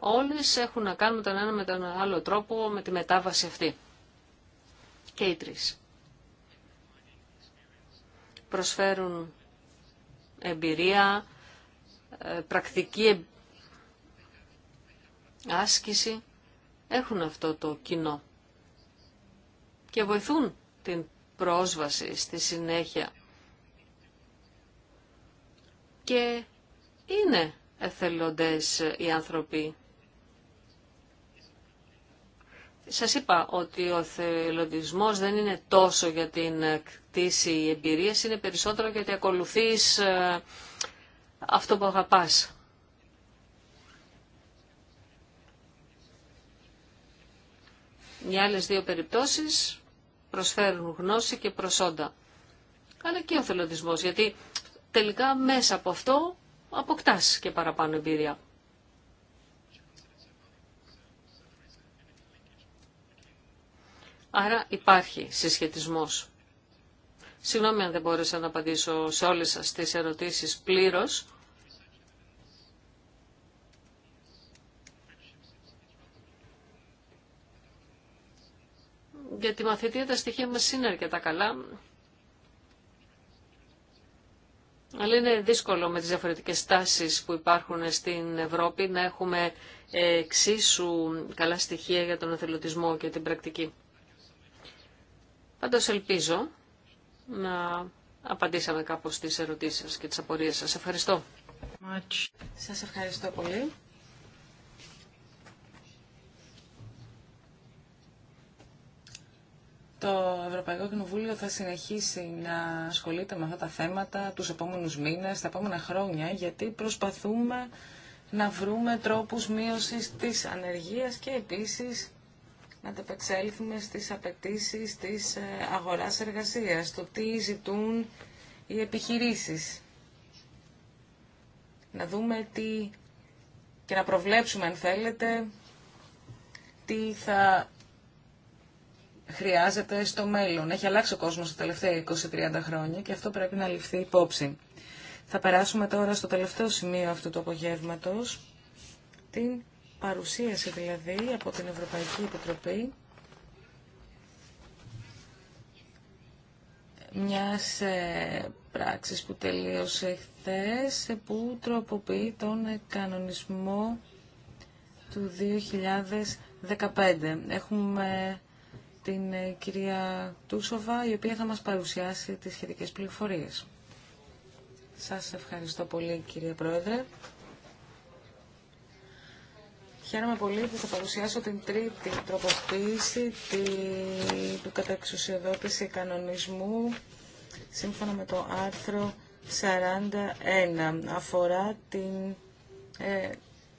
Όλες έχουν να κάνουν τον ένα με τον άλλο τρόπο με τη μετάβαση αυτή. Και οι τρεις. Προσφέρουν εμπειρία, ε, πρακτική ε, άσκηση. Έχουν αυτό το κοινό. Και βοηθούν την πρόσβαση στη συνέχεια. Και είναι εθελοντές οι άνθρωποι. Σας είπα ότι ο εθελοντισμός δεν είναι τόσο για την κτήση εμπειρία. είναι περισσότερο γιατί ακολουθείς ε, αυτό που αγαπάς. Οι άλλες δύο περιπτώσεις προσφέρουν γνώση και προσόντα. Αλλά και ο θελοντισμός, γιατί τελικά μέσα από αυτό αποκτάς και παραπάνω εμπειρία. Άρα υπάρχει συσχετισμός. Συγγνώμη αν δεν μπόρεσα να απαντήσω σε όλες σας τις ερωτήσεις πλήρως. για τη μαθητεία τα στοιχεία μας είναι αρκετά καλά. Αλλά είναι δύσκολο με τις διαφορετικές τάσεις που υπάρχουν στην Ευρώπη να έχουμε εξίσου καλά στοιχεία για τον εθελοντισμό και την πρακτική. Πάντως ελπίζω να απαντήσαμε κάπως στις ερωτήσεις σας και τις απορίες σας. Ευχαριστώ. Σας ευχαριστώ πολύ. Το Ευρωπαϊκό Κοινοβούλιο θα συνεχίσει να ασχολείται με αυτά τα θέματα τους επόμενους μήνες, τα επόμενα χρόνια, γιατί προσπαθούμε να βρούμε τρόπους μείωσης της ανεργίας και επίσης να ανταπεξέλθουμε στις απαιτήσει της ε, αγοράς εργασίας, το τι ζητούν οι επιχειρήσεις. Να δούμε τι και να προβλέψουμε, αν θέλετε, τι θα χρειάζεται στο μέλλον. Έχει αλλάξει ο κόσμος τα τελευταία 20-30 χρόνια και αυτό πρέπει να ληφθεί υπόψη. Θα περάσουμε τώρα στο τελευταίο σημείο αυτού του απογεύματος, την παρουσίαση δηλαδή από την Ευρωπαϊκή Επιτροπή μιας ε, πράξης που τελείωσε χθες που τροποποιεί τον κανονισμό του 2015. Έχουμε την ε, κυρία Τούσοβα, η οποία θα μας παρουσιάσει τις σχετικές πληροφορίες. Σας ευχαριστώ πολύ κύριε Πρόεδρε. Χαίρομαι πολύ που θα παρουσιάσω την τρίτη τροποποίηση του καταξουσιοδότηση κανονισμού σύμφωνα με το άρθρο 41. Αφορά την ε,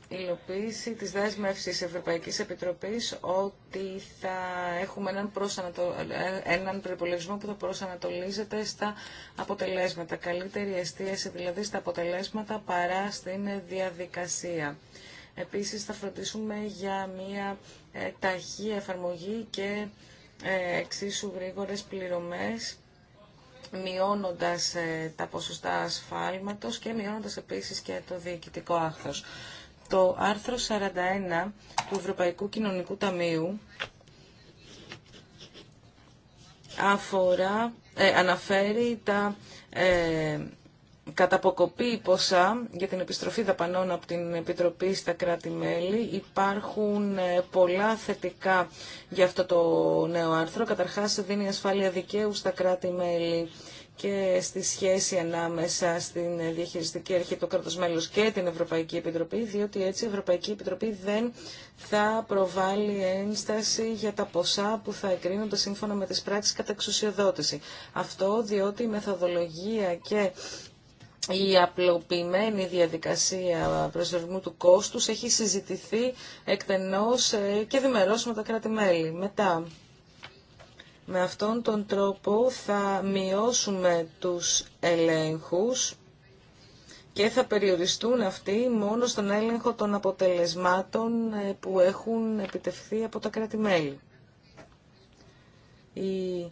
υλοποίηση της δέσμευσης Ευρωπαϊκής Επιτροπής ότι θα έχουμε έναν, προσανατο... έναν προπολογισμό που θα προσανατολίζεται στα αποτελέσματα. Καλύτερη εστίαση δηλαδή στα αποτελέσματα παρά στην διαδικασία. Επίσης θα φροντίσουμε για μια ε, ταχύ εφαρμογή και ε, εξίσου γρήγορες πληρωμές μειώνοντας ε, τα ποσοστά ασφάλματος και μειώνοντας επίσης και το διοικητικό άχθος το άρθρο 41 του Ευρωπαϊκού Κοινωνικού Ταμείου αφορά, ε, αναφέρει τα ε, καταποκοπή ποσά για την επιστροφή δαπανών από την Επιτροπή στα κράτη-μέλη. Υπάρχουν ε, πολλά θετικά για αυτό το νέο άρθρο. Καταρχάς δίνει ασφάλεια δικαίου στα κράτη-μέλη και στη σχέση ανάμεσα στην διαχειριστική αρχή, το κράτος και την Ευρωπαϊκή Επιτροπή, διότι έτσι η Ευρωπαϊκή Επιτροπή δεν θα προβάλλει ένσταση για τα ποσά που θα εκρίνονται σύμφωνα με τις πράξεις κατά εξουσιοδότηση. Αυτό διότι η μεθοδολογία και η απλοποιημένη διαδικασία προσδιορισμού του κόστους έχει συζητηθεί εκτενώς ε, και διμερώς με τα κράτη-μέλη. Μετά, με αυτόν τον τρόπο θα μειώσουμε τους ελέγχους και θα περιοριστούν αυτοί μόνο στον έλεγχο των αποτελεσμάτων ε, που έχουν επιτευχθεί από τα κράτη-μέλη. Οι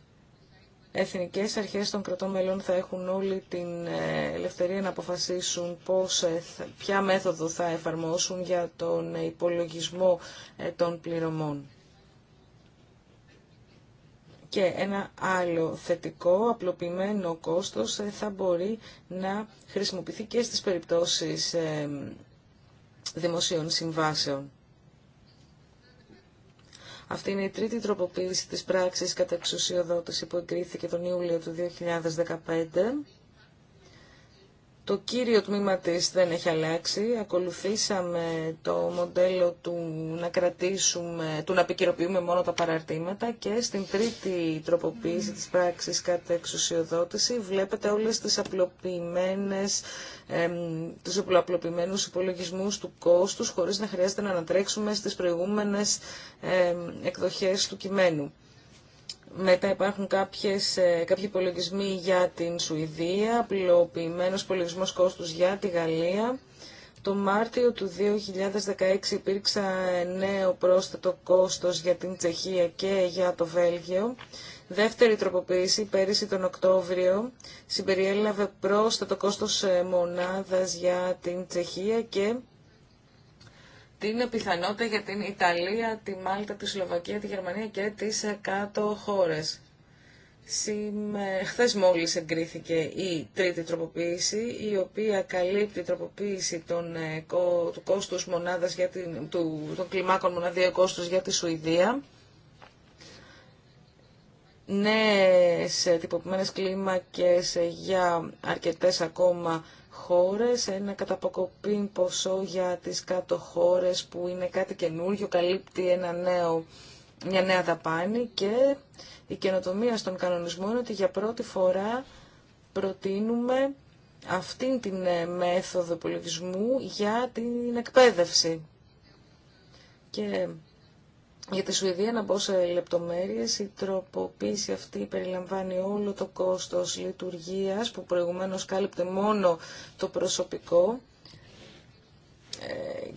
εθνικές αρχές των κρατών μελών θα έχουν όλη την ε, ελευθερία να αποφασίσουν πώς, ε, ποια μέθοδο θα εφαρμόσουν για τον υπολογισμό των πληρωμών. Και ένα άλλο θετικό, απλοποιημένο κόστος ε, θα μπορεί να χρησιμοποιηθεί και στις περιπτώσεις ε, δημοσίων συμβάσεων. Αυτή είναι η τρίτη τροποποίηση της πράξης κατά εξουσιοδότηση που εγκρίθηκε τον Ιούλιο του 2015 το κύριο τμήμα της δεν έχει αλλάξει. Ακολουθήσαμε το μοντέλο του να κρατήσουμε, του να μόνο τα παραρτήματα και στην τρίτη τροποποίηση της πράξης κατά εξουσιοδότηση βλέπετε όλες τις απλοποιημένες, τους απλοποιημένους υπολογισμούς του κόστους χωρίς να χρειάζεται να ανατρέξουμε στις προηγούμενες εκδοχές του κειμένου. Μετά υπάρχουν κάποιες, ε, κάποιοι υπολογισμοί για την Σουηδία, απλοποιημένος υπολογισμός κόστους για τη Γαλλία. Το Μάρτιο του 2016 υπήρξε νέο πρόσθετο κόστος για την Τσεχία και για το Βέλγιο. Δεύτερη τροποποίηση πέρυσι τον Οκτώβριο συμπεριέλαβε πρόσθετο κόστος ε, μονάδας για την Τσεχία και την πιθανότητα για την Ιταλία, τη Μάλτα, τη Σλοβακία, τη Γερμανία και τις ε, κάτω χώρες. Σήμε... Χθες μόλις εγκρίθηκε η τρίτη τροποποίηση, η οποία καλύπτει τροποποίηση των, ε, του μονάδας για την, του, των κλιμάκων μοναδίου κόστου για τη Σουηδία. Νέε τυποποιημένε κλίμακε ε, για αρκετές ακόμα χώρες, ένα καταποκοπήν ποσό για τις κάτω χώρες που είναι κάτι καινούργιο, καλύπτει ένα νέο, μια νέα δαπάνη και η καινοτομία στον κανονισμό είναι ότι για πρώτη φορά προτείνουμε αυτήν την ε, μέθοδο υπολογισμού για την εκπαίδευση. Και για τη Σουηδία, να μπω σε λεπτομέρειες, η τροποποίηση αυτή περιλαμβάνει όλο το κόστος λειτουργίας που προηγουμένως κάλυπτε μόνο το προσωπικό ε,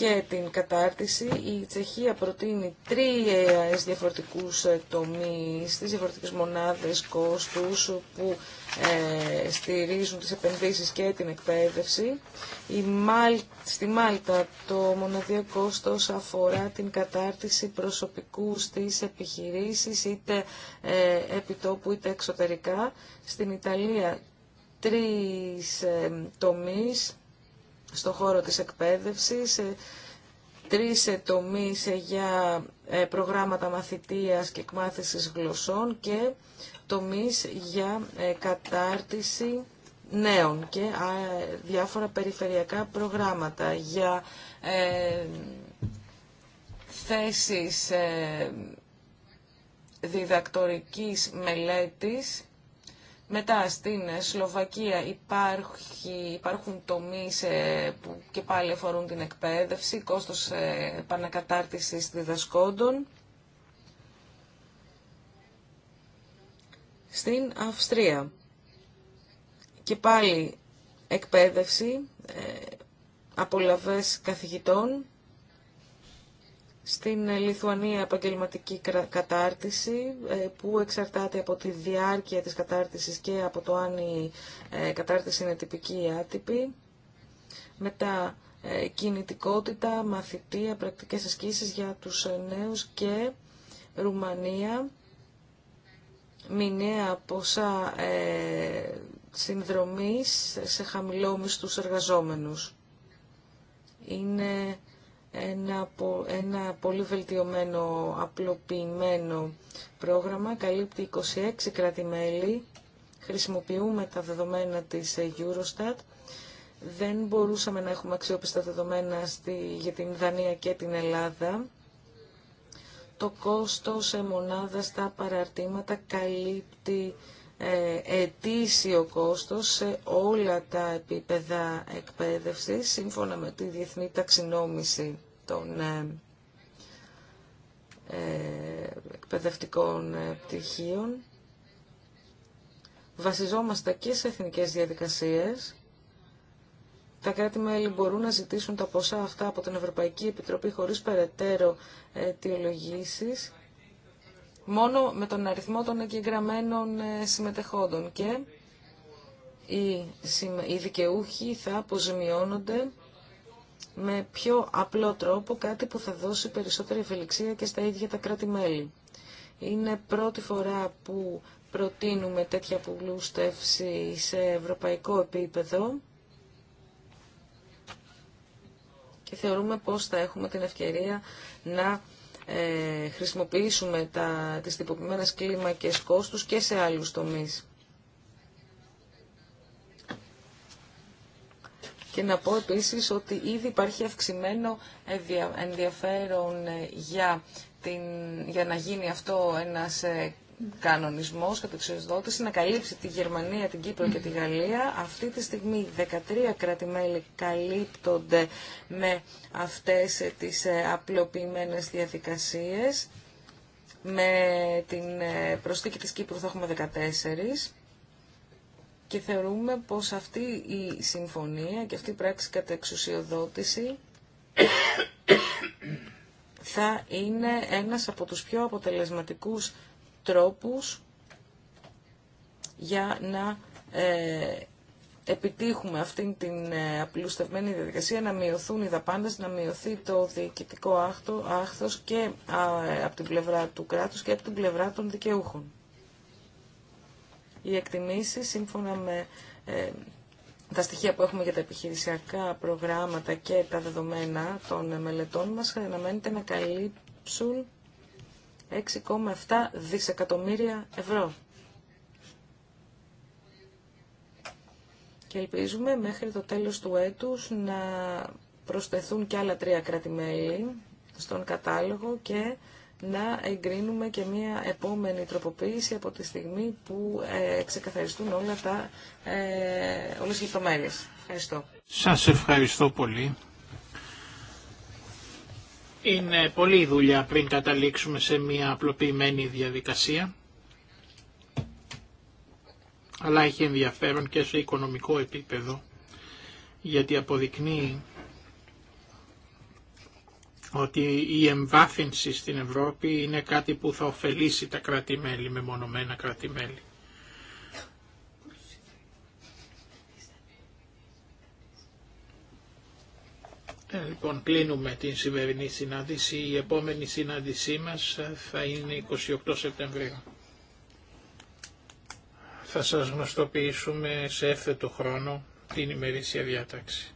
και την κατάρτιση. Η Τσεχία προτείνει τρία διαφορετικούς ε, τομείς, τις διαφορετικές μονάδες κόστους που ε, στηρίζουν τις επενδύσεις και την εκπαίδευση. Η Μάλ, στη Μάλτα το μοναδίο κόστος αφορά την κατάρτιση προσωπικού στις επιχειρήσεις, είτε ε, επιτόπου είτε εξωτερικά. Στην Ιταλία τρεις ε, τομείς στον χώρο της εκπαίδευσης, ε, τρεις ε, τομείς ε, για προγράμματα μαθητείας και εκμάθησης γλωσσών και τομείς για κατάρτιση νέων και διάφορα περιφερειακά προγράμματα για θέσεις διδακτορικής μελέτης μετά στην Σλοβακία υπάρχει, υπάρχουν τομείς ε, που και πάλι αφορούν την εκπαίδευση, κόστος ε, επανακατάρτισης διδασκόντων. Στην Αυστρία και πάλι εκπαίδευση, ε, απολαβές καθηγητών στην Λιθουανία επαγγελματική κατάρτιση ε, που εξαρτάται από τη διάρκεια της κατάρτισης και από το αν η ε, κατάρτιση είναι τυπική ή άτυπη. Μετά ε, κινητικότητα, μαθητεία, πρακτικές ασκήσεις για τους νέους και Ρουμανία. Μηνιαία ποσά συνδρομής σε χαμηλόμιστους εργαζόμενους. Είναι ένα, ένα πολύ βελτιωμένο, απλοποιημένο πρόγραμμα. Καλύπτει 26 κρατη Χρησιμοποιούμε τα δεδομένα της ε, Eurostat. Δεν μπορούσαμε να έχουμε αξιόπιστα δεδομένα στη, για την Δανία και την Ελλάδα. Το κόστος σε μονάδα στα παραρτήματα καλύπτει ε, ετήσιο κόστος σε όλα τα επίπεδα εκπαίδευσης σύμφωνα με τη διεθνή ταξινόμηση των ε, ε, εκπαιδευτικών πτυχίων. Βασιζόμαστε και σε εθνικές διαδικασίες. Τα κράτη-μέλη μπορούν να ζητήσουν τα ποσά αυτά από την Ευρωπαϊκή Επιτροπή χωρίς περαιτέρω αιτιολογήσεις μόνο με τον αριθμό των εγγεγραμμένων ε, συμμετεχόντων και οι δικαιούχοι θα αποζημιώνονται με πιο απλό τρόπο, κάτι που θα δώσει περισσότερη ευελιξία και στα ίδια τα κράτη-μέλη. Είναι πρώτη φορά που προτείνουμε τέτοια πουλούστευση σε ευρωπαϊκό επίπεδο και θεωρούμε πως θα έχουμε την ευκαιρία να ε, χρησιμοποιήσουμε τα, τις τυποποιημένες κλίμακες κόστους και σε άλλους τομείς. Και να πω επίσης ότι ήδη υπάρχει αυξημένο ενδιαφέρον για, την, για να γίνει αυτό ένας ε, κανονισμός κατεξουσιοδότηση να καλύψει τη Γερμανία, την Κύπρο και τη Γαλλία. Αυτή τη στιγμή 13 κράτη-μέλη καλύπτονται με αυτές τις ε, απλοποιημένες διαδικασίες. Με την ε, προσθήκη της Κύπρου θα έχουμε 14 και θεωρούμε πως αυτή η συμφωνία και αυτή η πράξη κατά εξουσιοδότηση θα είναι ένας από τους πιο αποτελεσματικούς τρόπους για να ε, επιτύχουμε αυτή την ε, απλουστευμένη διαδικασία, να μειωθούν οι δαπάνες, να μειωθεί το διοικητικό άχθος και από την πλευρά του κράτους και από την πλευρά των δικαιούχων. Οι εκτιμήσεις, σύμφωνα με ε, τα στοιχεία που έχουμε για τα επιχειρησιακά προγράμματα και τα δεδομένα των μελετών μας, αναμένεται να καλύψουν 6,7 δισεκατομμύρια ευρώ. Και ελπίζουμε μέχρι το τέλος του έτους να προσθεθούν και άλλα τρία κράτη-μέλη στον κατάλογο και να εγκρίνουμε και μία επόμενη τροποποίηση από τη στιγμή που ε, ξεκαθαριστούν όλα τα, ε, όλες οι λεπτομέρειες. Ευχαριστώ. Σας ευχαριστώ πολύ. Είναι πολλή δουλειά πριν καταλήξουμε σε μια απλοποιημένη διαδικασία, αλλά έχει ενδιαφέρον και σε οικονομικό επίπεδο, γιατί αποδεικνύει ότι η εμβάθυνση στην Ευρώπη είναι κάτι που θα ωφελήσει τα κράτη-μέλη, μονομενα κρατη κράτη-μέλη. Ε, λοιπόν, κλείνουμε την σημερινή συνάντηση. Η επόμενη συνάντησή μας θα είναι 28 Σεπτεμβρίου. Θα σας γνωστοποιήσουμε σε έφετο χρόνο την ημερήσια διάταξη.